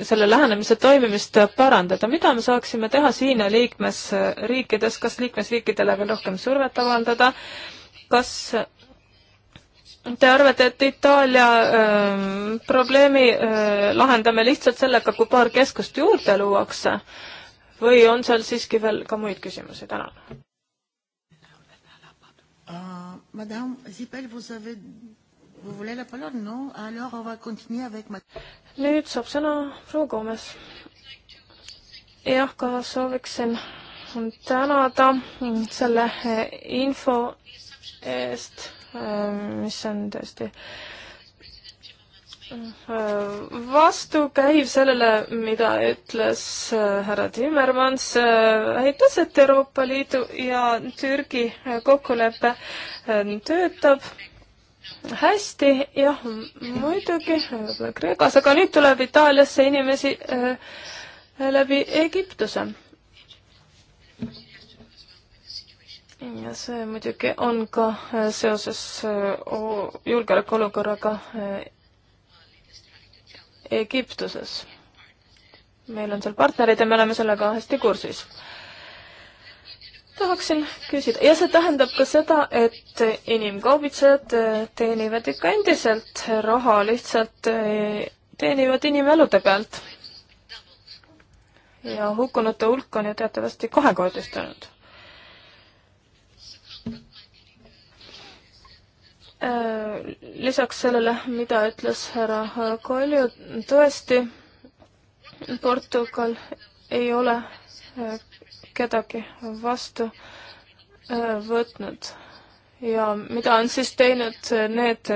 selle lähenemise toimimist parandada, mida me saaksime teha siin liikmesriikides, kas liikmesriikidele veel rohkem survet avaldada, kas Te arvate, et Itaalia öö, probleemi öö, lahendame lihtsalt sellega, kui paar keskust juurde luuakse? või on seal siiski veel ka muid küsimusi, tänan? Madame Zipel, vous avez, vous voulez la parole, non? Alors on va continuer avec ma-. nüüd saab sõna proua Gomes. jah, ka sooviksin tänada selle info eest, mis on tõesti äh, Äh, vastukäiv sellele, mida ütles äh, härra Timmermans, aitas, äh, et Euroopa Liidu ja Türgi kokkulepe töötab hästi, jah, muidugi Kreekas, aga nüüd tuleb Itaaliasse inimesi läbi Egiptuse. ja see muidugi on ka seoses julgeolekuolukorraga Egiptuses. meil on seal partnerid ja me oleme sellega hästi kursis. tahaksin küsida, ja see tähendab ka seda, et inimkaubitsejad eh, teenivad ikka endiselt raha, lihtsalt eh, teenivad inimelude pealt. ja hukkunute hulk on ju teatavasti kahekordistunud Äh, lisaks sellele, mida ütles härra Kalju, tõesti Portugal ei ole äh, kedagi vastu äh, võtnud ja mida on siis teinud need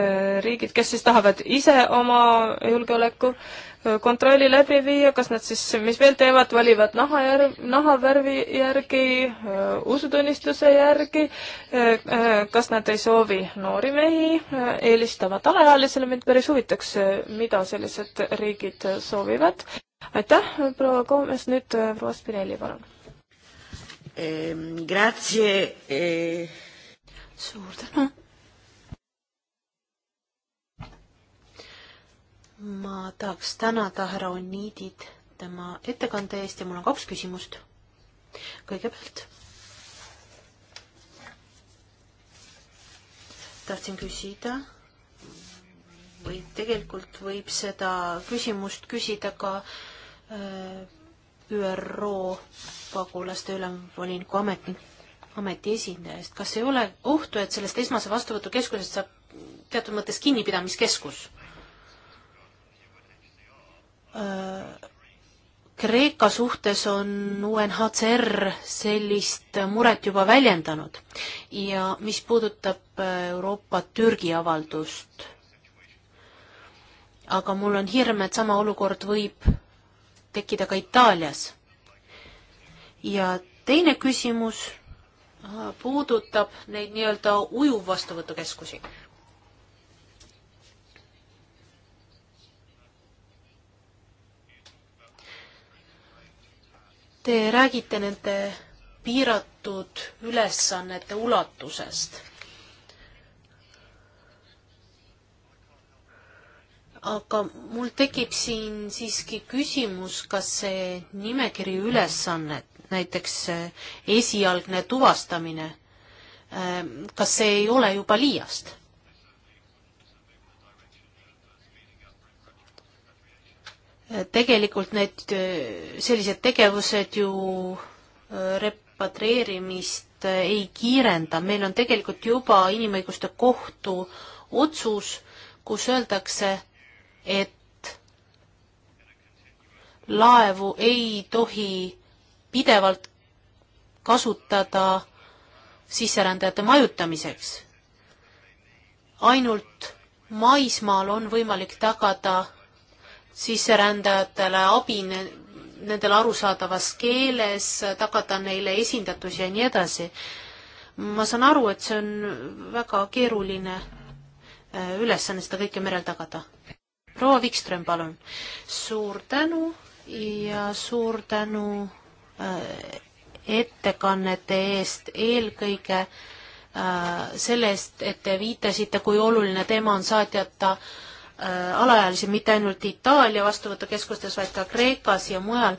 riigid, kes siis tahavad ise oma julgeoleku kontrolli läbi viia, kas nad siis, mis veel teevad, valivad naha järv, nahavärvi järgi, äh, usutunnistuse järgi, äh, äh, kas nad ei soovi noori mehi, eelistavad alaealisele, mind päris huvitaks, mida sellised riigid soovivad. aitäh, proua Koomes, nüüd proua Spinelli, palun eh,. Grazie eh.. suur tänu ma tahaks tänada härra Oniidit tema ettekande eest ja mul on kaks küsimust. kõigepealt tahtsin küsida või tegelikult võib seda küsimust küsida ka äh, ÜRO pagulaste ülemvoliniku ametnik, ameti esindajast. kas ei ole ohtu, et sellest esmase vastuvõtukeskusest saab teatud mõttes kinnipidamiskeskus? Äh, Kreeka suhtes on UNHCR sellist muret juba väljendanud ja mis puudutab äh, Euroopa Türgi avaldust, aga mul on hirm, et sama olukord võib tekkida ka Itaalias. ja teine küsimus äh, puudutab neid nii-öelda ujuvvastuvõtukeskusi Te räägite nende piiratud ülesannete ulatusest. aga mul tekib siin siiski küsimus, kas see nimekiri ülesannet, näiteks esialgne tuvastamine, kas see ei ole juba liiast? tegelikult need, äh, sellised tegevused ju äh, repatrieerimist äh, ei kiirenda, meil on tegelikult juba Inimõiguste Kohtu otsus, kus öeldakse, et laevu ei tohi pidevalt kasutada sisserändajate majutamiseks. ainult maismaal on võimalik tagada sisserändajatele abi nendele arusaadavas keeles, tagada neile esindatus ja nii edasi. ma saan aru, et see on väga keeruline äh, ülesanne seda kõike merel tagada. proua Vikström, palun. suur tänu ja suur tänu äh, ettekannete eest, eelkõige äh, selle eest, et te viitasite, kui oluline teema on saatjata äh, Äh, alaealisi mitte ainult Itaalia vastuvõtukeskustes, vaid ka Kreekas ja mujal.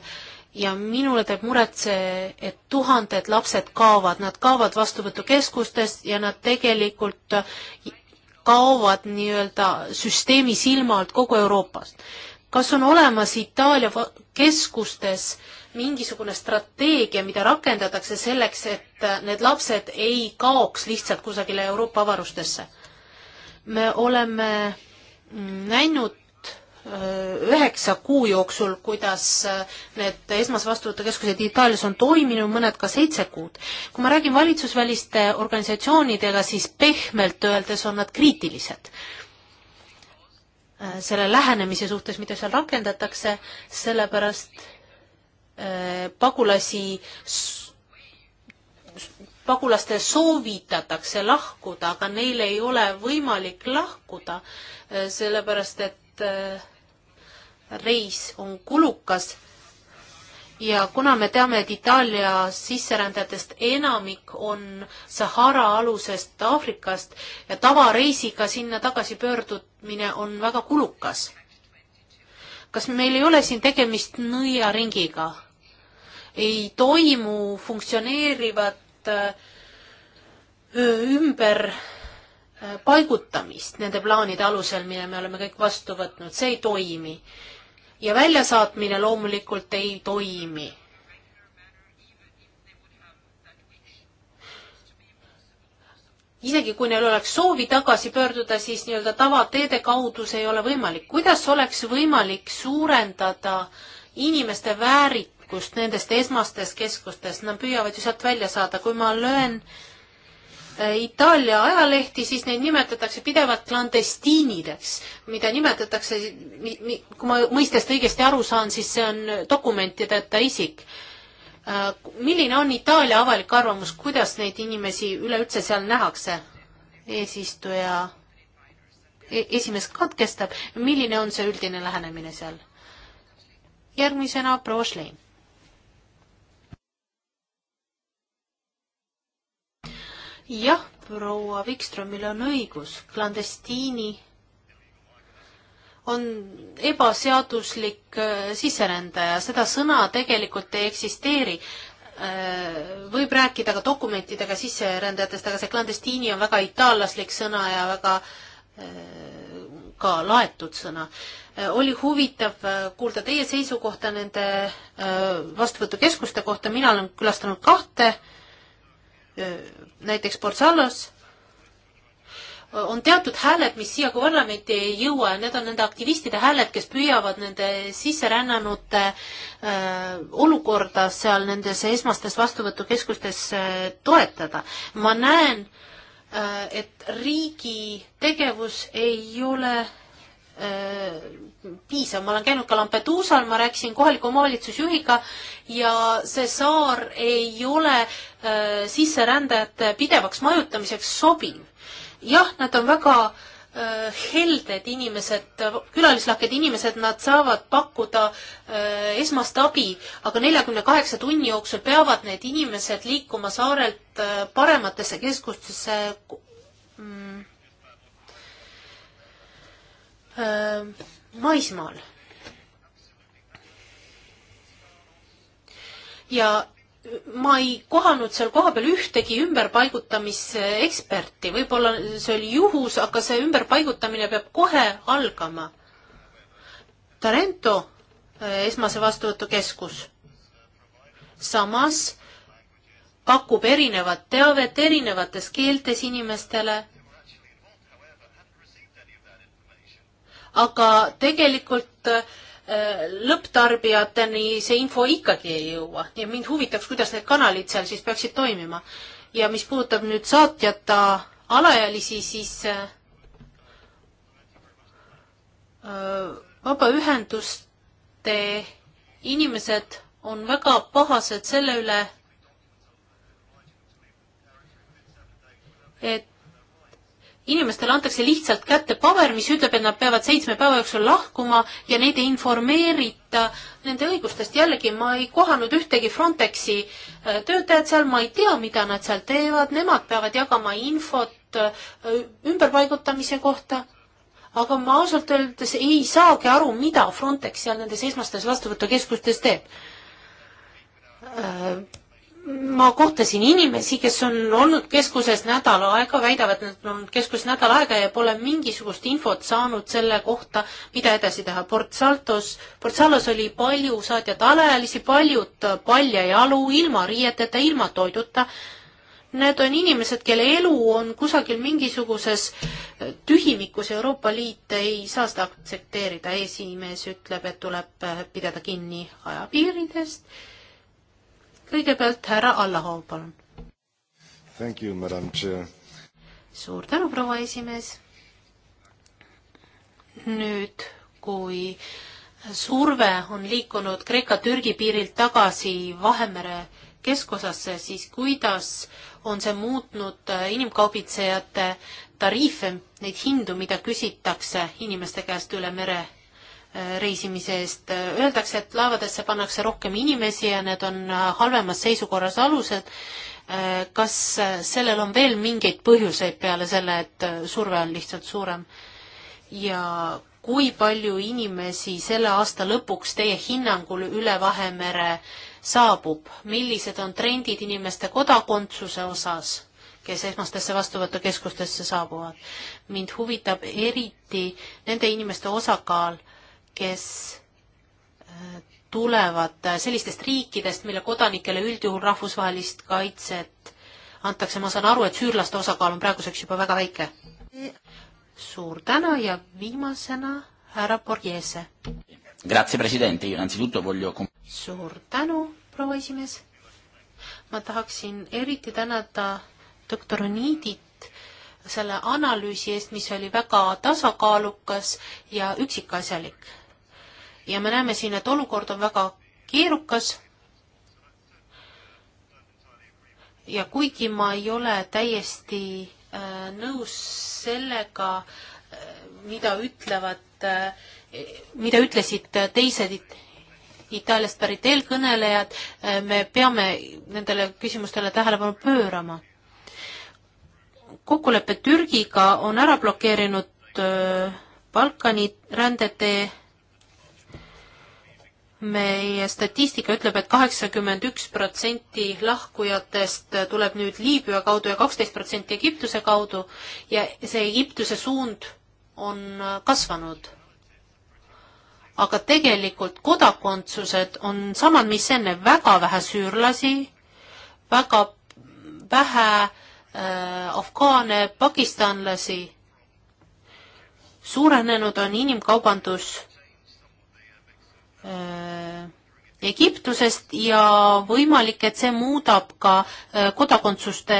ja minule teeb muret see, et tuhanded lapsed kaovad, nad kaovad vastuvõtukeskustest ja nad tegelikult kaovad nii-öelda süsteemi silma alt kogu Euroopast. kas on olemas Itaalia keskustes mingisugune strateegia, mida rakendatakse selleks, et need lapsed ei kaoks lihtsalt kusagile Euroopa avarustesse? me oleme näinud äh, üheksa kuu jooksul, kuidas äh, need esmasvastuvõtukeskused Itaalias on toiminud, mõned ka seitse kuud. kui ma räägin valitsusväliste organisatsioonidega, siis pehmelt öeldes on nad kriitilised äh, selle lähenemise suhtes, mida seal rakendatakse, sellepärast pagulasi pagulastel soovitatakse lahkuda, aga neil ei ole võimalik lahkuda, eh, sellepärast et eh, reis on kulukas ja kuna me teame, et Itaalia sisserändajatest enamik on Sahara alusest Aafrikast ja tavareisiga sinna tagasi pöördumine on väga kulukas. kas meil ei ole siin tegemist nõiaringiga? ei toimu funktsioneerivat Äh, ümber äh, paigutamist nende plaanide alusel, mille me oleme kõik vastu võtnud, see ei toimi. ja väljasaatmine loomulikult ei toimi. isegi kui neil oleks soovi tagasi pöörduda, siis nii-öelda tavateede kaudu see ei ole võimalik. kuidas oleks võimalik suurendada inimeste väärit-, võrgustikust, nendest esmastest keskustest, nad püüavad ju sealt välja saada, kui ma löön äh, Itaalia ajalehti, siis neid nimetatakse pidevalt klandestiinideks, mida nimetatakse, kui ma mõistest õigesti aru saan, siis see on dokumentideta isik. Äh, milline on Itaalia avalik arvamus, kuidas neid inimesi üleüldse seal nähakse? eesistuja e, esimees katkestab, milline on see üldine lähenemine seal? järgmisena proua Schlein. jah, proua Wikströmil on õigus, klandestiini on ebaseaduslik äh, sisserändaja, seda sõna tegelikult ei eksisteeri. Äh, võib rääkida ka dokumentidega sisserändajatest, aga see klandestiini on väga itaallaslik sõna ja väga äh, ka laetud sõna. oli huvitav kuulda teie seisukohta nende vastuvõtukeskuste kohta, mina olen külastanud kahte näiteks Borsalos on teatud hääled, mis siia parlamenti ei jõua ja need on nende aktivistide hääled, kes püüavad nende sisserännanute äh, olukorda seal nendes esmastes vastuvõtukeskustes äh, toetada. ma näen äh,, et riigi tegevus ei ole Äh, piisav, ma olen käinud ka Lampeduusal, ma rääkisin kohaliku omavalitsusjuhiga ja see saar ei ole äh, sisserändajate pidevaks majutamiseks sobiv. jah, nad on väga äh, helded inimesed, külalislahked inimesed, nad saavad pakkuda esmast abi, aga neljakümne kaheksa tunni jooksul peavad need inimesed liikuma saarelt parematesse keskustesse mm, maismaal. ja ma ei kohanud seal kohapeal ühtegi ümberpaigutamiseksperti, võib-olla see oli juhus, aga see ümberpaigutamine peab kohe algama. Tarento esmase vastuvõtukeskus samas pakub erinevat teavet erinevates keeltes inimestele aga tegelikult äh, lõpptarbijateni see info ikkagi ei jõua ja mind huvitaks, kuidas need kanalid seal siis peaksid toimima. ja mis puudutab nüüd saatjata alaealisi, siis äh, äh, vabaühenduste inimesed on väga pahased selle üle, et inimestele antakse lihtsalt kätte paber, mis ütleb, et nad peavad seitsme päeva jooksul lahkuma ja neid ei informeerita nende õigustest. jällegi, ma ei kohanud ühtegi Frontexi äh, töötajat seal, ma ei tea, mida nad seal teevad, nemad peavad jagama infot äh, ümberpaigutamise kohta. aga ma ausalt öeldes ei saagi aru, mida Frontex seal nendes esmastes vastuvõtukeskustes teeb äh, ma kohtasin inimesi, kes on olnud keskuses nädal aega, väidavad, et nad on keskuses nädal aega ja pole mingisugust infot saanud selle kohta, mida edasi teha. Port Saltos, Port Salos oli palju saatjad alaealisi, paljud paljajalu, ilma riieteta, ilma toiduta. Need on inimesed, kelle elu on kusagil mingisuguses äh, tühimikus, Euroopa Liit ei saa seda aktsepteerida. esimees ütleb, et tuleb äh, pidada kinni ajapiiridest kõigepealt härra Allahoov, palun. Thank you, madam chair. suur tänu, proua esimees. nüüd, kui surve on liikunud Kreeka-Türgi piirilt tagasi Vahemere keskosasse, siis kuidas on see muutnud inimkaubitsejate tariife, neid hindu, mida küsitakse inimeste käest üle mere reisimise eest. Öeldakse, et laevadesse pannakse rohkem inimesi ja need on äh, halvemas seisukorras alused. Äh, kas äh, sellel on veel mingeid põhjuseid peale selle, et surve on lihtsalt suurem? ja kui palju inimesi selle aasta lõpuks teie hinnangul üle Vahemere saabub, millised on trendid inimeste kodakondsuse osas? kes esmastesse vastuvõtukeskustesse saabuvad. mind huvitab eriti nende inimeste osakaal, kes äh, tulevad äh, sellistest riikidest, mille kodanikele üldjuhul rahvusvahelist kaitset antakse, ma saan aru, et süürlaste osakaal on praeguseks juba väga väike. suur tänu ja viimasena härra Borghese. Grazie, president, io innanzitutto voglio suur tänu, proua esimees. ma tahaksin eriti tänada doktor Niidit selle analüüsi eest, mis oli väga tasakaalukas ja üksikasjalik ja me näeme siin, et olukord on väga keerukas. ja kuigi ma ei ole täiesti äh, nõus sellega äh,, mida ütlevad äh,, mida ütlesid äh, teised it Itaaliast pärit eelkõnelejad, äh, me peame nendele küsimustele tähelepanu pöörama. kokkulepe Türgiga on ära blokeerinud äh, Balkani rändetee meie statistika ütleb et, et kaheksakümmend üks protsenti lahkujatest tuleb nüüd Liibüa kaudu ja kaksteist protsenti Egiptuse kaudu ja see Egiptuse suund on kasvanud. aga tegelikult kodakondsused on samad, mis enne, väga vähe süürlasi, väga vähe äh, afgaane, pakistanlasi, suurenenud on inimkaubandus Äh, Egiptusest ja võimalik, et see muudab ka äh, kodakondsuste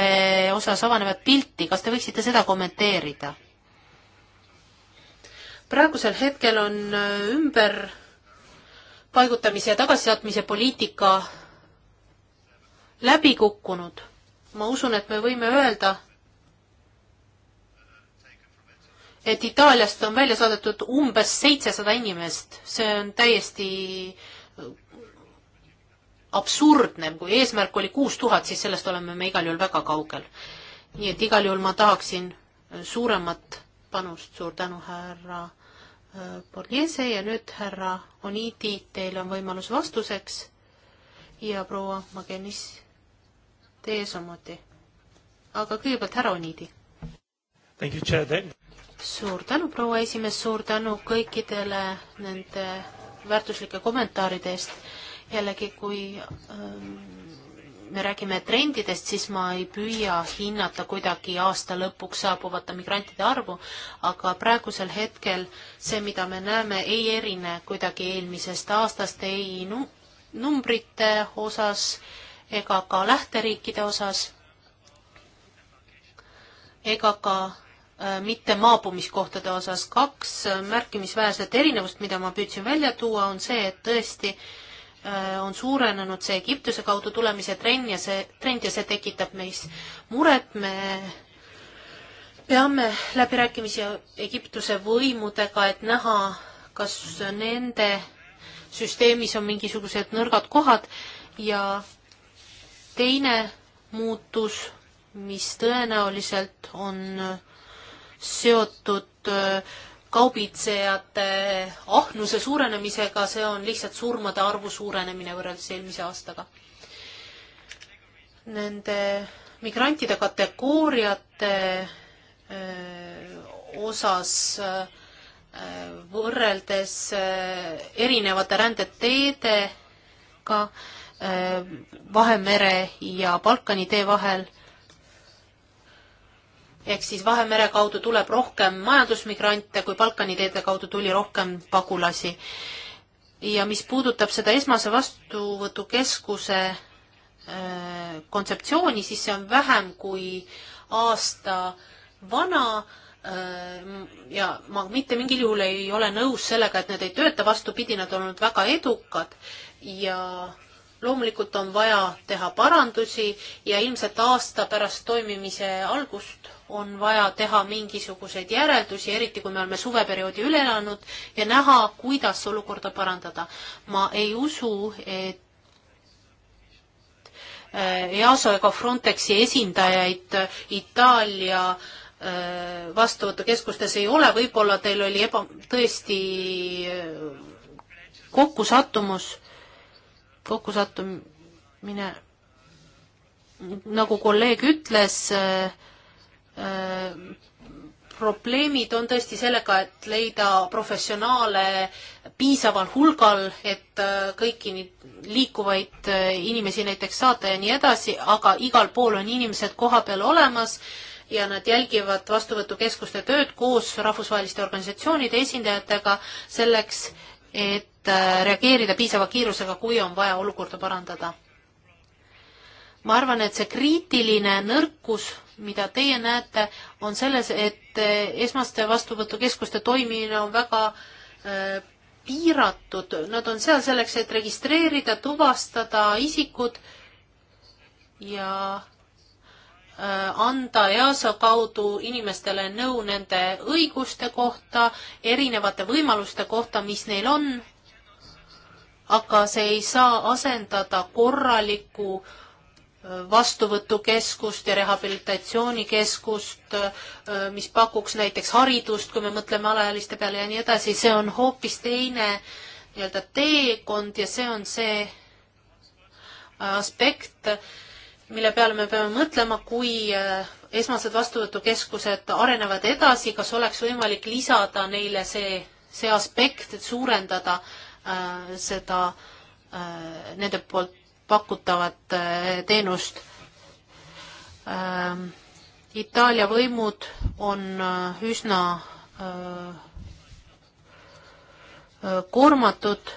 osas avanevat pilti, kas te võiksite seda kommenteerida? praegusel hetkel on äh, ümberpaigutamise ja tagasisaatmise poliitika läbi kukkunud. ma usun, et me võime öelda, et Itaaliast on välja saadetud umbes seitsesada inimest, see on täiesti äh, absurdne, kui eesmärk oli kuus tuhat, siis sellest oleme me igal juhul väga kaugel. nii et igal juhul ma tahaksin äh, suuremat panust, suur tänu, härra äh, Borghese ja nüüd härra Oniidi, teil on võimalus vastuseks ja proua Magenis, teie samuti. aga kõigepealt härra Oniidi. Thank you, Chair suur tänu, proua esimees, suur tänu kõikidele nende väärtuslike kommentaaride eest. jällegi, kui ähm, me räägime trendidest, siis ma ei püüa hinnata kuidagi aasta lõpuks saabuvate migrantide arvu, aga praegusel hetkel see, mida me näeme, ei erine kuidagi eelmisest aastast ei nu numbrite osas ega ka lähteriikide osas ega ka Äh, mitte maabumiskohtade osas. kaks äh, märkimisväärset erinevust, mida ma püüdsin välja tuua, on see, et tõesti äh, on suurenenud see Egiptuse kaudu tulemise trenn ja see, trend ja see tekitab meis muret, me peame läbirääkimisi Egiptuse võimudega, et näha, kas nende süsteemis on mingisugused nõrgad kohad ja teine muutus, mis tõenäoliselt on äh, seotud äh, kaubitsejate ahnuse suurenemisega, see on lihtsalt surmade arvu suurenemine võrreldes eelmise aastaga. Nende migrantide kategooriate äh, osas äh, võrreldes erinevate rändeteedega Vahemere ja Balkani tee vahel ehk siis Vahemere kaudu tuleb rohkem majandusmigrante, kui Balkani teede kaudu tuli rohkem pagulasi. ja mis puudutab seda esmase vastuvõtukeskuse äh, kontseptsiooni, siis see on vähem kui aasta vana äh, ja ma mitte mingil juhul ei ole nõus sellega, et need ei tööta, vastupidi, nad on olnud väga edukad ja loomulikult on vaja teha parandusi ja ilmselt aasta pärast toimimise algust on vaja teha mingisuguseid järeldusi, eriti kui me oleme suveperioodi üle elanud, ja näha, kuidas olukorda parandada. ma ei usu, et äh, EASO ega Frontexi esindajaid äh, Itaalia äh, vastuvõtukeskustes ei ole, võib-olla teil oli eba, tõesti kokkusattumus, kokkusattumine, nagu kolleeg ütles äh,, Äh, probleemid on tõesti sellega, et leida professionaale piisaval hulgal, et äh, kõiki liikuvaid äh, inimesi näiteks saata ja nii edasi, aga igal pool on inimesed kohapeal olemas ja nad jälgivad vastuvõtukeskuste tööd koos rahvusvaheliste organisatsioonide esindajatega selleks, et reageerida piisava kiirusega, kui on vaja olukorda parandada. ma arvan, et see kriitiline nõrkus mida teie näete, on selles, et eh, esmaste vastuvõtukeskuste toimimine on väga eh, piiratud, nad on seal selleks, et registreerida, tuvastada isikud ja eh, anda EASO kaudu inimestele nõu nende õiguste kohta, erinevate võimaluste kohta, mis neil on, aga see ei saa asendada korralikku äh, vastuvõtukeskust ja rehabilitatsioonikeskust, äh, mis pakuks näiteks haridust, kui me mõtleme alaealiste peale ja nii edasi, see on hoopis teine nii-öelda teekond ja see on see äh, aspekt, mille peale me peame mõtlema, kui äh, esmased vastuvõtukeskused arenevad edasi, kas oleks võimalik lisada neile see, see aspekt, et suurendada äh, seda äh, nende poolt pakutavat äh, teenust. Ähm, Itaalia võimud on äh, üsna äh, koormatud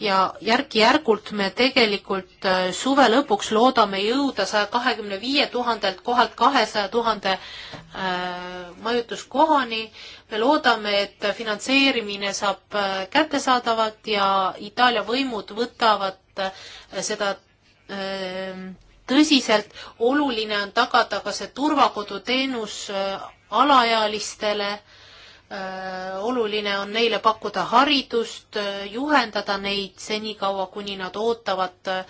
ja järk-järgult me tegelikult äh, suve lõpuks loodame jõuda saja kahekümne viie tuhandelt kohalt kahesaja tuhande äh, majutuskohani. me loodame, et finantseerimine saab äh, kättesaadavat ja Itaalia võimud võtavad seda tõsiselt. oluline on tagada ka see turvakoduteenus alaealistele Äh, oluline on neile pakkuda haridust, äh, juhendada neid senikaua, kuni nad ootavad äh,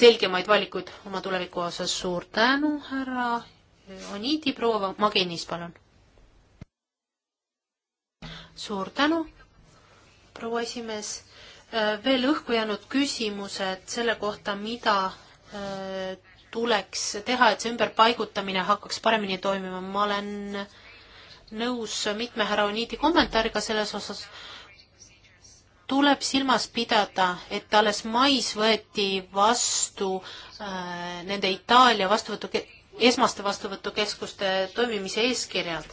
selgemaid valikuid oma tuleviku osas. suur tänu, härra Oniidi, proua Magenis, palun. suur tänu, proua esimees. veel õhku jäänud küsimused selle kohta, mida tuleks teha, et see ümberpaigutamine hakkaks paremini toimima. ma olen äh, nõus mitme härra Oniidi kommentaariga selles osas, tuleb silmas pidada, et alles mais võeti vastu äh, nende Itaalia vastuvõtu, esmaste vastuvõtukeskuste toimimise eeskirjad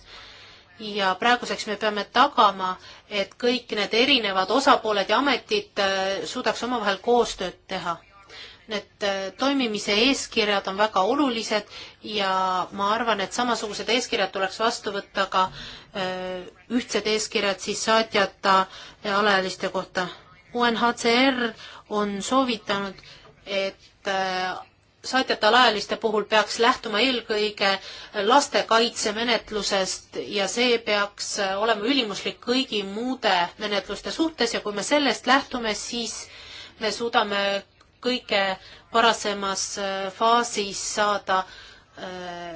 ja praeguseks me peame tagama, et kõik need erinevad osapooled ja ametid äh, suudaks omavahel koostööd teha. Need äh, toimimise eeskirjad on väga olulised ja ma arvan, et samasugused eeskirjad tuleks vastu võtta ka äh, ühtsed eeskirjad siis saatjata äh, alaealiste kohta. UNHCR on soovitanud, et saatjate alaealiste puhul peaks lähtuma eelkõige lastekaitsemenetlusest ja see peaks olema ülimuslik kõigi muude menetluste suhtes ja kui me sellest lähtume, siis me suudame kõige varasemas äh, faasis saada äh,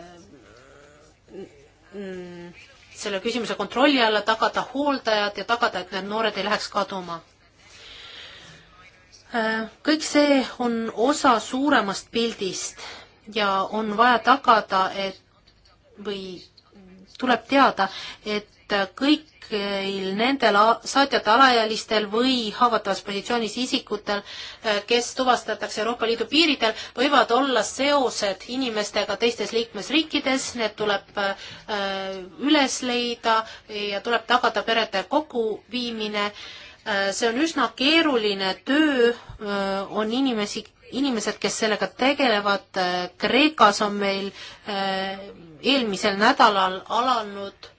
selle küsimuse kontrolli alla, tagada hooldajad ja tagada, et need noored ei läheks kaduma. Äh, kõik see on osa suuremast pildist ja on vaja tagada, et või tuleb teada, et et kõikil nendel saatjate alaealistel või haavatavas positsioonis isikutel, eh, kes tuvastatakse Euroopa Liidu piiridel, võivad olla seosed inimestega teistes liikmesriikides, need tuleb eh, üles leida ja tuleb tagada perede kokkuviimine. Eh, see on üsna keeruline töö, on inimesi, inimesed, kes sellega tegelevad, Kreekas on meil eelmisel nädalal alanud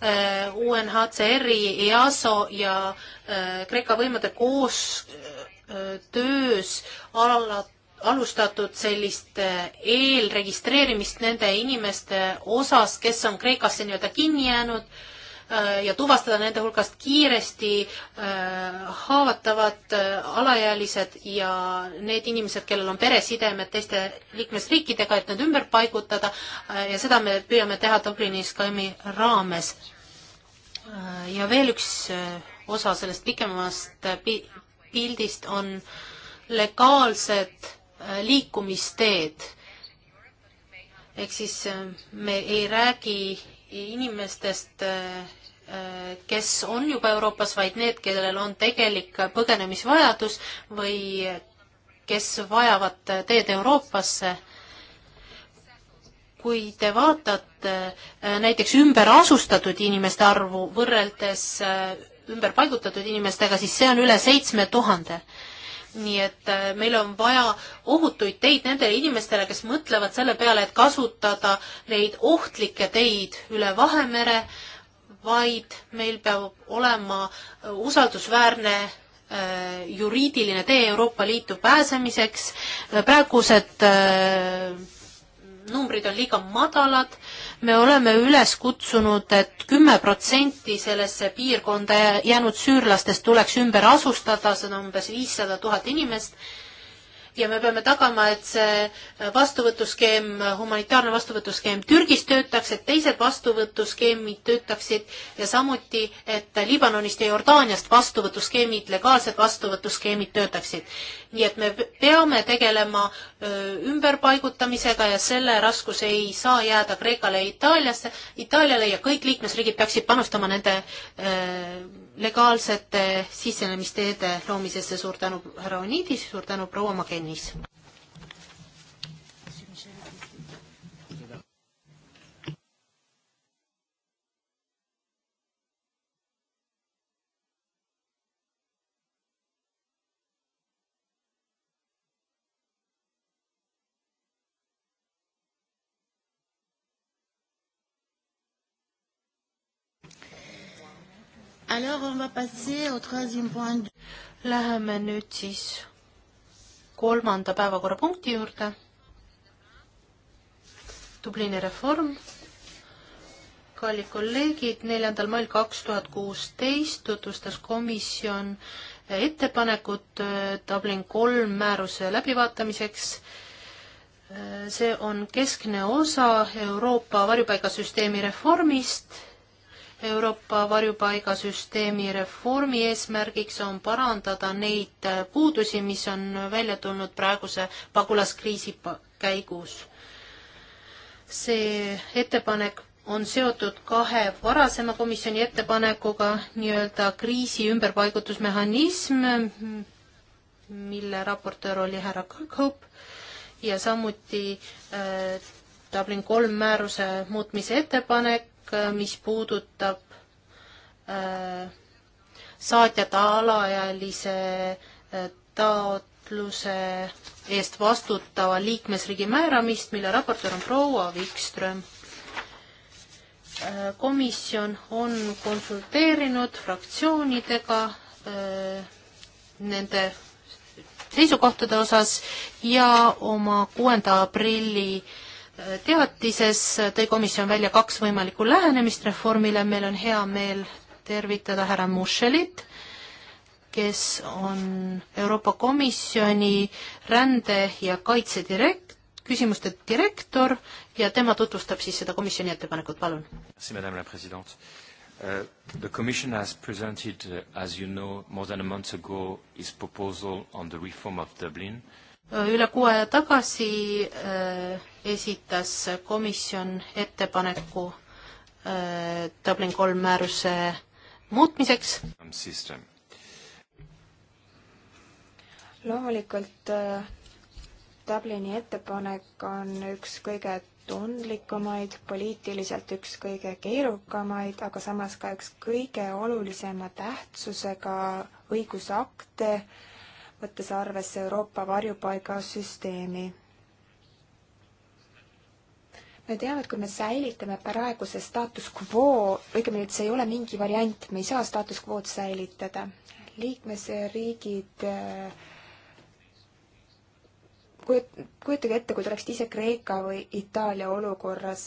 Äh, UNHCR-i, EASO ja äh, Kreeka võimude koostöös äh, alat-, alustatud sellist eelregistreerimist nende inimeste osas, kes on Kreekasse nii-öelda kinni jäänud Äh, ja tuvastada nende hulgast kiiresti äh, haavatavad äh, alaealised ja need inimesed, kellel on peresidemed teiste liikmesriikidega, et need ümber paigutada ja seda me püüame teha Dublini skeemi raames. ja veel üks osa sellest pikemast pildist on legaalsed liikumisteed ehk siis me ei räägi inimestest, eh, kes on juba Euroopas, vaid need, kellel on tegelik põgenemisvajadus või kes vajavad teed Euroopasse. kui te vaatate eh, näiteks ümberasustatud inimeste arvu võrreldes eh, ümberpaigutatud inimestega, siis see on üle seitsme tuhande nii et äh, meil on vaja ohutuid teid nendele inimestele, kes mõtlevad selle peale, et kasutada neid ohtlikke teid üle Vahemere, vaid meil peab olema äh, usaldusväärne äh, juriidiline tee Euroopa Liitu pääsemiseks. praegused äh, numbrid on liiga madalad, me oleme üles kutsunud et, et kümme protsenti sellesse piirkonda jäänud süürlastest tuleks ümber asustada, seda on umbes viissada tuhat inimest, ja me peame tagama, et see vastuvõtuskeem, humanitaarne vastuvõtuskeem Türgis töötaks, et teised vastuvõtuskeemid töötaksid ja samuti, et Liibanonist ja Jordaaniast vastuvõtuskeemid, legaalsed vastuvõtuskeemid töötaksid nii et me peame tegelema ümberpaigutamisega ja selle raskus ei saa jääda Kreekale ja Itaaliasse, Itaaliale ja kõik liikmesriigid peaksid panustama nende öö, legaalsete sissenemisteede loomisesse. suur tänu, härra Onidis, suur tänu, proua Magenis! Läheme nüüd siis kolmanda päevakorrapunkti juurde. Dublini reform. Kallid kolleegid, 4. mail 2016 tutvustas komisjon ettepanekut äh, Dublin 3 määruse läbivaatamiseks. Äh, see on keskne osa Euroopa varjupaigasüsteemi reformist Euroopa varjupaigasüsteemi reformi eesmärgiks on parandada neid puudusi, mis on välja tulnud praeguse pagulaskriisi käigus. see ettepanek on seotud kahe varasema komisjoni ettepanekuga, nii-öelda kriisi ümberpaigutusmehhanism, mille raportöör oli härra Kõlkhoop ja samuti äh, Dublin kolm määruse muutmise ettepanek Äh, mis puudutab äh, saatjate alaealise äh, taotluse eest vastutava liikmesriigi määramist, mille raportöör on proua Wikström äh,. komisjon on konsulteerinud fraktsioonidega äh, nende seisukohtade osas ja oma kuuenda aprilli äh, teatises tõi komisjon välja kaks võimalikku lähenemist reformile, meil on hea meel tervitada härra Muschelit, kes on Euroopa Komisjoni rände- ja kaitsedirekt-, küsimuste direktor ja tema tutvustab siis seda komisjoni ettepanekut, palun. Uh, the Commission has presented, uh, as you know, more than a month ago, its proposal on the reform of Dublin uh, Äh, üle kuu aja tagasi äh, esitas komisjon ettepaneku äh, Dublin kolm määruse muutmiseks. loomulikult Dublini ettepanek on üks kõige tundlikumaid, poliitiliselt üks kõige keerukamaid, aga samas ka üks kõige olulisema tähtsusega õigusakte võttes arvesse Euroopa varjupaigasüsteemi. me teame, et kui me säilitame praeguse status quo, õigemini, et see ei ole mingi variant, me ei saa status quo'd säilitada. liikmesriigid äh, kujutage ette, kui te oleksite ise Kreeka või Itaalia olukorras,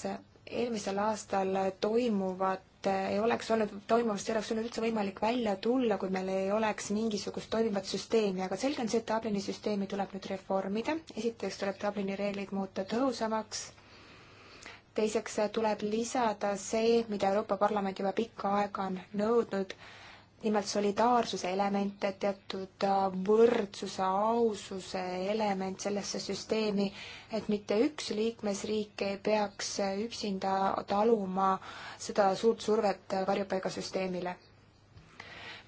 eelmisel aastal toimuvad Äh, ei oleks olnud toimuvast, ei oleks olnud üldse võimalik välja tulla, kui meil ei oleks mingisugust toimivat süsteemi, aga selge on see, et Dublini süsteemi tuleb nüüd reformida. esiteks tuleb Dublini reeglid muuta tõhusamaks. teiseks äh, tuleb lisada see, mida Euroopa Parlament juba pikka aega on nõudnud nimelt solidaarsuse element, teatud äh, võrdsuse, aususe element sellesse süsteemi, et mitte üks liikmesriik ei peaks üksinda taluma seda suurt survet varjupaigasüsteemile.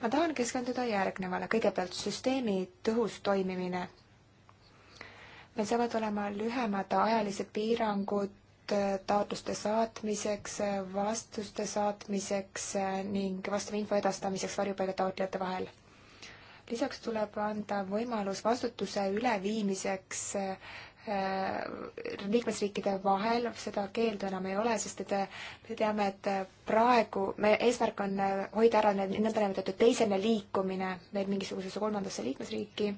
ma tahan keskenduda järgnevale, kõigepealt süsteemi tõhus toimimine. meil saavad olema lühemad ajalised piirangud taotluste saatmiseks, vastuste saatmiseks ning vastava info edastamiseks varjupaiga taotlejate vahel. lisaks tuleb anda võimalus vastutuse üleviimiseks äh, liikmesriikide vahel seda keeldu enam ei ole, sest et äh, me teame, et äh, praegu me, eesmärk on hoida ära need nõndanimetatud teisene liikumine veel mingisugusesse kolmandasse liikmesriiki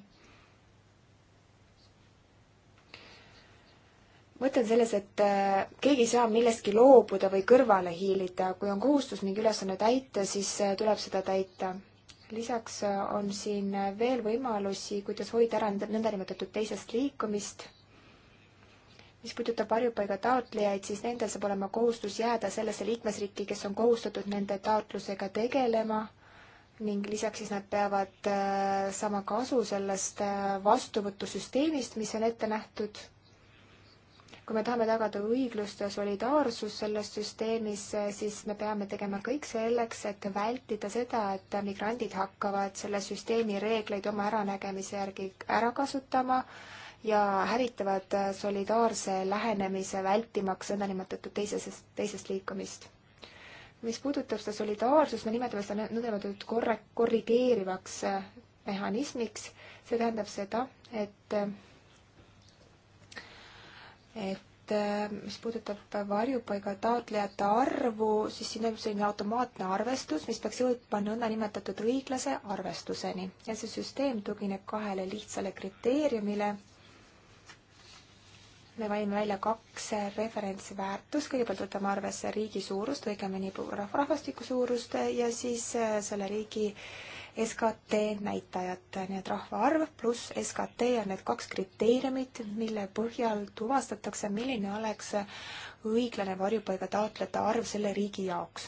mõte on selles, et äh, keegi ei saa millestki loobuda või kõrvale hiilida, kui on kohustus mingi ülesanne täita, siis äh, tuleb seda täita. lisaks äh, on siin veel võimalusi, kuidas hoida ära nõndanimetatud teisest liikumist. mis puudutab varjupaiga taotlejaid, siis nendel saab olema kohustus jääda sellesse liikmesriiki, kes on kohustatud nende taotlusega tegelema ning lisaks siis nad peavad saama kasu sellest vastuvõtusüsteemist, mis on ette nähtud kui me tahame tagada õiglust ja solidaarsust selles süsteemis, siis me peame tegema kõik selleks, et vältida seda, et migrandid hakkavad selle süsteemi reegleid oma äranägemise järgi ära kasutama ja hävitavad solidaarse lähenemise, vältimaks nõndanimetatud teisesest, teisest liikumist mis puudutab seda solidaarsust, me nimetame seda nõndanimetatud korre-, korrigeerivaks eh, mehhanismiks, see tähendab seda, et et äh, mis puudutab varjupaiga taotlejate arvu, siis siin on selline automaatne arvestus, mis peaks jõudma nõndanimetatud õiglase arvestuseni ja see süsteem tugineb kahele lihtsale kriteeriumile. me valime välja kaks referentsväärtust, kõigepealt võtame arvesse riigi suurust, õigemini rahvastiku suurust ja siis äh, selle riigi äh, SKT näitajat, nii et rahvaarv pluss SKT on need kaks kriteeriumit, mille põhjal tuvastatakse, milline oleks õiglane varjupaiga taotlejate arv selle riigi jaoks.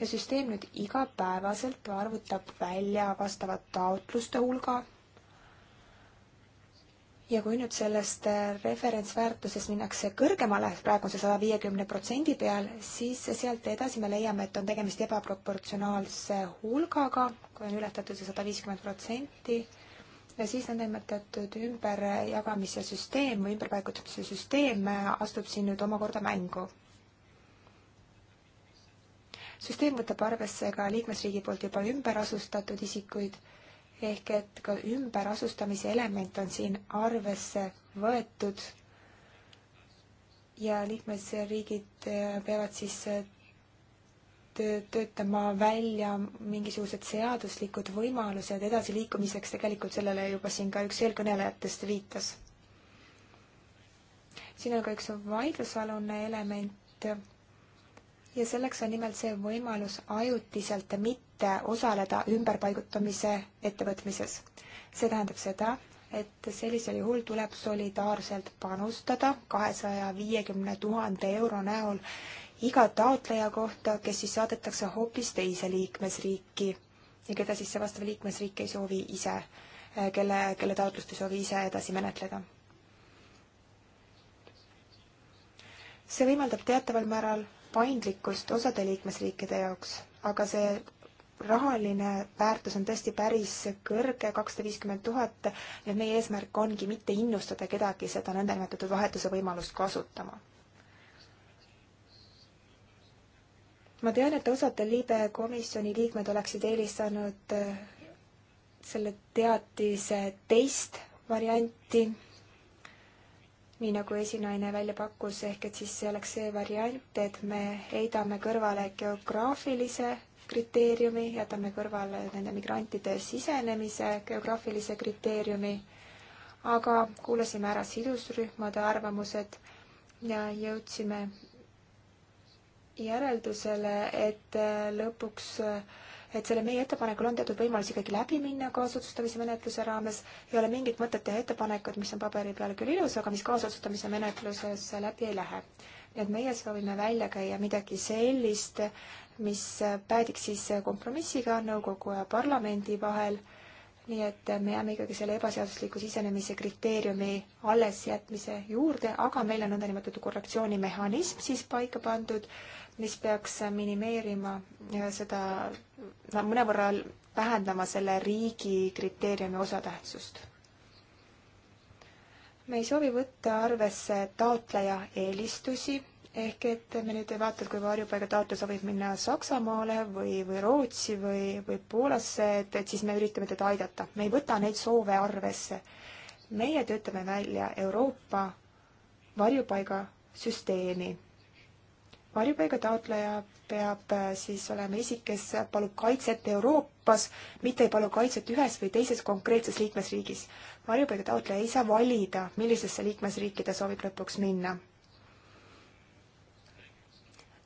ja süsteem nüüd igapäevaselt arvutab välja vastava taotluste hulga, ja kui nüüd sellest äh, referentsväärtusest minnakse kõrgemale, praeguse saja viiekümne protsendi peal, siis sealt edasi me leiame, et on tegemist ebaproportsionaalse hulgaga, kui on ületatud see sada viiskümmend protsenti, ja siis nõndanimetatud ümberjagamise süsteem või ümberpaigutamise süsteem astub siin nüüd omakorda mängu. süsteem võtab arvesse ka liikmesriigi poolt juba ümber asustatud isikuid ehk et ka ümberasustamise element on siin arvesse võetud ja liikmesriigid äh, peavad siis äh, töötama välja mingisugused seaduslikud võimalused edasiliikumiseks, tegelikult sellele juba siin ka üks eelkõnelejatest viitas. siin on ka üks vaidlusalune element ja selleks on nimelt see võimalus ajutiselt mitte osaleda ümberpaigutamise ettevõtmises. see tähendab seda, et sellisel juhul tuleb solidaarselt panustada kahesaja viiekümne tuhande euro näol iga taotleja kohta, kes siis saadetakse hoopis teise liikmesriiki ja keda siis see vastav liikmesriik ei soovi ise, kelle, kelle taotlust ei soovi ise edasi menetleda. see võimaldab teataval määral paindlikkust osade liikmesriikide jaoks, aga see rahaline väärtus on tõesti päris kõrge, kakssada viiskümmend tuhat, ja meie eesmärk ongi mitte innustada kedagi seda nõndanimetatud vahetuse võimalust kasutama. ma tean, et osad liibe komisjoni liikmed oleksid eelistanud selle teatise teist varianti nii nagu esinaine välja pakkus, ehk et siis see oleks see variant, et me heidame kõrvale geograafilise kriteeriumi, jätame kõrvale nende migrantide sisenemise geograafilise kriteeriumi, aga kuulasime ära sidusrühmade arvamused ja jõudsime järeldusele, et lõpuks äh, et selle meie ettepanekul on teatud võimalus ikkagi läbi minna kaasotsustamise menetluse raames. ei ole mingit mõtet teha ettepanekut, mis on paberi peal küll ilus, aga mis kaasotsustamise menetluses läbi ei lähe. nii et meie soovime välja käia midagi sellist, mis päädiks siis kompromissiga nõukogu ja parlamendi vahel nii et me jääme ikkagi selle ebaseadusliku sisenemise kriteeriumi allesjätmise juurde, aga meil on nõndanimetatud korrektsioonimehhanism siis paika pandud, mis peaks minimeerima äh, seda, no mõnevõrra vähendama selle riigi kriteeriumi osatähtsust. me ei soovi võtta arvesse taotleja eelistusi ehk et me nüüd ei vaata, et kui varjupaigataotluse võib minna Saksamaale või, või Rootsi või, või Poolasse, et, et siis me üritame teda aidata. me ei võta neid soove arvesse. meie töötame välja Euroopa varjupaigasüsteemi. varjupaigataotleja peab äh, siis olema isik, kes palub kaitset Euroopas, mitte ei palu kaitset ühes või teises konkreetses liikmesriigis. varjupaiga taotleja ei saa valida, millisesse liikmesriiki ta soovib lõpuks minna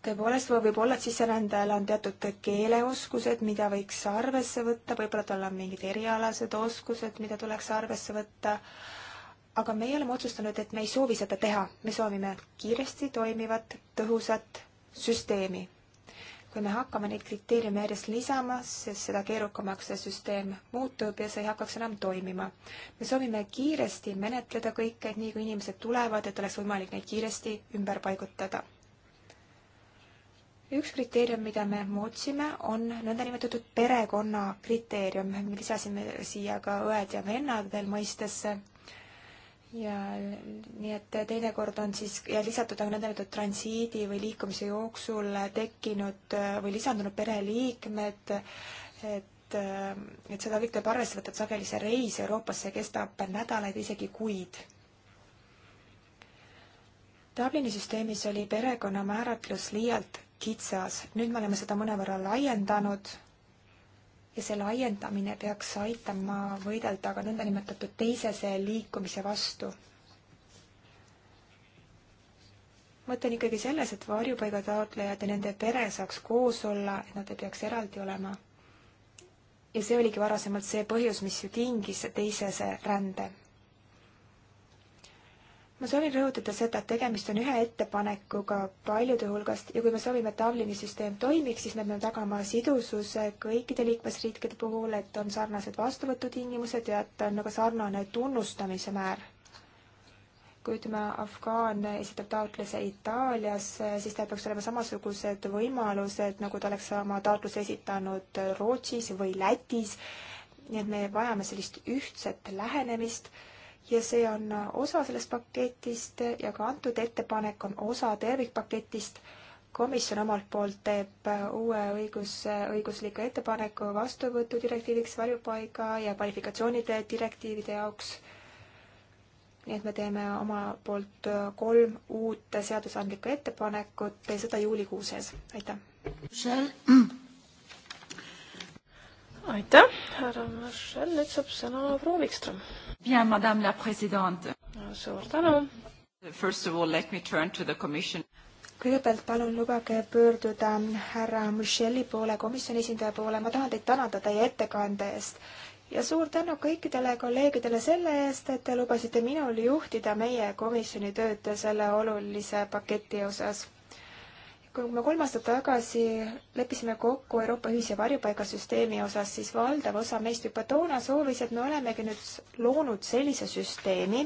tõepoolest võib olla, et sisserändajal on teatud keeleoskused, mida võiks arvesse võtta, võib-olla tal on mingid erialased oskused, mida tuleks arvesse võtta. aga meie oleme otsustanud, et me ei soovi seda teha, me soovime kiiresti toimivat, tõhusat süsteemi. kui me hakkame neid kriteeriume järjest lisama, siis seda keerukamaks see süsteem muutub ja see ei hakkaks enam toimima. me soovime kiiresti menetleda kõike, et nii kui inimesed tulevad, et oleks võimalik neid kiiresti ümber paigutada üks kriteerium, mida me muutsime, on nõndanimetatud perekonna kriteerium, lisasime siia ka õed ja vennad veel mõistesse. ja nii, et teinekord on siis ja lisatud on nõndanimetatud transiidi või liikumise jooksul tekkinud või lisandunud pereliikmed, et, et seda kõike tuleb arvesse võtta, et sageli see reis Euroopasse kestab nädalaid, isegi kuid Dublini süsteemis oli perekonna määratlus liialt kitsas. nüüd me oleme seda mõnevõrra laiendanud ja see laiendamine peaks aitama võidelda ka nõndanimetatud teisese liikumise vastu. mõte on ikkagi selles, et varjupaigataotlejad ja nende pere saaks koos olla, et nad ei peaks eraldi olema. ja see oligi varasemalt see põhjus, mis ju tingis teisese rände ma soovin rõhutada seda, et tegemist on ühe ettepanekuga paljude hulgast ja kui me soovime, et Dublini süsteem toimiks, siis me peame tagama sidususe kõikide liikmesriikide puhul, et on sarnased vastuvõtutingimused ja et on ka sarnane tunnustamise määr. kui ütleme, afgaan esitab taotluse Itaalias, siis tal peaks olema samasugused võimalused, nagu ta oleks oma taotluse esitanud Rootsis või Lätis. nii et me vajame sellist ühtset lähenemist ja see on osa sellest paketist ja ka antud ettepanek on osa tervikpaketist. komisjon omalt poolt teeb uue õigus, õigusliku ettepaneku vastuvõtu direktiiviks varjupaiga ja kvalifikatsioonide direktiivide jaoks. nii et me teeme oma poolt kolm uut seadusandlikku ettepanekut ja seda juulikuu sees. aitäh! aitäh, härra Marshall, nüüd saab sõna proua Wikström Bien, madame la president. suur tänu. First of all, let me turn to the commission kõigepealt palun lubage pöörduda härra Michelli poole, komisjoni esindaja poole, ma tahan teid tänada teie ettekande eest ja suur tänu kõikidele kolleegidele selle eest, et te lubasite minul juhtida meie komisjoni tööd selle olulise paketi osas kui me kolm aastat tagasi leppisime kokku Euroopa ühise varjupaigasüsteemi osas, siis valdav osa meist juba toona soovis, et me olemegi nüüd loonud sellise süsteemi,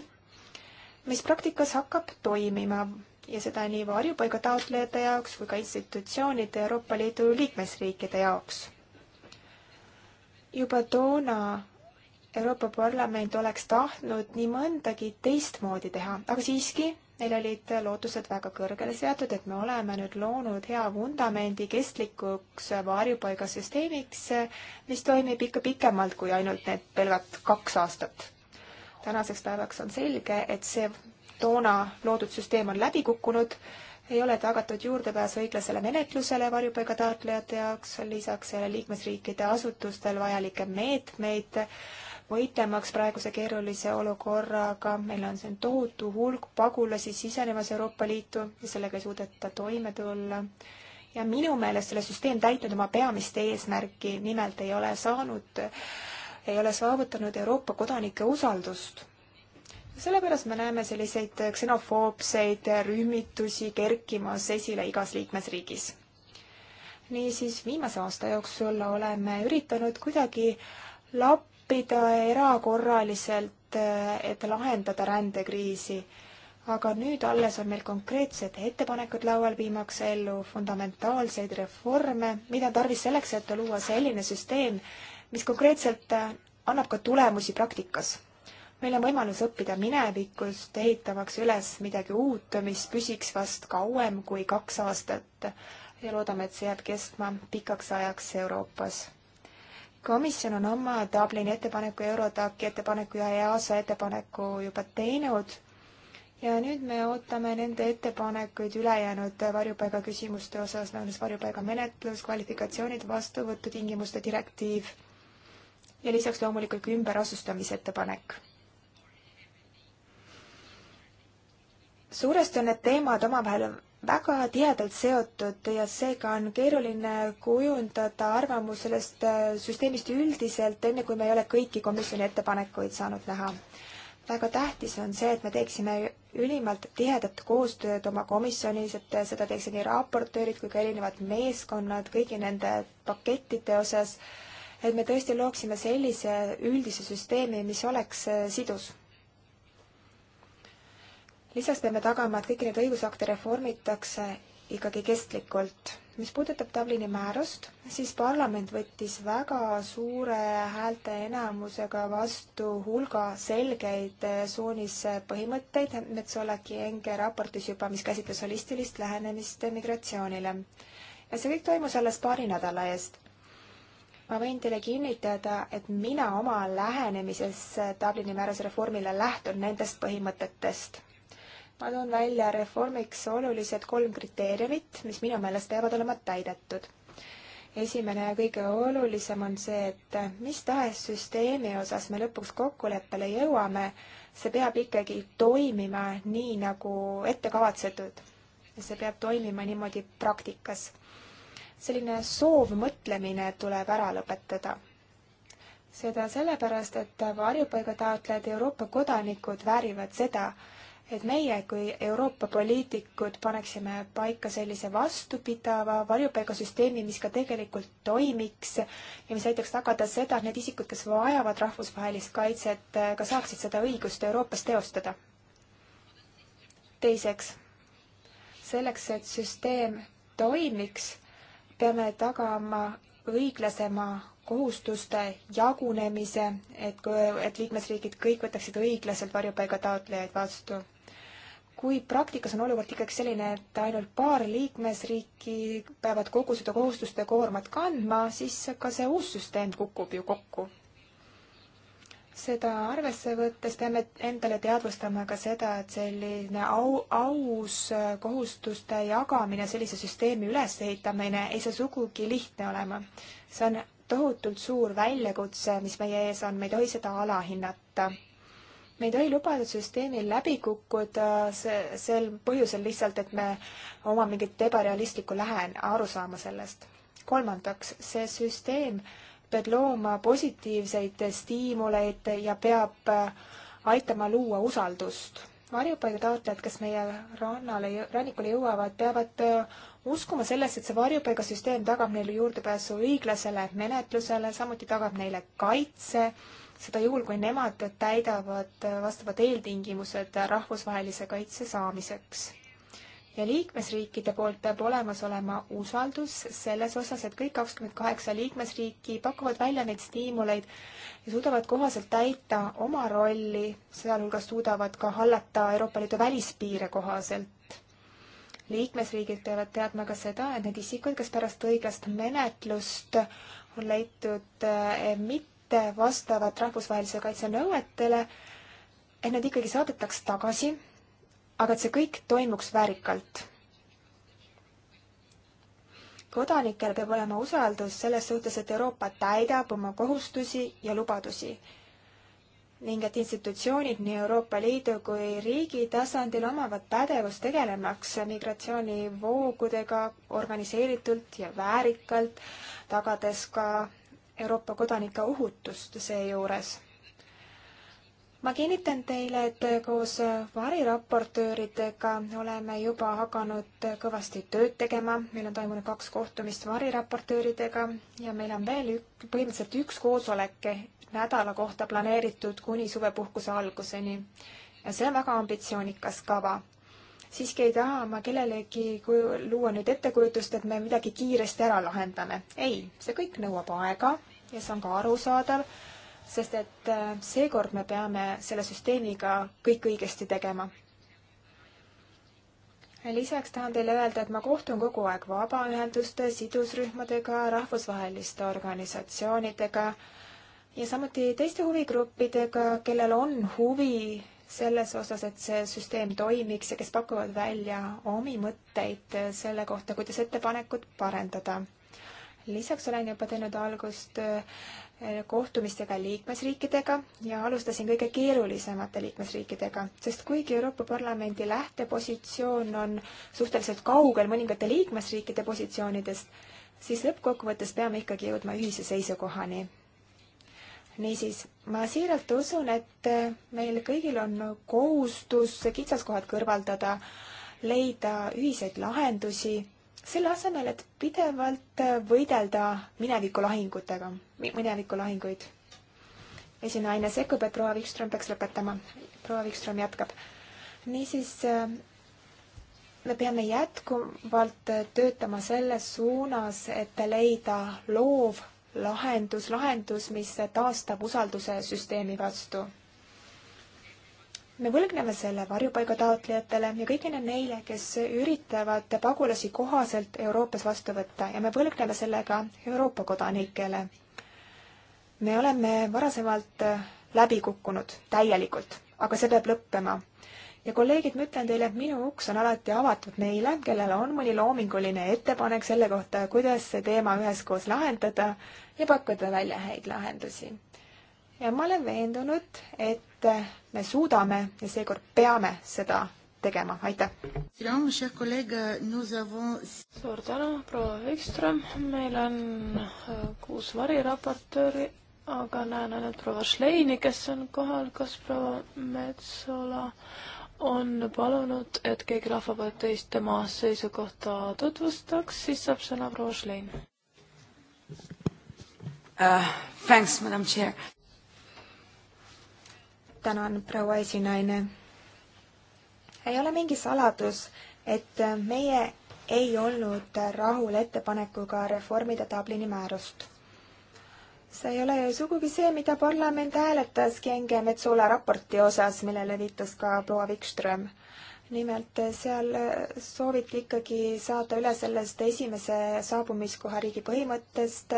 mis praktikas hakkab toimima ja seda nii varjupaiga taotlejate jaoks kui ka institutsioonide Euroopa Liidu liikmesriikide jaoks. juba toona Euroopa Parlament oleks tahtnud nii mõndagi teistmoodi teha, aga siiski Neil olid lootused väga kõrgele seatud, et me oleme nüüd loonud hea vundamendi kestlikuks varjupaigasüsteemiks, mis toimib ikka pikemalt kui ainult need pelgalt kaks aastat. tänaseks päevaks on selge, et see toona loodud süsteem on läbi kukkunud, ei ole tagatud juurdepääs õiglasele menetlusele varjupaiga taotlejate jaoks, lisaks liikmesriikide asutustel vajalikke meetmeid meet, võitlemaks praeguse keerulise olukorraga, meil on siin tohutu hulk pagulasi sisenemas Euroopa Liitu ja sellega ei suudeta toime tulla. ja minu meelest selle süsteem täitnud oma peamist eesmärki, nimelt ei ole saanud, ei ole saavutanud Euroopa kodanike usaldust sellepärast me näeme selliseid ksenofoobseid rühmitusi kerkimas esile igas liikmesriigis. niisiis, viimase aasta jooksul oleme üritanud kuidagi lab-, leppida erakorraliselt, et lahendada rändekriisi. aga nüüd alles on meil konkreetsed ettepanekud laual, viimaks ellu fundamentaalseid reforme, mida on tarvis selleks, et luua selline süsteem, mis konkreetselt annab ka tulemusi praktikas. meil on võimalus õppida minevikust, ehitamaks üles midagi uut, mis püsiks vast kauem kui kaks aastat ja loodame, et see jääb kestma pikaks ajaks Euroopas komisjon on oma Dublini ettepaneku, Eurotaki ettepaneku ja EASA ettepaneku juba teinud ja nüüd me ootame nende ettepanekuid ülejäänud varjupaiga küsimuste osas, näiteks nagu varjupaiga menetlus, kvalifikatsioonid, vastuvõtutingimuste direktiiv ja lisaks loomulikult ka ümberasustamise ettepanek. suuresti on need teemad omavahel väga tihedalt seotud ja seega on keeruline kujundada arvamus sellest äh, süsteemist üldiselt, enne kui me ei ole kõiki komisjoni ettepanekuid saanud näha. väga tähtis on see, et me teeksime ülimalt tihedat koostööd oma komisjonis, et seda teeksid nii raportöörid kui ka erinevad meeskonnad kõigi nende pakettide osas, et me tõesti looksime sellise üldise süsteemi, mis oleks äh, sidus lisaks peame tagama, et kõiki neid õigusakte reformitakse ikkagi kestlikult. mis puudutab Dublini määrust, siis parlament võttis väga suure häälteenamusega vastu hulga selgeid eh, suunispõhimõtteid, eh, Metsolaki Enge raportis juba, mis käsitles holistilist lähenemist eh, migratsioonile. ja see kõik toimus alles paari nädala eest ma võin teile kinnitada, et mina oma lähenemises Dublini määruse reformile lähtun nendest põhimõtetest ma toon välja reformiks olulised kolm kriteeriumit, mis minu meelest peavad olema täidetud. esimene ja kõige olulisem on see, et mis tahes süsteemi osas me lõpuks kokkuleppele jõuame, see peab ikkagi toimima nii, nagu ette kavatsetud. see peab toimima niimoodi praktikas. selline soovmõtlemine tuleb ära lõpetada seda sellepärast, et varjupaigataotlejad Euroopa kodanikud väärivad seda, et meie kui Euroopa poliitikud paneksime paika sellise vastupidava varjupaigasüsteemi, mis ka tegelikult toimiks ja mis aitaks tagada seda, et need isikud, kes vajavad rahvusvahelist kaitset, eh, ka saaksid seda õigust Euroopas teostada. teiseks, selleks, et süsteem toimiks, peame tagama õiglasema kohustuste jagunemise, et, et liikmesriigid kõik võtaksid õiglaselt varjupaigataotlejaid vastu kui praktikas on olukord ikkagi selline, et ainult paar liikmesriiki peavad kogu seda kohustuste koormat kandma, siis ka see uus süsteem kukub ju kokku. seda arvesse võttes peame endale teadvustama ka seda, et selline au, aus kohustuste jagamine, sellise süsteemi ülesehitamine ei saa sugugi lihtne olema. see on tohutult suur väljakutse, mis meie ees on, me ei tohi seda alahinnata me ei tohi lubada süsteemil läbi kukkuda see, sel põhjusel lihtsalt, et me oma mingit ebarealistlikku lähen-, arusaama sellest. kolmandaks, see süsteem peab looma positiivseid stiimuleid ja peab äh, aitama luua usaldust. varjupaigataotlejad, kes meie rannale, rannikule jõuavad, peavad äh, uskuma sellesse, et see varjupaigasüsteem tagab neile juurdepääsu õiglasele menetlusele, samuti tagab neile kaitse seda juhul, kui nemad täidavad vastavad eeltingimused rahvusvahelise kaitse saamiseks. ja liikmesriikide poolt peab olemas olema usaldus selles osas, et kõik kakskümmend kaheksa liikmesriiki pakuvad välja neid stiimuleid ja suudavad kohaselt täita oma rolli, sealhulgas suudavad ka hallata Euroopa Liidu välispiire kohaselt liikmesriigid peavad teadma ka seda, et need isikud, kes pärast õiglast menetlust on leitud eh, mitte mitte vastavad rahvusvahelise kaitse nõuetele, et nad ikkagi saadetaks tagasi, aga et see kõik toimuks väärikalt. kodanikel peab olema usaldus selles suhtes, et Euroopa täidab oma kohustusi ja lubadusi ning et institutsioonid nii Euroopa Liidu kui riigi tasandil omavad pädevust tegelemaks migratsioonivoogudega organiseeritult ja väärikalt, tagades ka Euroopa kodanike ohutust seejuures. ma kinnitan teile, et koos variraportööridega oleme juba hakanud kõvasti tööd tegema, meil on toimunud kaks kohtumist variraportööridega ja meil on veel ük-, põhimõtteliselt üks koosolek nädala kohta planeeritud kuni suvepuhkuse alguseni. ja see on väga ambitsioonikas kava siiski ei taha ma kellelegi luua nüüd ettekujutust, et me midagi kiiresti ära lahendame. ei, see kõik nõuab aega, ja see on ka arusaadav, sest et äh, seekord me peame selle süsteemiga kõik õigesti tegema. lisaks tahan teile öelda, et ma kohtun kogu aeg vabaühenduste, sidusrühmadega, rahvusvaheliste organisatsioonidega ja samuti teiste huvigruppidega, kellel on huvi selles osas, et see süsteem toimiks ja kes pakuvad välja omi mõtteid selle kohta, kuidas ettepanekut parendada lisaks olen juba teinud algust äh, kohtumistega liikmesriikidega ja alustasin kõige keerulisemate liikmesriikidega, sest kuigi Euroopa Parlamendi lähtepositsioon on suhteliselt kaugel mõningate liikmesriikide positsioonidest, siis lõppkokkuvõttes peame ikkagi jõudma ühise seisukohani. niisiis, ma siiralt usun, et äh, meil kõigil on kohustus kitsaskohad kõrvaldada, leida ühiseid lahendusi selle asemel, et pidevalt võidelda minevikulahingutega, minevikulahinguid. esinaine sekkub, et proua Wikström peaks lõpetama. proua Wikström jätkab. niisiis äh, me peame jätkuvalt töötama selles suunas, et leida loov lahendus, lahendus, mis taastab usalduse süsteemi vastu me võlgneme selle varjupaiga taotlejatele ja kõigile neile, kes üritavad pagulasi kohaselt Euroopas vastu võtta ja me võlgneme selle ka Euroopa kodanikele. me oleme varasemalt läbi kukkunud täielikult, aga see peab lõppema ja kolleegid, ma ütlen teile, et minu uks on alati avatud neile, kellel on mõni loominguline ettepanek selle kohta, kuidas see teema üheskoos lahendada ja pakkuda välja häid lahendusi. ja ma olen veendunud, et et me suudame ja seekord peame seda tegema, aitäh! suur tänu, proua Vikström, meil on äh, kuus variraportööri, aga näen ainult proua Šleini, kes on kohal, kas proua Metsola on palunud, et keegi Rahvaparteist tema seisukohta tutvustaks, siis saab sõna proua Šlein uh,. Thanks, madam chair tänan, proua esinaine. ei ole mingi saladus, et meie ei olnud rahul ettepanekuga reformida Dublini määrust. see ei ole ju sugugi see, mida parlament hääletaski Enge Metsola raporti osas, millele viitas ka proua Wikström nimelt seal sooviti ikkagi saada üle sellest esimese saabumiskoha riigi põhimõttest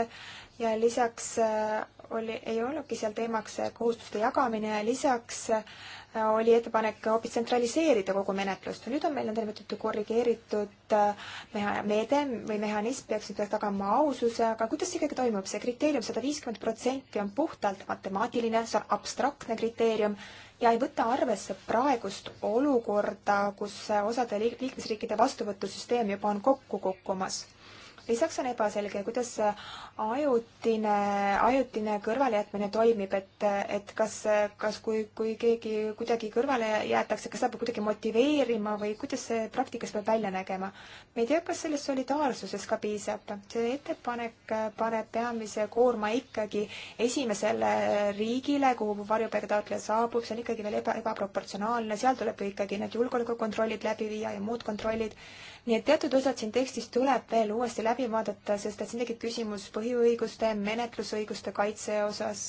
ja lisaks äh, oli, ei olnudki seal teemaks äh, kohustuste jagamine ja lisaks äh, oli ettepanek hoopis tsentraliseerida kogu menetlust. nüüd on meil nõndanimetatud korrigeeritud äh, meha-, meede või mehhanism peaks nüüd tagama aususe, aga kuidas see ikkagi toimub, see kriteerium sada viiskümmend protsenti on puhtalt matemaatiline, see on abstraktne kriteerium ja ei võta arvesse praegust olukorda, kus osade liikmesriikide vastuvõtusüsteem juba on kokku kukkumas lisaks on ebaselge, kuidas ajutine, ajutine kõrvalejätmine toimib, et, et kas, kas kui, kui keegi kuidagi kõrvale jäetakse, kas seda peab kuidagi motiveerima või kuidas see praktikas peab välja nägema? me ei tea, kas sellest solidaarsusest ka piisab. see ettepanek paneb peamise koorma ikkagi esimesele riigile, kuhu varjupaigataotleja saabub, see on ikkagi veel eba, ebaproportsionaalne, seal tuleb ju ikkagi need julgeolekukontrollid läbi viia ja muud kontrollid nii et teatud osad siin tekstis tuleb veel uuesti läbi vaadata, sest et siin tekib küsimus põhiõiguste, menetlusõiguste kaitse osas.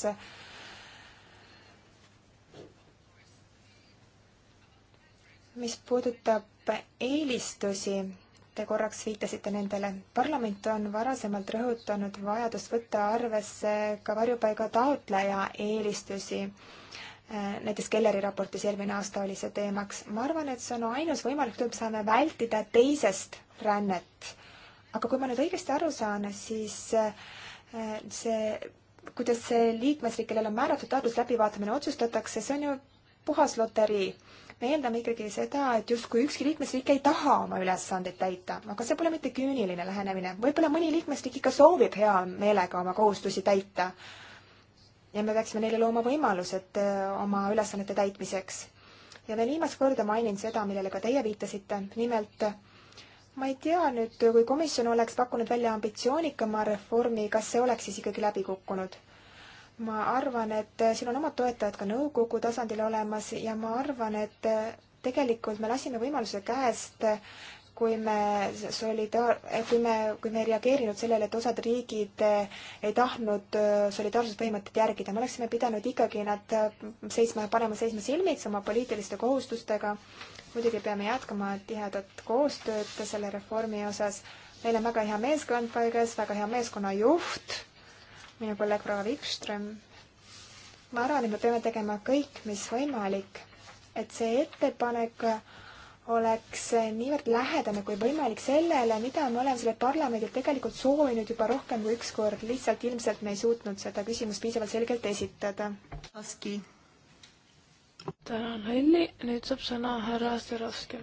mis puudutab eelistusi, te korraks viitasite nendele. parlament on varasemalt rõhutanud vajadust võtta arvesse ka varjupaiga taotleja eelistusi näiteks Kelleri raportis eelmine aasta oli see teemaks. ma arvan, et see on ainus võimalik töö, saame vältida teisest rännet. aga kui ma nüüd õigesti aru saan, siis äh, see, kuidas see liikmesriik, kellel on määratud taotlus läbivaatamine, otsustatakse, see on ju puhas loterii. me eeldame ikkagi seda, et justkui ükski liikmesriik ei taha oma ülesandeid täita, aga see pole mitte küüniline lähenemine. võib-olla mõni liikmesriik ikka soovib hea meelega oma kohustusi täita ja me peaksime neile looma võimalused äh, oma ülesannete täitmiseks. ja veel viimast korda mainin seda, millele ka teie viitasite, nimelt ma ei tea nüüd, kui komisjon oleks pakkunud välja ambitsioonikama reformi, kas see oleks siis ikkagi läbi kukkunud? ma arvan, et äh, siin on omad toetajad ka nõukogu tasandil olemas ja ma arvan, et äh, tegelikult me lasime võimaluse käest kui me solidaar-, kui me, kui me ei reageerinud sellele, et osad riigid ei tahtnud äh, solidaarsuspõhimõtet järgida, me oleksime pidanud ikkagi nad äh, seisma, panema seisma silmitsi oma poliitiliste kohustustega. muidugi peame jätkama tihedat koostööd selle reformi osas. meil on väga hea meeskond paigas, väga hea meeskonnajuht, minu kolleeg proua Wikström. ma arvan, et me peame tegema kõik, mis võimalik, et see ettepanek oleks niivõrd lähedane kui võimalik sellele, mida me oleme selle parlamendilt tegelikult soovinud juba rohkem kui üks kord, lihtsalt ilmselt me ei suutnud seda küsimust piisavalt selgelt esitada. Aski. tänan, Helli, nüüd saab sõna härra Asterovski.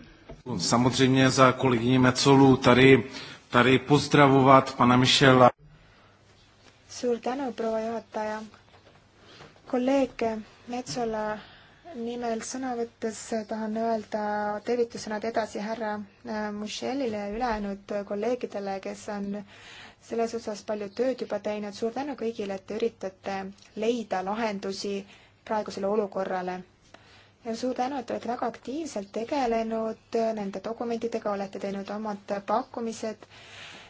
Samozřejmě za kolegyni Metsolu tady, tady pozdravovat pana Michela. suur tänu, proua juhataja. kolleeg Metsola nimel sõna võttes tahan öelda tervitusõnad edasi härra äh, Michelile ja ülejäänud kolleegidele, kes on selles osas palju tööd juba teinud. suur tänu kõigile, et te üritate leida lahendusi praegusele olukorrale. ja suur tänu, et te olete väga aktiivselt tegelenud nende dokumentidega, olete teinud omad pakkumised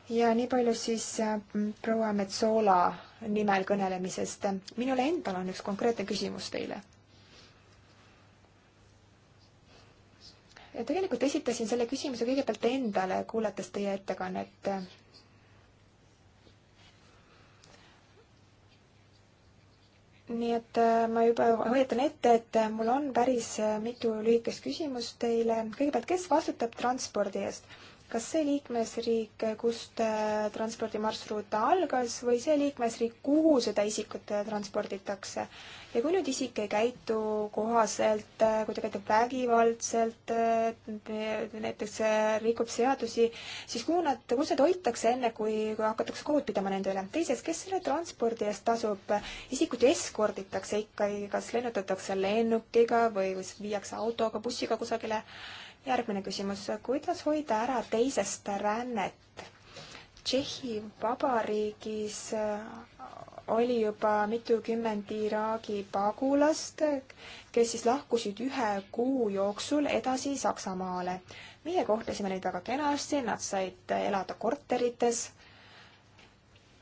ja nii palju siis äh, proua Metsola nimel kõnelemisest. minul endal on üks konkreetne küsimus teile tegelikult esitasin selle küsimuse kõigepealt endale, kuulates teie ettekannet. nii et äh, ma juba hoiatan ette, et äh, mul on päris äh, mitu lühikest küsimust teile. kõigepealt, kes vastutab transpordi eest? kas see liikmesriik, kust äh, transpordimarsruut algas või see liikmesriik, kuhu seda isikut äh, transporditakse. ja kui nüüd isik ei käitu kohaselt, äh, kui ta käitub vägivaldselt, näiteks rikub seadusi, siis kuhu nad, kus need hoitakse, enne kui, kui hakatakse kohut pidama nende üle? teiseks, kes selle transpordi eest tasub? isikut ju eskorditakse ikkagi, kas lennutatakse lennukiga või, või viiakse autoga, bussiga kusagile järgmine küsimus, kuidas hoida ära teisest rännet? Tšehhi Vabariigis äh, oli juba mitukümmend Iraagi pagulast, kes siis lahkusid ühe kuu jooksul edasi Saksamaale. meie kohtlesime neid väga kenasti, nad said elada korterites.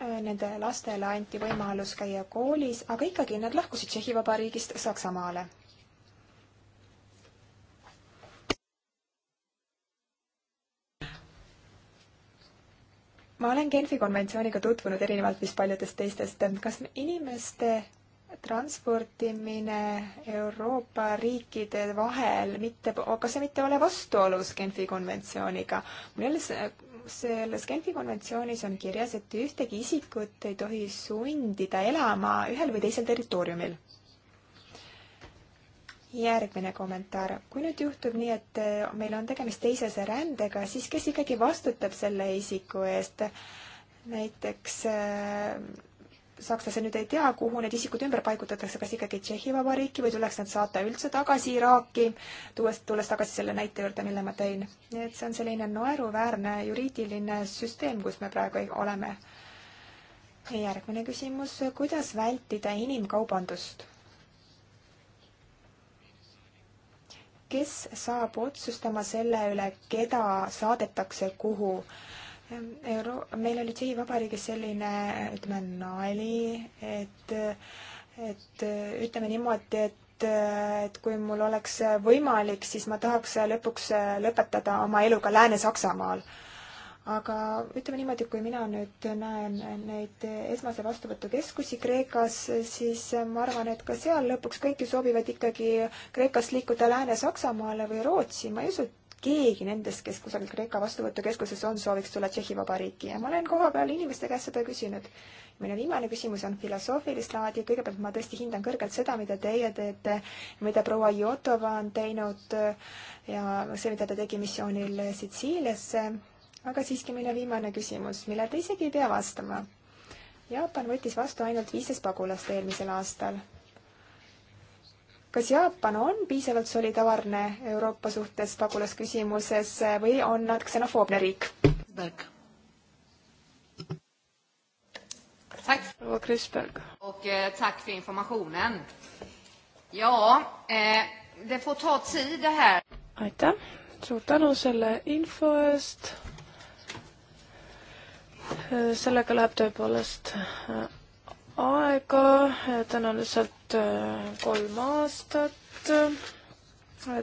Äh, nende lastele anti võimalus käia koolis, aga ikkagi nad lahkusid Tšehhi Vabariigist Saksamaale. ma olen Genfi konventsiooniga tutvunud erinevalt vist paljudest teistest. kas inimeste transportimine Euroopa riikide vahel mitte, kas see mitte ole vastuolus Genfi konventsiooniga? mul jälle see selles Genfi konventsioonis on kirjas, et ühtegi isikut ei tohi sundida elama ühel või teisel territooriumil järgmine kommentaar. kui nüüd juhtub nii, et eh, meil on tegemist teisese rändega, siis kes ikkagi vastutab selle isiku eest? näiteks eh, sakslase nüüd ei tea, kuhu need isikud ümber paigutatakse, kas ikkagi Tšehhi Vabariiki või tuleks nad saata üldse tagasi Iraaki, tuues, tulles tagasi selle näite juurde, mille ma tõin. nii et see on selline naeruväärne juriidiline süsteem, kus me praegu oleme. järgmine küsimus, kuidas vältida inimkaubandust? kes saab otsustama selle üle, keda saadetakse kuhu? Euro-, meil oli Tšehhi Vabariigis selline, ütleme, nali, et, et ütleme niimoodi, et et kui mul oleks võimalik, siis ma tahaks lõpuks lõpetada oma eluga Lääne-Saksamaal aga ütleme niimoodi, kui mina nüüd näen neid esmase vastuvõtukeskusi Kreekas, siis ma arvan, et ka seal lõpuks kõik ju soovivad ikkagi Kreekast liikuda Lääne-Saksamaale või Rootsi, ma ei usu, et keegi nendest, kes kusagil Kreeka vastuvõtukeskuses on, sooviks tulla Tšehhi Vabariiki ja ma olen kohapeal inimeste käest seda küsinud. minu viimane küsimus on filosoofilist laadi, kõigepealt ma tõesti hindan kõrgelt seda, mida teie teete, mida proua Jotova on teinud ja see, mida ta tegi missioonil Sitsiiliasse aga siiski meil on viimane küsimus, millele te isegi ei pea vastama. Jaapan võttis vastu ainult viisteist pagulast eelmisel aastal. kas Jaapan on piisavalt solidaarne Euroopa suhtes pagulasküsimuses või on nad ksenofoobne riik? Tack. Eva Krisberg. Och eh, tack för informationen. Ja, eh, det får ta tid det här. Aitäh, suur tänu selle info eest sellega läheb tõepoolest äh, aega, tõenäoliselt äh, kolm aastat. Äh,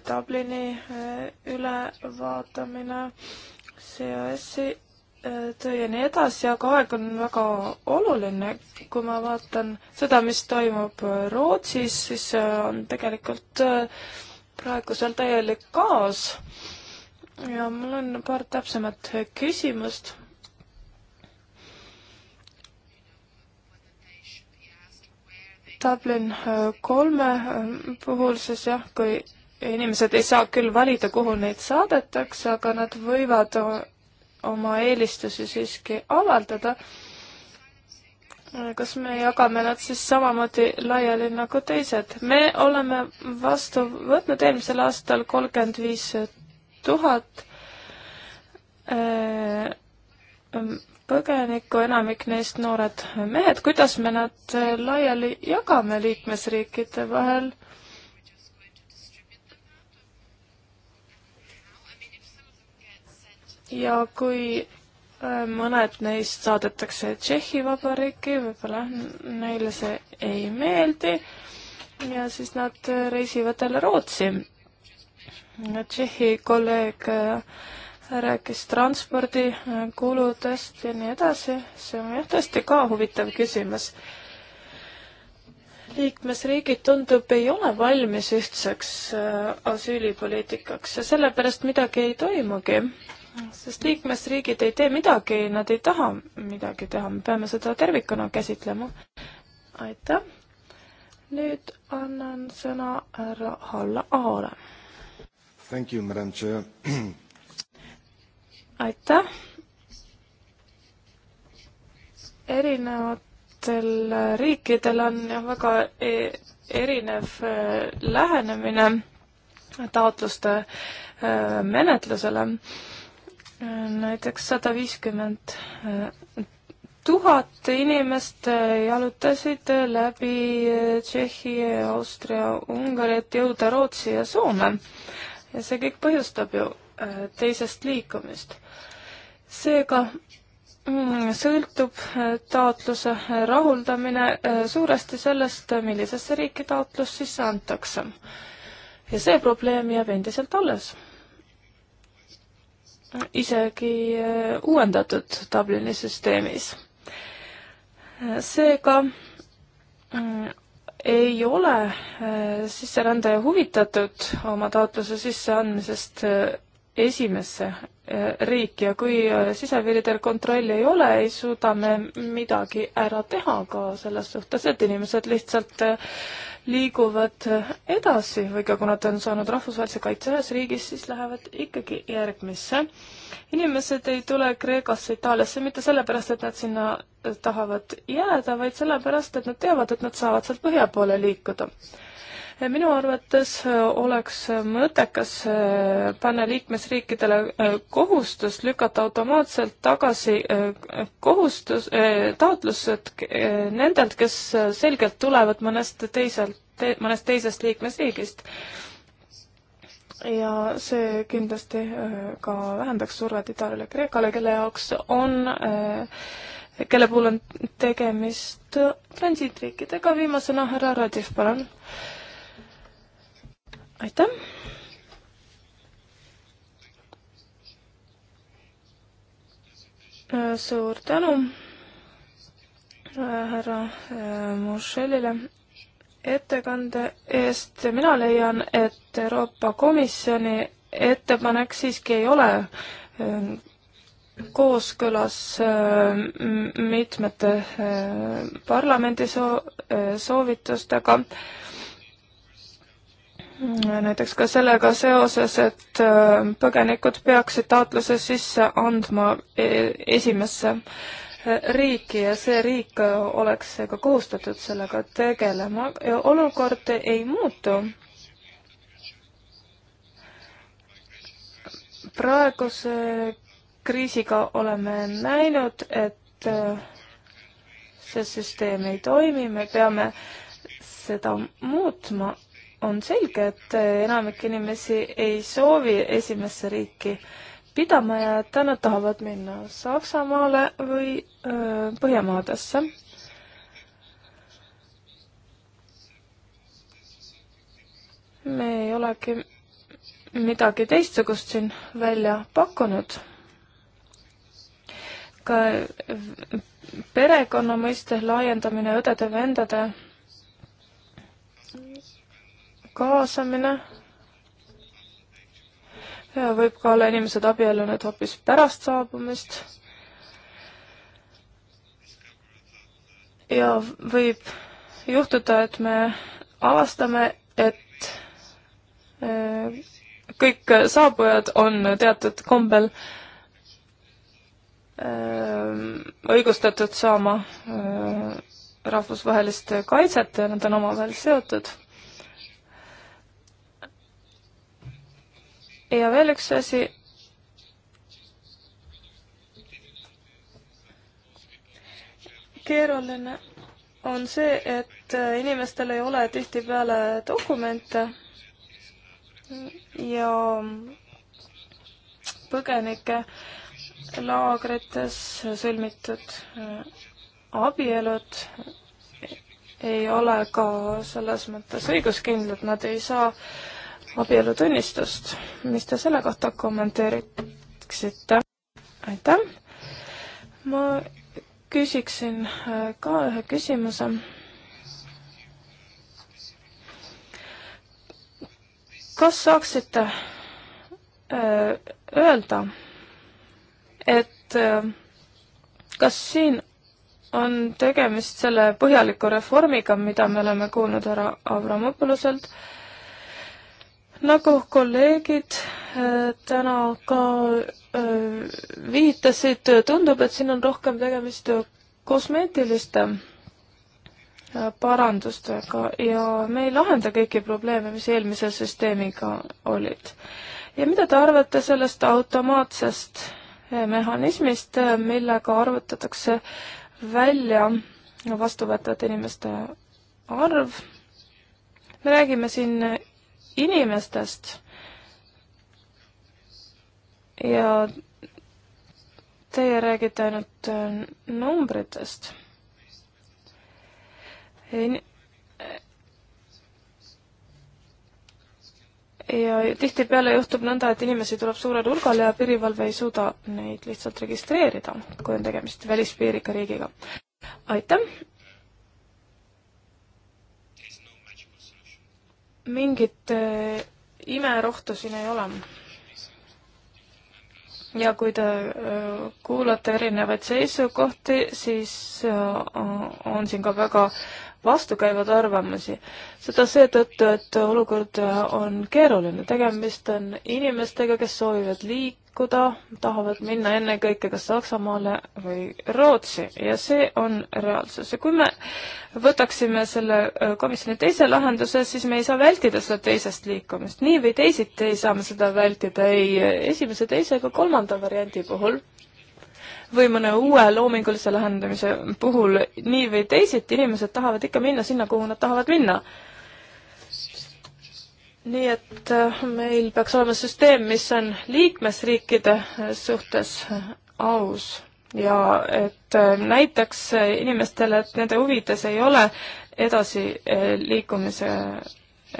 Dublini ülevaatamine, CAS-i töö ja nii edasi, aga aeg on väga oluline. kui ma vaatan seda, mis toimub Rootsis, siis on tegelikult praegusel täielik kaos. ja mul on paar täpsemat küsimust Dublin äh, kolme äh, puhul siis jah, kui inimesed ei saa küll valida, kuhu neid saadetakse, aga nad võivad oma eelistusi siiski avaldada. kas me jagame nad siis samamoodi laiali nagu teised? me oleme vastu võtnud eelmisel aastal kolmkümmend viis tuhat äh, põgenikku, enamik neist noored mehed, kuidas me nad eh, laiali jagame liikmesriikide vahel? ja kui eh, mõned neist saadetakse Tšehhi Vabariiki, võib-olla neile see ei meeldi ja siis nad eh, reisivad jälle Rootsi. Tšehhi kolleeg äh, rääkis transpordikuludest äh, ja nii edasi, see on jah tõesti ka huvitav küsimus. liikmesriigid, tundub, ei ole valmis ühtseks äh, asüülipoliitikaks ja sellepärast midagi ei toimugi, sest liikmesriigid ei tee midagi, nad ei taha midagi teha, me peame seda tervikuna käsitlema. aitäh! nüüd annan sõna härra Halla Aole. Thank you, madam chair aitäh. erinevatel äh, riikidel on jah väga e, erinev äh, lähenemine taotluste äh, menetlusele. näiteks sada viiskümmend tuhat inimest jalutasid läbi Tšehhi, Austria, Ungarit, jõuda Rootsi ja Soome. ja see kõik põhjustab ju Äh, teisest liikumist. seega mm, sõltub äh, taotluse äh, rahuldamine suuresti sellest, millisesse riiki taotlus sisse antakse. ja see probleem jääb endiselt alles. isegi uuendatud Dublini süsteemis. seega mm, ei ole sisserändaja huvitatud oma taotluse sisseandmisest esimesse eh, riiki ja kui eh, sisepiiridel kontrolli ei ole, ei suuda me midagi ära teha ka selles suhtes, et inimesed lihtsalt eh, liiguvad edasi või ka kui nad on saanud rahvusvahelise kaitse ühes riigis, siis lähevad ikkagi järgmisse. inimesed ei tule Kreekasse, Itaaliasse mitte sellepärast, et nad sinna tahavad jääda, vaid sellepärast, et nad teavad, et nad saavad sealt põhja poole liikuda minu arvates äh, oleks äh, mõttekas äh, panna liikmesriikidele kohustus lükata automaatselt tagasi kohustus, taotlused nendelt, kes selgelt tulevad mõnest teiselt te,, mõnest teisest liikmesriigist. ja see kindlasti ka vähendaks survet Itaaliale ja Kreekale, kelle jaoks on äh, kelle puhul on tegemist transiitriikidega. viimasena härra Radiv, palun aitäh. Äh, suur tänu äh, härra äh, Muršelile ettekande eest. mina leian, et Euroopa Komisjoni ettepanek siiski ei ole ähm, kooskõlas mitmete parlamendi soovitustega näiteks ka sellega seoses, et äh, põgenikud peaksid taotluse sisse andma e-, esimesse äh, riiki ja see riik äh, oleks ka kohustatud sellega tegelema. olukord ei muutu. praeguse kriisiga oleme näinud, et see süsteem ei toimi, me peame seda muutma on selge, et enamik inimesi ei soovi esimesse riiki pidama ja et nad tahavad minna Saksamaale või öö, Põhjamaadesse. me ei olegi midagi teistsugust siin välja pakkunud. ka perekonna mõiste laiendamine õdede-vendade kaasamine ja võib ka olla inimesed abiellunud hoopis pärast saabumist. ja võib juhtuda, et me avastame, et äh, kõik saabujad on teatud kombel äh, õigustatud saama äh, rahvusvahelist kaitset ja nad on omavahel seotud ja veel üks asi. keeruline on see, et inimestel ei ole tihtipeale dokumente ja põgenike laagrites sõlmitud äh, abielud ei ole ka selles mõttes õiguskindlad, nad ei saa äh, abielutunnistust. mis te selle kohta kommenteeriksite? aitäh! ma küsiksin äh, ka ühe küsimuse. kas saaksite äh, öelda, et äh, kas siin on tegemist selle põhjaliku reformiga, mida me oleme kuulnud härra Avramopoluselt äh,, nagu kolleegid äh, täna ka äh, viitasid, tundub, et siin on rohkem tegemist kosmeetiliste äh, parandustega ja me ei lahenda kõiki probleeme, mis eelmise süsteemiga olid. ja mida te arvate sellest automaatsest mehhanismist, millega arvutatakse välja vastuvõtvate inimeste arv? me räägime siin inimestest ja teie räägite ainult äh, numbritest. ja tihtipeale juhtub nõnda, et inimesi tuleb suurel hulgal ja piirivalve ei suuda neid lihtsalt registreerida, kui on tegemist välispiiriga riigiga. aitäh! mingit äh, imerohtu siin ei ole. ja kui te äh, kuulate erinevaid seisukohti, siis äh, on siin ka väga vastukäivaid arvamusi. seda seetõttu, et olukord on keeruline, tegemist on inimestega, kes soovivad liikuda, tahavad minna ennekõike kas Saksamaale või Rootsi ja see on reaalsus. ja kui me võtaksime selle äh, komisjoni teise lahenduse, siis me ei saa vältida seda teisest liikumist. nii või teisiti ei saa me seda vältida ei esimese, teise ega kolmanda variandi puhul või mõne uue loomingulise lähenemise puhul nii või teisiti inimesed tahavad ikka minna sinna, kuhu nad tahavad minna. nii et äh, meil peaks olema süsteem, mis on liikmesriikide äh, suhtes äh, aus ja et näitaks inimestele, et nende huvides ei ole edasiliikumise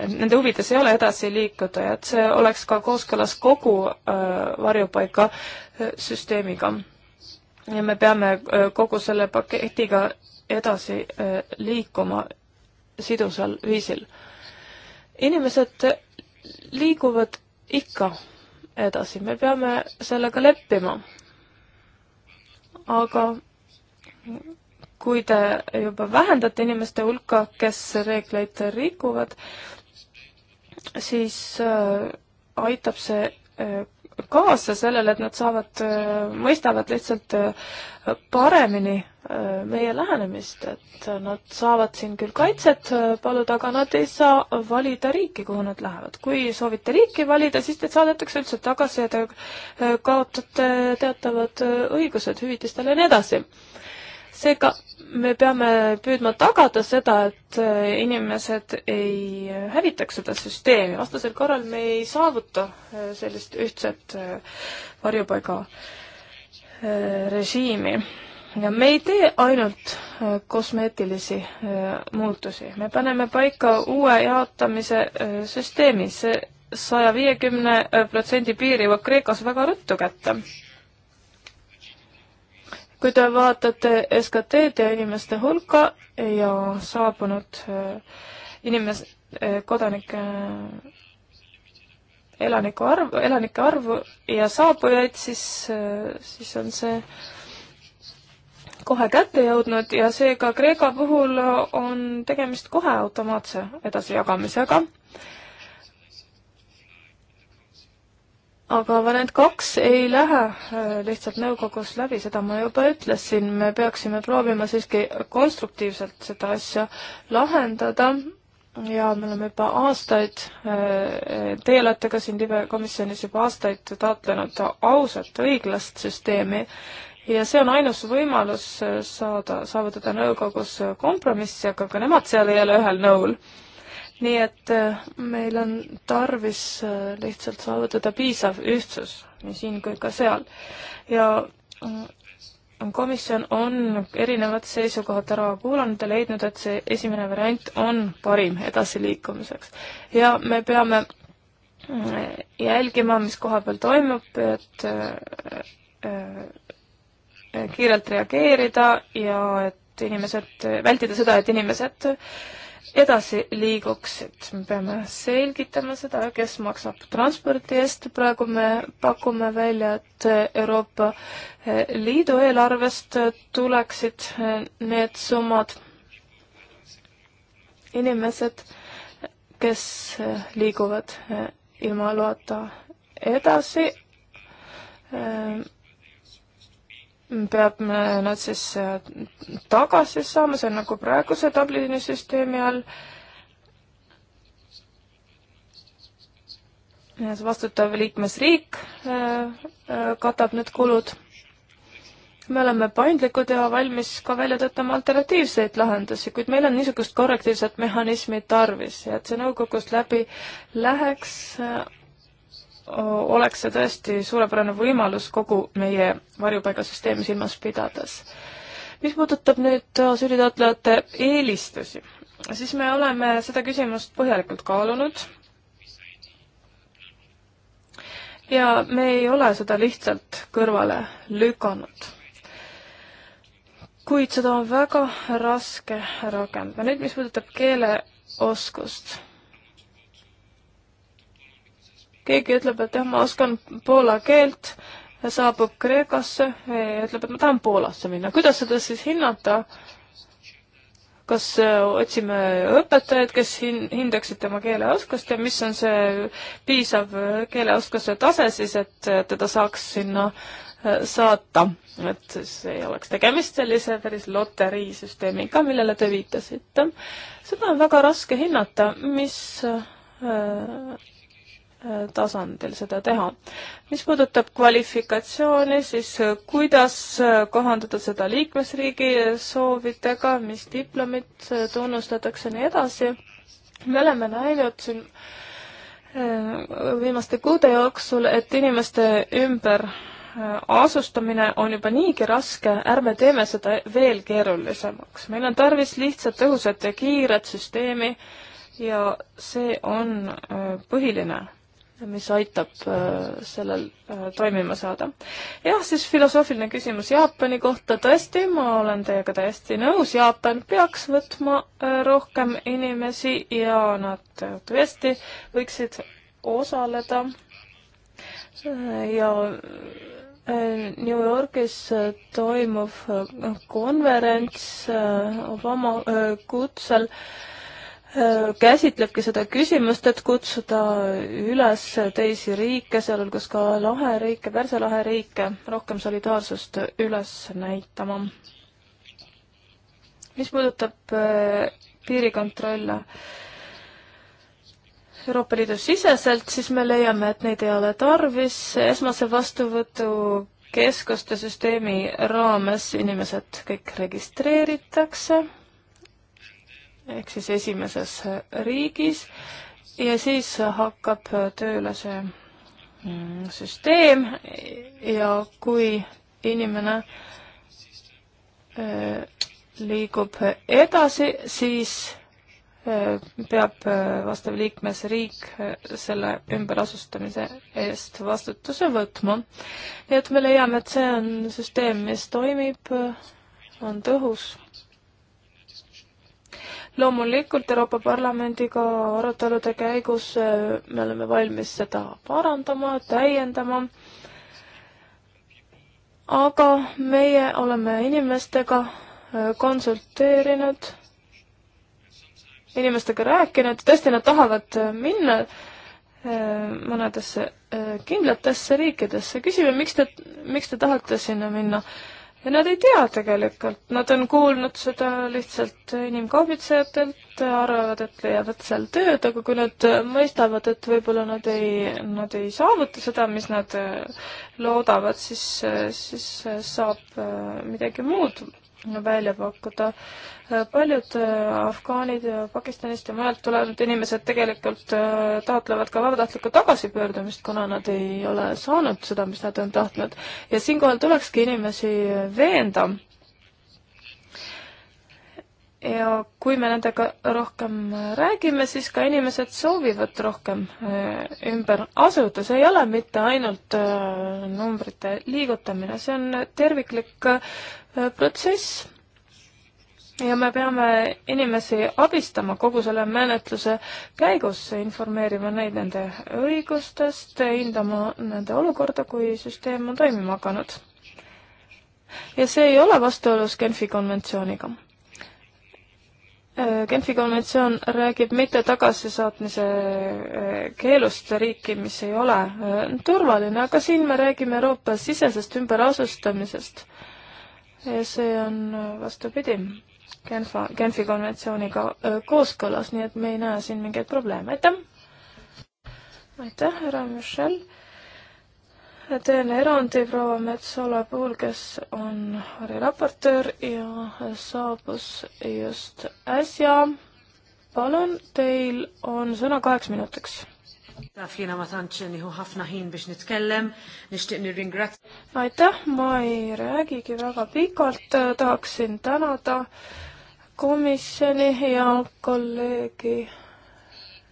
nende huvides ei ole edasi liikuda ja et see oleks ka kooskõlas kogu varjupaigasüsteemiga ja me peame kogu selle paketiga edasi liikuma sidusal viisil. inimesed liiguvad ikka edasi, me peame sellega leppima. aga kui te juba vähendate inimeste hulka, kes reegleid rikuvad, siis aitab see kaasa sellele, et nad saavad, mõistavad lihtsalt äh, paremini äh, meie lähenemist, et nad saavad siin küll kaitset äh, paluda, aga nad ei saa valida riiki, kuhu nad lähevad. kui soovite riiki valida, siis teid saadetakse üldse tagasi ja te kaotate teatavad õigused hüvitistele ja nii edasi seega me peame püüdma tagada seda, et äh, inimesed ei hävitaks seda süsteemi, vastasel korral me ei saavuta äh, sellist ühtset äh, varjupaiga režiimi. ja me ei tee ainult kosmeetilisi muutusi, me paneme paika uue jaotamise süsteemi, see saja viiekümne protsendi piir jõuab Kreekas väga ruttu kätte kui te vaatate SKT-d ja inimeste hulka ja saabunud äh, inimes-, äh, kodanike äh, elaniku arv, elanike arvu ja saabujaid, siis, siis on see kohe kätte jõudnud ja seega Kreeka puhul on tegemist kohe automaatse edasijagamisega aga variant kaks ei lähe äh, lihtsalt nõukogus läbi, seda ma juba ütlesin, me peaksime proovima siiski konstruktiivselt seda asja lahendada ja me oleme juba aastaid, äh, teie olete ka siin libe komisjonis juba aastaid taotlenud ausat, õiglast süsteemi ja see on ainus võimalus äh, saada, saavutada nõukogus kompromissi, aga ka nemad seal ei ole ühel nõul nii et äh, meil on tarvis äh, lihtsalt saavutada piisav ühtsus nii siin kui ka seal ja äh, komisjon on erinevad seisukohad ära kuulanud ja leidnud, et see esimene variant on parim edasiliikumiseks. ja me peame jälgima, mis koha peal toimub, et kiirelt reageerida ja et inimesed, vältida seda, et inimesed äh, edasi liiguks, et me peame selgitama seda, kes maksab transpordi eest, praegu me pakume välja, et Euroopa eh, Liidu eelarvest eh, tuleksid eh, need summad. inimesed, kes liiguvad ilma loata edasi, peame nad siis äh, tagasi saama, see on nagu praeguse Dublini süsteemi all. vastutav liikmesriik äh, äh, katab need kulud. me oleme paindlikud ja valmis ka välja töötama alternatiivseid lahendusi, kuid meil on niisugust korrektiivset mehhanismi tarvis ja et see nõukogust läbi läheks, oleks see tõesti suurepärane võimalus kogu meie varjupaigasüsteemi silmas pidades. mis puudutab nüüd asüülitaotlejate eelistusi, siis me oleme seda küsimust põhjalikult kaalunud ja me ei ole seda lihtsalt kõrvale lükanud. kuid seda on väga raske rakendada. nüüd, mis puudutab keeleoskust keegi ütleb, et jah, ma oskan poola keelt, saabub Kreekasse ja ütleb, et ma tahan Poolasse minna. kuidas seda siis hinnata? kas äh, otsime õpetajaid, kes hin-, hindaksid tema keeleoskust ja mis on see piisav keeleoskuse tase siis, et teda saaks sinna äh, saata, et siis ei oleks tegemist sellise päris loteriisüsteemiga, millele te viitasite. seda on väga raske hinnata, mis äh, tasandil seda teha. mis puudutab kvalifikatsiooni, siis äh, kuidas äh, kohandada seda liikmesriigi äh, soovidega, mis diplomid tunnustatakse ja nii edasi. me oleme näinud siin viimaste kuude jooksul, et inimeste ümber asustamine on juba niigi raske, ärme teeme seda veel keerulisemaks. meil on tarvis lihtsat, tõhusat ja kiiret süsteemi ja see on põhiline mis aitab äh, sellel äh, toimima saada. jah, siis filosoofiline küsimus Jaapani kohta, tõesti, ma olen teiega täiesti nõus, Jaapan peaks võtma äh, rohkem inimesi ja nad tõesti võiksid osaleda ja New Yorgis toimuv konverents Obama kutsel äh, Äh, käsitlebki seda küsimust, et kutsuda üles teisi riike, sealhulgas ka laheriike, Pärsia lahe riike, rohkem solidaarsust üles näitama. mis puudutab äh, piirikontrolle Euroopa Liidu siseselt, siis me leiame, et neid ei ole tarvis, esmase vastuvõtu keskuste süsteemi raames inimesed kõik registreeritakse ehk siis esimeses riigis ja siis hakkab tööle see mm, süsteem ja kui inimene äh, liigub edasi, siis äh, peab äh, vastav liikmesriik selle ümberasustamise eest vastutuse võtma. nii et me leiame, et see on süsteem, mis toimib, on tõhus loomulikult Euroopa Parlamendiga arutelude käigus äh, me oleme valmis seda parandama, täiendama, aga meie oleme inimestega äh, konsulteerinud, inimestega rääkinud, tõesti nad tahavad äh, minna mõnedesse kindlatesse riikidesse, küsime, miks te, miks te tahate sinna minna ja nad ei tea tegelikult, nad on kuulnud seda lihtsalt inimkaubitsejatelt, arvavad, et leiavad seal tööd, aga kui nad mõistavad, et võib-olla nad ei, nad ei saavuta seda, mis nad äh, loodavad, siis, äh, siis äh, saab midagi muud välja pakkuda paljud äh, afgaanid Pakistanist ja mujalt tulevad inimesed tegelikult äh, taotlevad ka vabatahtlikku tagasipöördumist, kuna nad ei ole saanud seda, mis nad on tahtnud. ja siinkohal tulekski inimesi veenda. ja kui me nendega rohkem äh, räägime, siis ka inimesed soovivad rohkem ümber asuda, see ei ole mitte ainult numbrite liigutamine, see on terviklik protsess ja me peame inimesi abistama kogu selle menetluse käigus, informeerima neid nende õigustest, hindama nende olukorda, kui süsteem on toimima hakanud. ja see ei ole vastuolus Genfi konventsiooniga. Äh, Genfi konventsioon räägib mitte tagasisaatmise äh, keelust riiki, mis ei ole äh, turvaline, aga siin me räägime Euroopa sisesest ümberasustamisest. ja see on vastupidi Genfa, Genfi konventsiooniga kooskõlas, nii et me ei näe siin mingeid probleeme, aitäh! aitäh, härra Michel! teen erandi proua Metsola puhul, kes on variraportöör ja saabus just äsja. palun, teil on sõna kaheks minutiks. aitäh, ma ei räägigi väga pikalt, tahaksin tänada äh, komisjoni ja kolleegi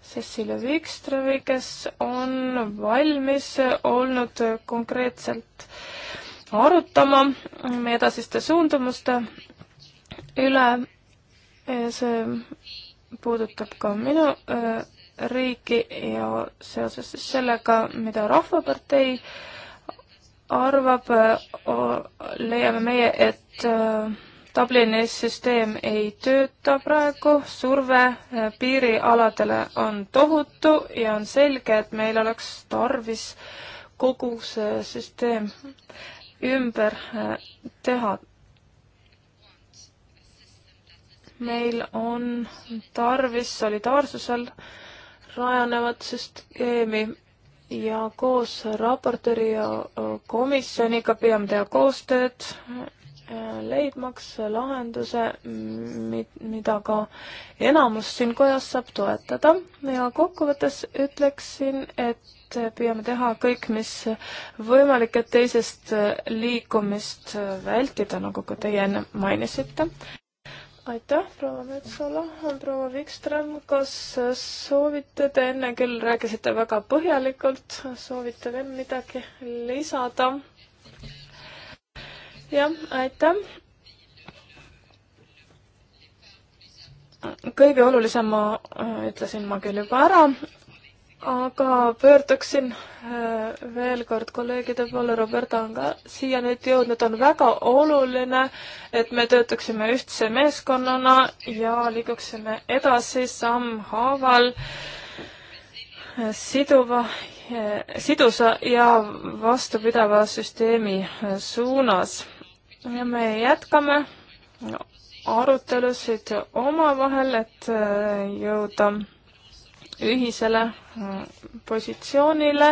Cecilia Wikströmi, kes on valmis olnud konkreetselt arutama meie edasiste suundumuste üle. see puudutab ka minu äh, riiki ja seoses siis sellega, mida Rahvapartei arvab, äh, leiame meie, et äh, Dublini süsteem ei tööta praegu, surve eh, piirialadele on tohutu ja on selge, et meil oleks tarvis kogu see süsteem ümber eh, teha. meil on tarvis solidaarsusel rajanevat süsteemi ja koos raportööri ja eh, komisjoniga püüame teha koostööd leidmaks lahenduse, mida ka enamus siin kojas saab toetada ja kokkuvõttes ütleksin, et püüame teha kõik, mis võimalik, et teisest liikumist vältida, nagu ka teie enne mainisite. aitäh, proua Metsola, proua Vikström, kas soovite, te enne küll rääkisite väga põhjalikult, soovite veel midagi lisada? jah, aitäh. kõige olulisema äh, ütlesin ma küll juba ära, aga pöörduksin äh, veel kord kolleegide poole, Roberta on ka siia nüüd jõudnud, on väga oluline, et me töötaksime ühtse meeskonnana ja liiguksime edasi sammhaaval äh, siduva, sidusa ja vastupidava süsteemi suunas ja me jätkame arutelusid omavahel, et äh, jõuda ühisele äh, positsioonile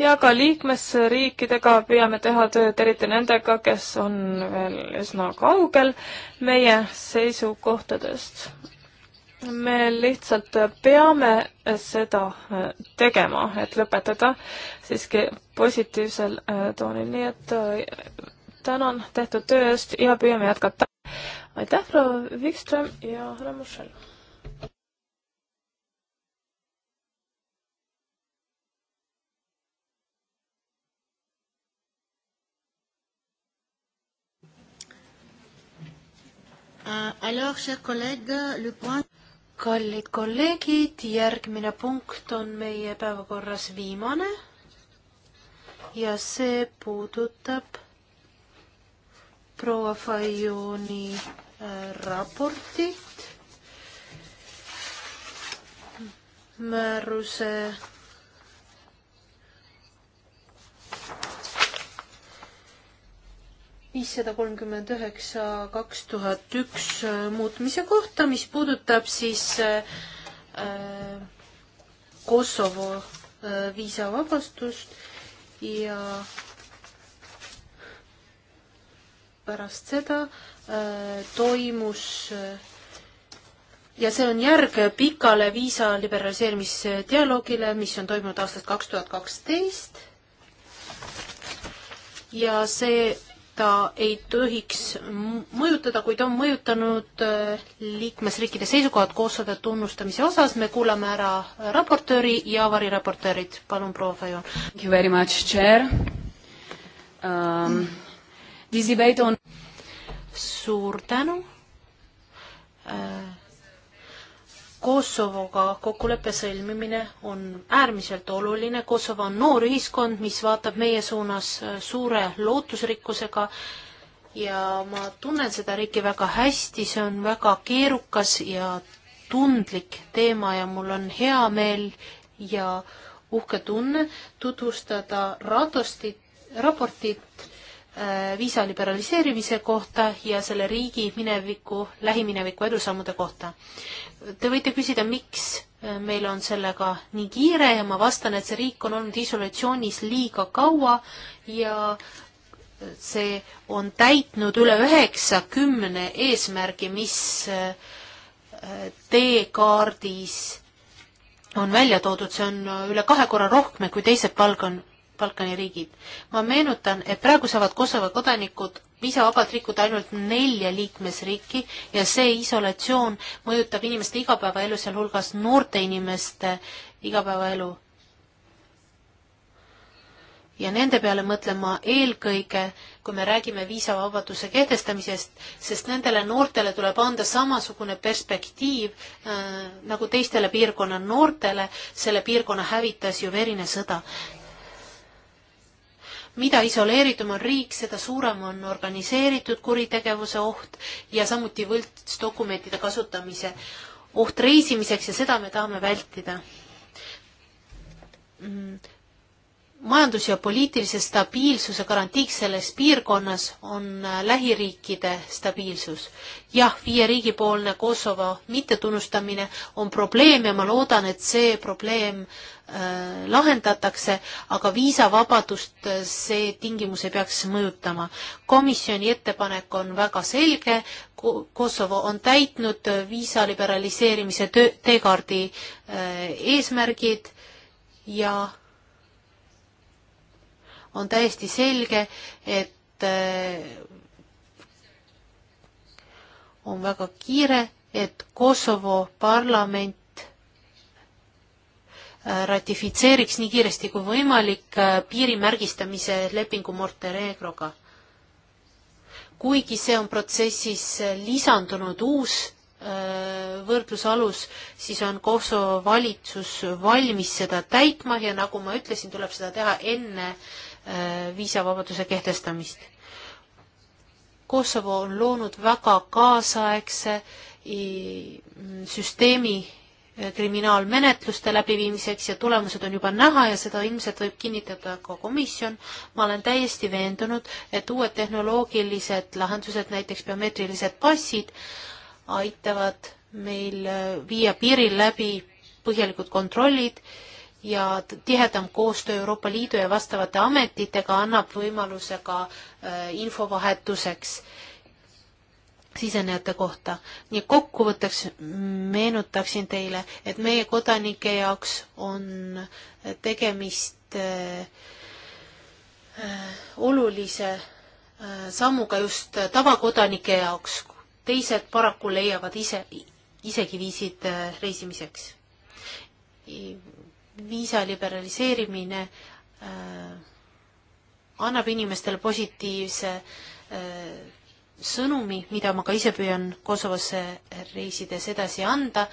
ja ka liikmesriikidega püüame teha tööd, eriti nendega, kes on veel üsna kaugel meie seisukohtadest. me lihtsalt peame seda äh, tegema, et lõpetada siiski positiivsel toonil, nii et tänan tehtud töö eest ja püüame jätkata. aitäh, proua Wikström ja härra Mušel. Euh, alors, chers collègues, le point kallid kolleegid, järgmine punkt on meie päevakorras viimane ja see puudutab proua Fajuni äh, raportit määruse viissada kolmkümmend üheksa kaks tuhat üks äh, muutmise kohta, mis puudutab siis äh, äh Kosovo äh, viisavabastust ja äh, pärast seda äh, toimus äh, ja see on järg pikale viisa liberaliseerimisdialoogile, mis on toimunud aastast kaks tuhat kaksteist. ja see, ta ei tohiks mõjutada, kuid on mõjutanud äh, liikmesriikide seisukohad koostööde tunnustamise osas. me kuulame ära raportööri ja variraportöörid. palun, proua Fajon. Thank you very much, chair um,. This debate on suur tänu äh,. Kosovoga kokkuleppe sõlmimine on äärmiselt oluline. Kosovo on noor ühiskond, mis vaatab meie suunas äh, suure lootusrikkusega ja ma tunnen seda riiki väga hästi, see on väga keerukas ja tundlik teema ja mul on hea meel ja uhke tunne tutvustada Radostit, raportit Äh, viisa liberaliseerimise kohta ja selle riigi mineviku, lähimineviku edusammude kohta. Te võite küsida, miks äh, meil on sellega nii kiire ja ma vastan, et see riik on olnud isolatsioonis liiga kaua ja see on täitnud üle üheksakümne eesmärgi, mis äh, teekaardis on välja toodud, see on üle kahe korra rohkem kui teised Balkan Balkani riigid. ma meenutan, et praegu saavad Kosovo kodanikud viisavabalt rikkuda ainult nelja liikmesriiki ja see isolatsioon mõjutab inimeste igapäevaelu, sealhulgas noorte inimeste igapäevaelu. ja nende peale mõtlema eelkõige, kui me räägime viisavabaduse kehtestamisest, sest nendele noortele tuleb anda samasugune perspektiiv äh, nagu teistele piirkonna noortele, selle piirkonna hävitas ju verine sõda mida isoleeritum on riik, seda suurem on organiseeritud kuritegevuse oht ja samuti võltsdokumentide kasutamise oht reisimiseks ja seda me tahame vältida. Mm. majandus- ja poliitilise stabiilsuse garantiiks selles piirkonnas on äh, lähiriikide stabiilsus. jah, viie riigipoolne Kosovo mittetunnustamine on probleem ja ma loodan, et see probleem äh, Äh, lahendatakse, aga viisavabadust äh, see tingimus ei peaks mõjutama. komisjoni ettepanek on väga selge, Kosovo on täitnud äh, viisa liberaliseerimise töö, teekaardi eesmärgid ja on täiesti selge, et on väga kiire, et Kosovo parlament ratifitseeriks nii kiiresti kui võimalik äh, piirimärgistamise lepingu Montenegroga. kuigi see on protsessis äh, lisandunud uus äh, võrdlusalus, siis on Kosovo valitsus valmis seda täitma ja nagu ma ütlesin, tuleb seda teha enne viisavabaduse kehtestamist. Kosovo on loonud väga kaasaegse süsteemi kriminaalmenetluste läbiviimiseks ja tulemused on juba näha ja seda ilmselt võib kinnitada ka komisjon. ma olen täiesti veendunud, et uued tehnoloogilised lahendused, näiteks biomeetrilised passid, aitavad meil äh, viia piiril läbi põhjalikud kontrollid ja tihedam koostöö Euroopa Liidu ja vastavate ametitega annab võimaluse ka äh, infovahetuseks sisenejate kohta. nii kokkuvõtteks meenutaksin teile, et meie kodanike jaoks on tegemist äh, äh, olulise äh, sammuga just tavakodanike jaoks, teised paraku leiavad ise, isegi viisid äh, reisimiseks. viisa liberaliseerimine äh, annab inimestele positiivse äh, sõnumi, mida ma ka ise püüan Kosovosse reisides edasi anda,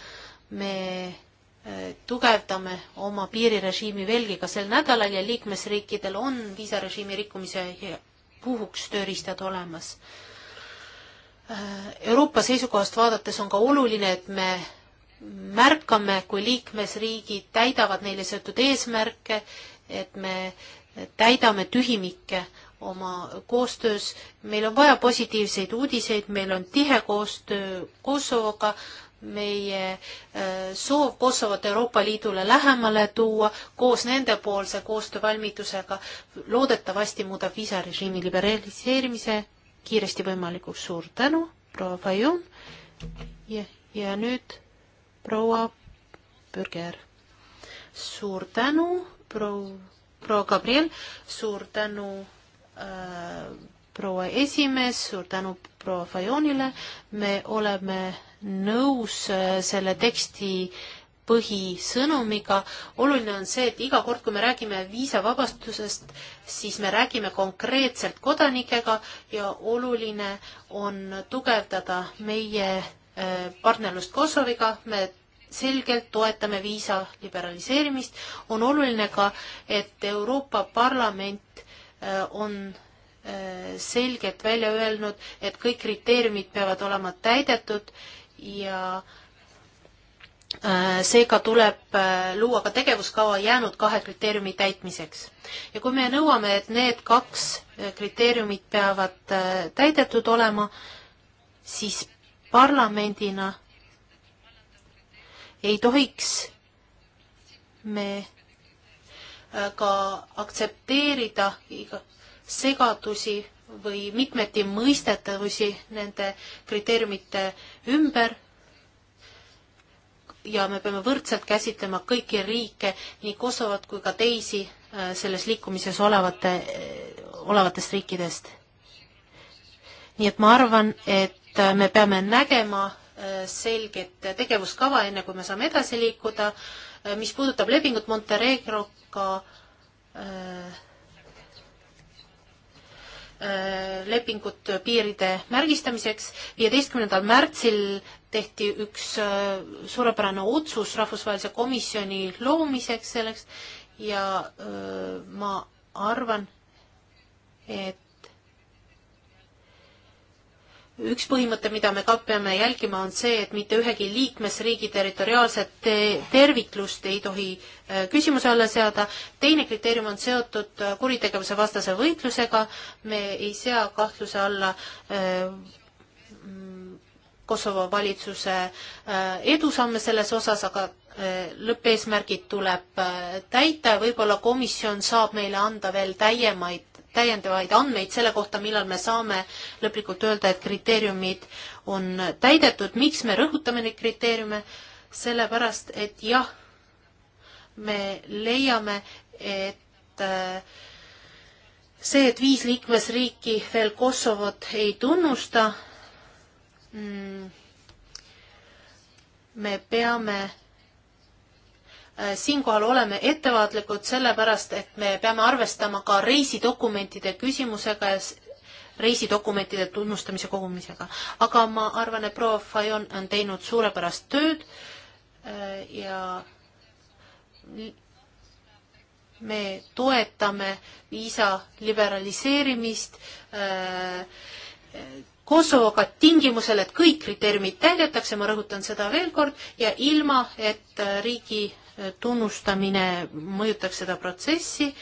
me äh, tugevdame oma piirirežiimi veelgi ka sel nädalal ja liikmesriikidel on viisarežiimi rikkumise puhuks tööriistad olemas. Äh, Euroopa seisukohast vaadates on ka oluline, et me märkame, kui liikmesriigid täidavad neile seatud eesmärke, et me täidame tühimikke oma koostöös. meil on vaja positiivseid uudiseid, meil on tihe koostöö Kosovoga, meie äh, soov Kosovot Euroopa Liidule lähemale tuua koos nendepoolse koostöövalmidusega loodetavasti muudab viisarežiimi liberaliseerimise kiiresti võimalikuks. suur tänu, proua Fajun ja, ja nüüd proua Bürger. suur tänu, proua, proua Gabriel, suur tänu Äh, proua esimees, suur tänu proua Fajonile, me oleme nõus äh, selle teksti põhisõnumiga. oluline on see, et iga kord, kui me räägime viisavabastusest, siis me räägime konkreetselt kodanikega ja oluline on tugevdada meie äh, partnerlust Kosoviga, me selgelt toetame viisa liberaliseerimist. on oluline ka, et Euroopa Parlament Äh, on äh, selgelt välja öelnud, et kõik kriteeriumid peavad olema täidetud ja äh, seega tuleb luua ka tegevuskava jäänud kahe kriteeriumi täitmiseks. ja kui me nõuame, et need kaks kriteeriumit peavad täidetud olema, siis parlamendina ei tohiks me ka aktsepteerida segadusi või mitmeti mõistetavusi nende kriteeriumite ümber ja me peame võrdselt käsitlema kõiki riike, nii Kosovot kui ka teisi äh, selles liikumises olevate, äh, olevatest riikidest. nii et ma arvan, et äh, me peame nägema selget tegevuskava, enne kui me saame edasi liikuda äh, Äh, mis puudutab lepingut Montenegroga äh, äh,, lepingut piiride märgistamiseks. viieteistkümnendal märtsil tehti üks äh, suurepärane otsus rahvusvahelise komisjoni loomiseks selleks ja ma arvan, et üks põhimõte, mida me ka peame jälgima, on see, et mitte ühegi liikmesriigi territoriaalset te terviklust ei tohi äh, küsimuse alla seada. teine kriteerium on seotud äh, kuritegevuse vastase võitlusega. me ei sea kahtluse alla äh, Kosovo valitsuse edusamme selles osas, aga lõppeesmärgid tuleb täita ja võib-olla komisjon saab meile anda veel täiemaid täiendavaid andmeid selle kohta, millal me saame lõplikult öelda, et kriteeriumid on täidetud, miks me rõhutame neid kriteeriume, sellepärast et jah, me leiame, et äh, see, et viis liikmesriiki veel Kosovot ei tunnusta, mm, me peame Äh, siinkohal oleme ettevaatlikud, sellepärast et me peame arvestama ka reisidokumentide küsimusega ja reisidokumentide tunnustamise kogumisega. aga ma arvan, et proua Fajon on teinud suurepärast tööd äh, ja me toetame viisa liberaliseerimist äh, Kosovoga tingimusel, et kõik kriteeriumid täidetakse, ma rõhutan seda veel kord, ja ilma, et riigi tunnustamine mõjutaks seda protsessi.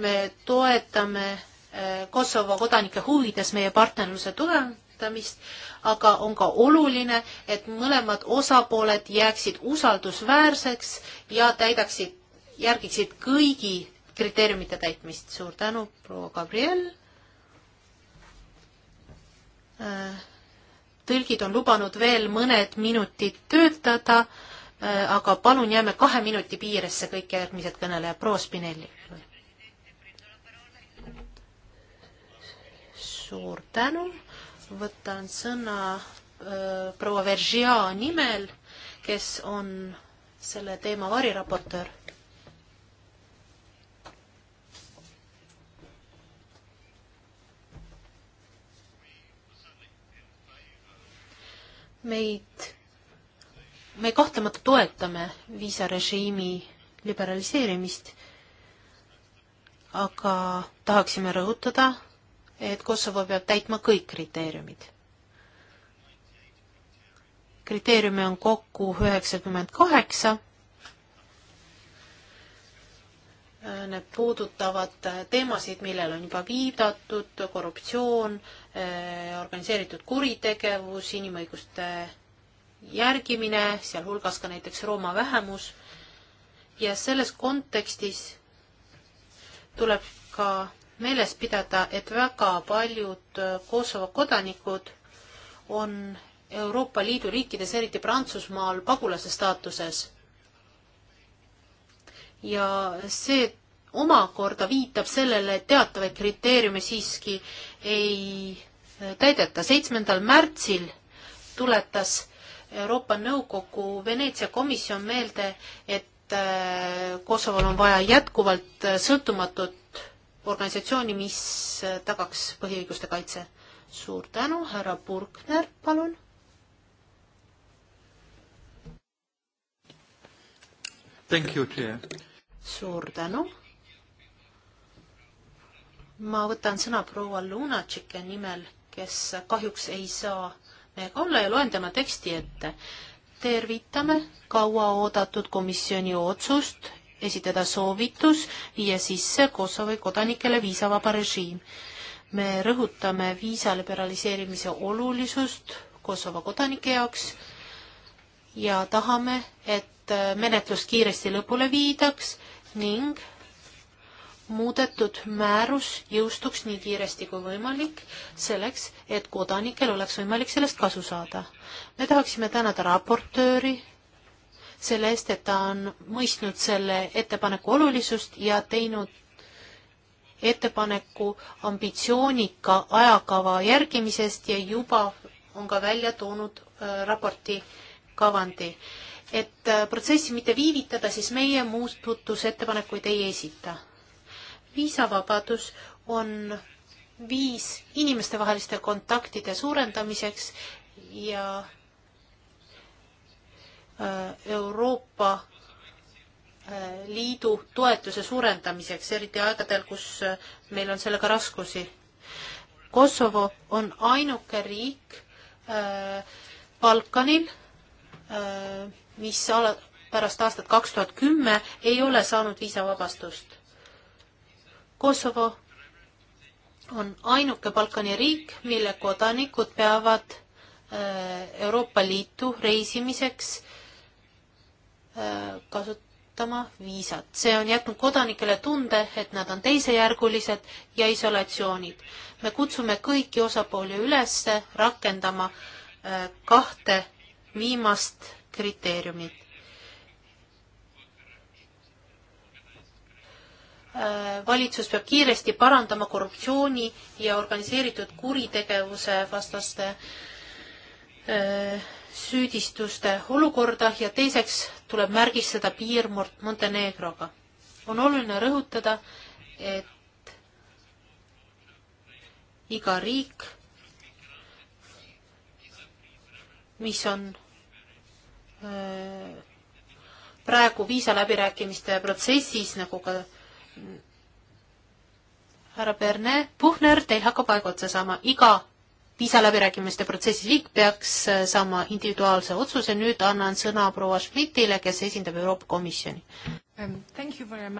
me toetame eh, Kosovo kodanike huvides meie partnerluse tugevdamist, aga on ka oluline, et mõlemad osapooled jääksid usaldusväärseks ja täidaksid, järgiksid kõigi kriteeriumite täitmist. suur tänu, proua Gabriel. Eh, tõlgid on lubanud veel mõned minutid töötada Äh, aga palun jääme kahe minuti piiresse kõik järgmised kõnelejad, proua Spinelli. suur tänu, võtan sõna äh, proua Vergia nimel, kes on selle teema variraportöör. meid me kahtlemata toetame viisarežiimi liberaliseerimist, aga tahaksime rõhutada, et Kosovo peab täitma kõik kriteeriumid. kriteeriume on kokku üheksakümmend kaheksa Need puudutavad teemasid, millele on juba viidatud, korruptsioon, eh, organiseeritud kuritegevus, inimõiguste järgimine, sealhulgas ka näiteks Rooma vähemus. ja selles kontekstis tuleb ka meeles pidada, et väga paljud äh, Kosovo kodanikud on Euroopa Liidu riikides, eriti Prantsusmaal, pagulase staatuses. ja see omakorda viitab sellele, et teatavaid kriteeriume siiski ei äh, täideta. seitsmendal märtsil tuletas Euroopa Nõukogu Veneetsia komisjon meelde, et äh, Kosovol on vaja jätkuvalt äh, sõltumatut organisatsiooni, mis äh, tagaks põhiõiguste kaitse. suur tänu, härra Burkner, palun. suur tänu. ma võtan sõna proua Lunatšike nimel, kes kahjuks ei saa alla ja loen tema teksti ette. tervitame kauaoodatud komisjoni otsust esitada soovitus viia sisse Kosovo kodanikele viisavaba režiim. me rõhutame viisa liberaliseerimise olulisust Kosovo kodanike jaoks ja tahame, et menetlus kiiresti lõpule viidaks ning muudetud määrus jõustuks nii kiiresti kui võimalik, selleks et kodanikel oleks võimalik sellest kasu saada. me tahaksime tänada raportööri selle eest, et ta on mõistnud selle ettepaneku olulisust ja teinud ettepaneku ambitsioonika ajakava järgimisest ja juba on ka välja toonud äh, raporti kavandi. et äh, protsessi mitte viivitada, siis meie muudatusettepanekuid ei esita viisavabadus on viis inimestevaheliste kontaktide suurendamiseks ja äh, Euroopa äh, Liidu toetuse suurendamiseks, eriti aegadel, kus äh, meil on sellega raskusi. Kosovo on ainuke riik äh, Balkanil äh,, mis ala, pärast aastat kaks tuhat kümme ei ole saanud viisavabastust Kosovo on ainuke Balkani riik, mille kodanikud peavad äh, Euroopa Liitu reisimiseks äh, kasutama viisat. see on jätnud kodanikele tunde, et nad on teisejärgulised ja isolatsioonid. me kutsume kõiki osapooli üles rakendama äh, kahte viimast kriteeriumit. Äh, valitsus peab kiiresti parandama korruptsiooni ja organiseeritud kuritegevuse vastaste äh, süüdistuste olukorda ja teiseks tuleb märgistada piir Montenegroga. on oluline rõhutada, et iga riik, mis on äh, praegu viisaläbirääkimiste protsessis, nagu ka härra Perne, Puhner, teil hakkab aeg otsa saama, iga viisaläbirääkimiste protsessi liik peaks äh, saama individuaalse otsuse, nüüd annan sõna proua Schmidtile, kes esindab Euroopa Komisjoni um,.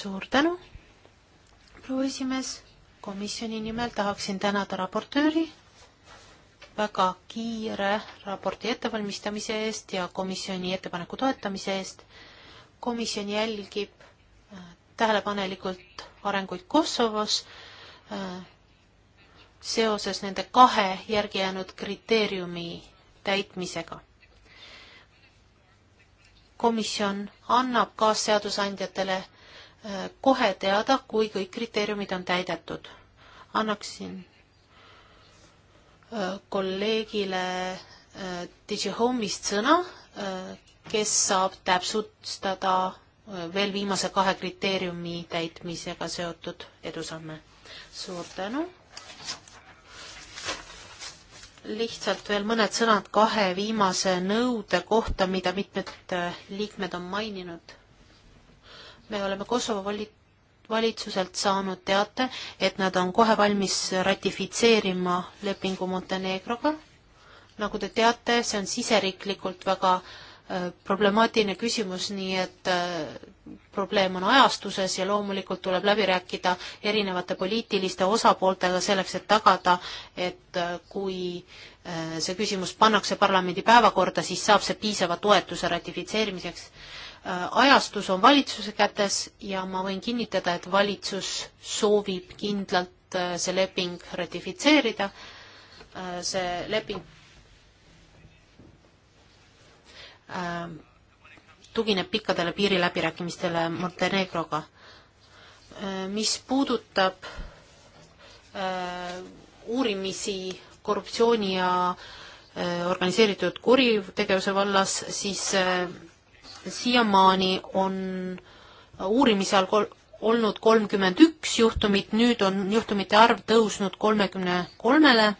suur tänu, proua esimees, komisjoni nimel tahaksin tänada raportööri väga kiire raporti ettevalmistamise eest ja komisjoni ettepaneku toetamise eest. komisjon jälgib äh, tähelepanelikult arenguid Kosovos äh, seoses nende kahe järgi jäänud kriteeriumi täitmisega. komisjon annab kaasseadusandjatele äh, kohe teada, kui kõik kriteeriumid on täidetud. annaksin äh, kolleegile DigiHome'ist sõna, kes saab täpsustada veel viimase kahe kriteeriumi täitmisega seotud edusamme. suur tänu. lihtsalt veel mõned sõnad kahe viimase nõude kohta, mida mitmed äh, liikmed on maininud. me oleme Kosovo valit-, valitsuselt saanud teate, et nad on kohe valmis ratifitseerima lepingu Montenegroga. nagu te teate, see on siseriiklikult väga äh, Äh, problemaatiline küsimus, nii et äh, probleem on ajastuses ja loomulikult tuleb läbi rääkida erinevate poliitiliste osapooltega selleks, et tagada, et äh, kui see küsimus pannakse parlamendi päevakorda, siis saab see piisava toetuse ratifitseerimiseks. ajastus on valitsuse kätes ja ma võin kinnitada, et valitsus soovib kindlalt see leping ratifitseerida, see leping Ähm, tugineb pikkadele piiriläbirääkimistele Montenegroga. Äh, mis puudutab äh, uurimisi korruptsiooni ja äh, organiseeritud kuritegevuse vallas, siis siiamaani on uurimise all kol olnud kolmkümmend üks juhtumit, nüüd on juhtumite arv tõusnud kolmekümne kolmele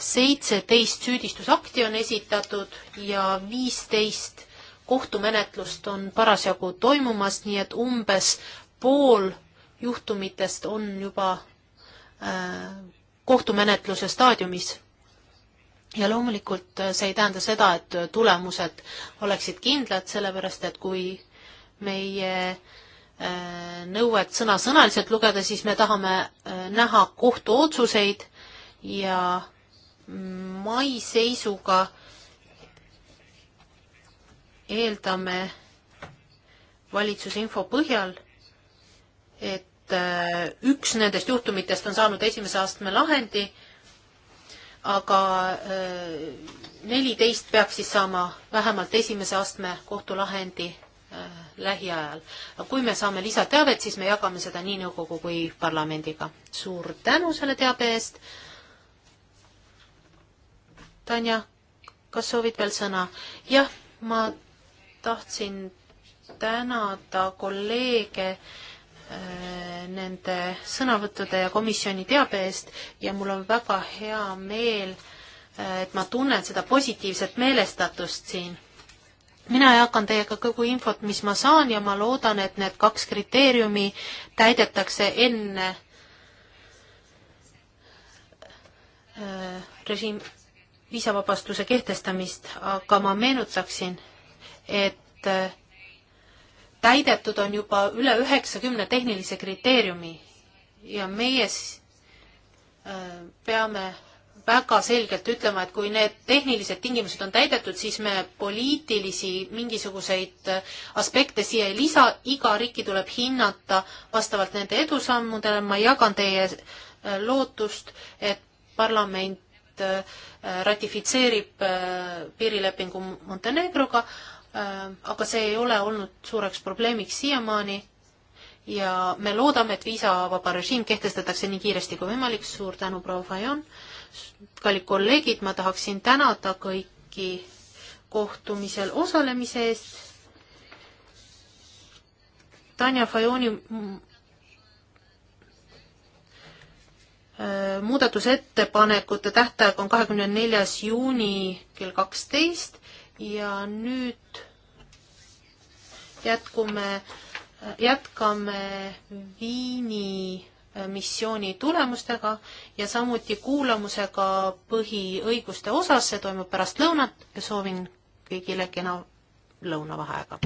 seitseteist süüdistusakti on esitatud ja viisteist kohtumenetlust on parasjagu toimumas, nii et umbes pool juhtumitest on juba äh, kohtumenetluse staadiumis. ja loomulikult äh, see ei tähenda seda, et äh, tulemused oleksid kindlad, sellepärast et kui meie äh, nõuet sõna-sõnaliselt lugeda, siis me tahame äh, näha kohtuotsuseid ja mai seisuga eeldame valitsuse info põhjal, et äh, üks nendest juhtumitest on saanud esimese astme lahendi, aga äh, neliteist peaks siis saama vähemalt esimese astme kohtulahendi äh, lähiajal. kui me saame lisateavet, siis me jagame seda nii nõukogu kui parlamendiga. suur tänu selle teabe eest Tanja, kas soovid veel sõna? jah, ma tahtsin tänada kolleege äh, nende sõnavõttude ja komisjoni teabe eest ja mul on väga hea meel, äh, et ma tunnen seda positiivset meelestatust siin. mina jagan teiega kogu infot, mis ma saan ja ma loodan, et need kaks kriteeriumi täidetakse enne äh, režiim viisavabastuse kehtestamist, aga ma meenutaksin, et äh, täidetud on juba üle üheksakümne tehnilise kriteeriumi ja meie äh, peame väga selgelt ütlema, et kui need tehnilised tingimused on täidetud, siis me poliitilisi mingisuguseid äh, aspekte siia ei lisa, iga riiki tuleb hinnata vastavalt nende edusammudele, ma jagan teie lootust, et parlament et äh, ratifitseerib äh, piirilepingu Montenegroga, äh, aga see ei ole olnud suureks probleemiks siiamaani ja me loodame, et viisavaba režiim kehtestatakse nii kiiresti kui võimalik, suur tänu, proua Fajon. kallid kolleegid, ma tahaksin tänada kõiki kohtumisel osalemise eest. Tanja Fajoni Äh, muudatusettepanekute tähtaeg on kahekümne neljas juuni kell kaksteist ja nüüd jätkume, jätkame Viini äh, missiooni tulemustega ja samuti kuulamusega põhiõiguste osas, see toimub pärast lõunat ja soovin kõigile kena lõunavaheaega.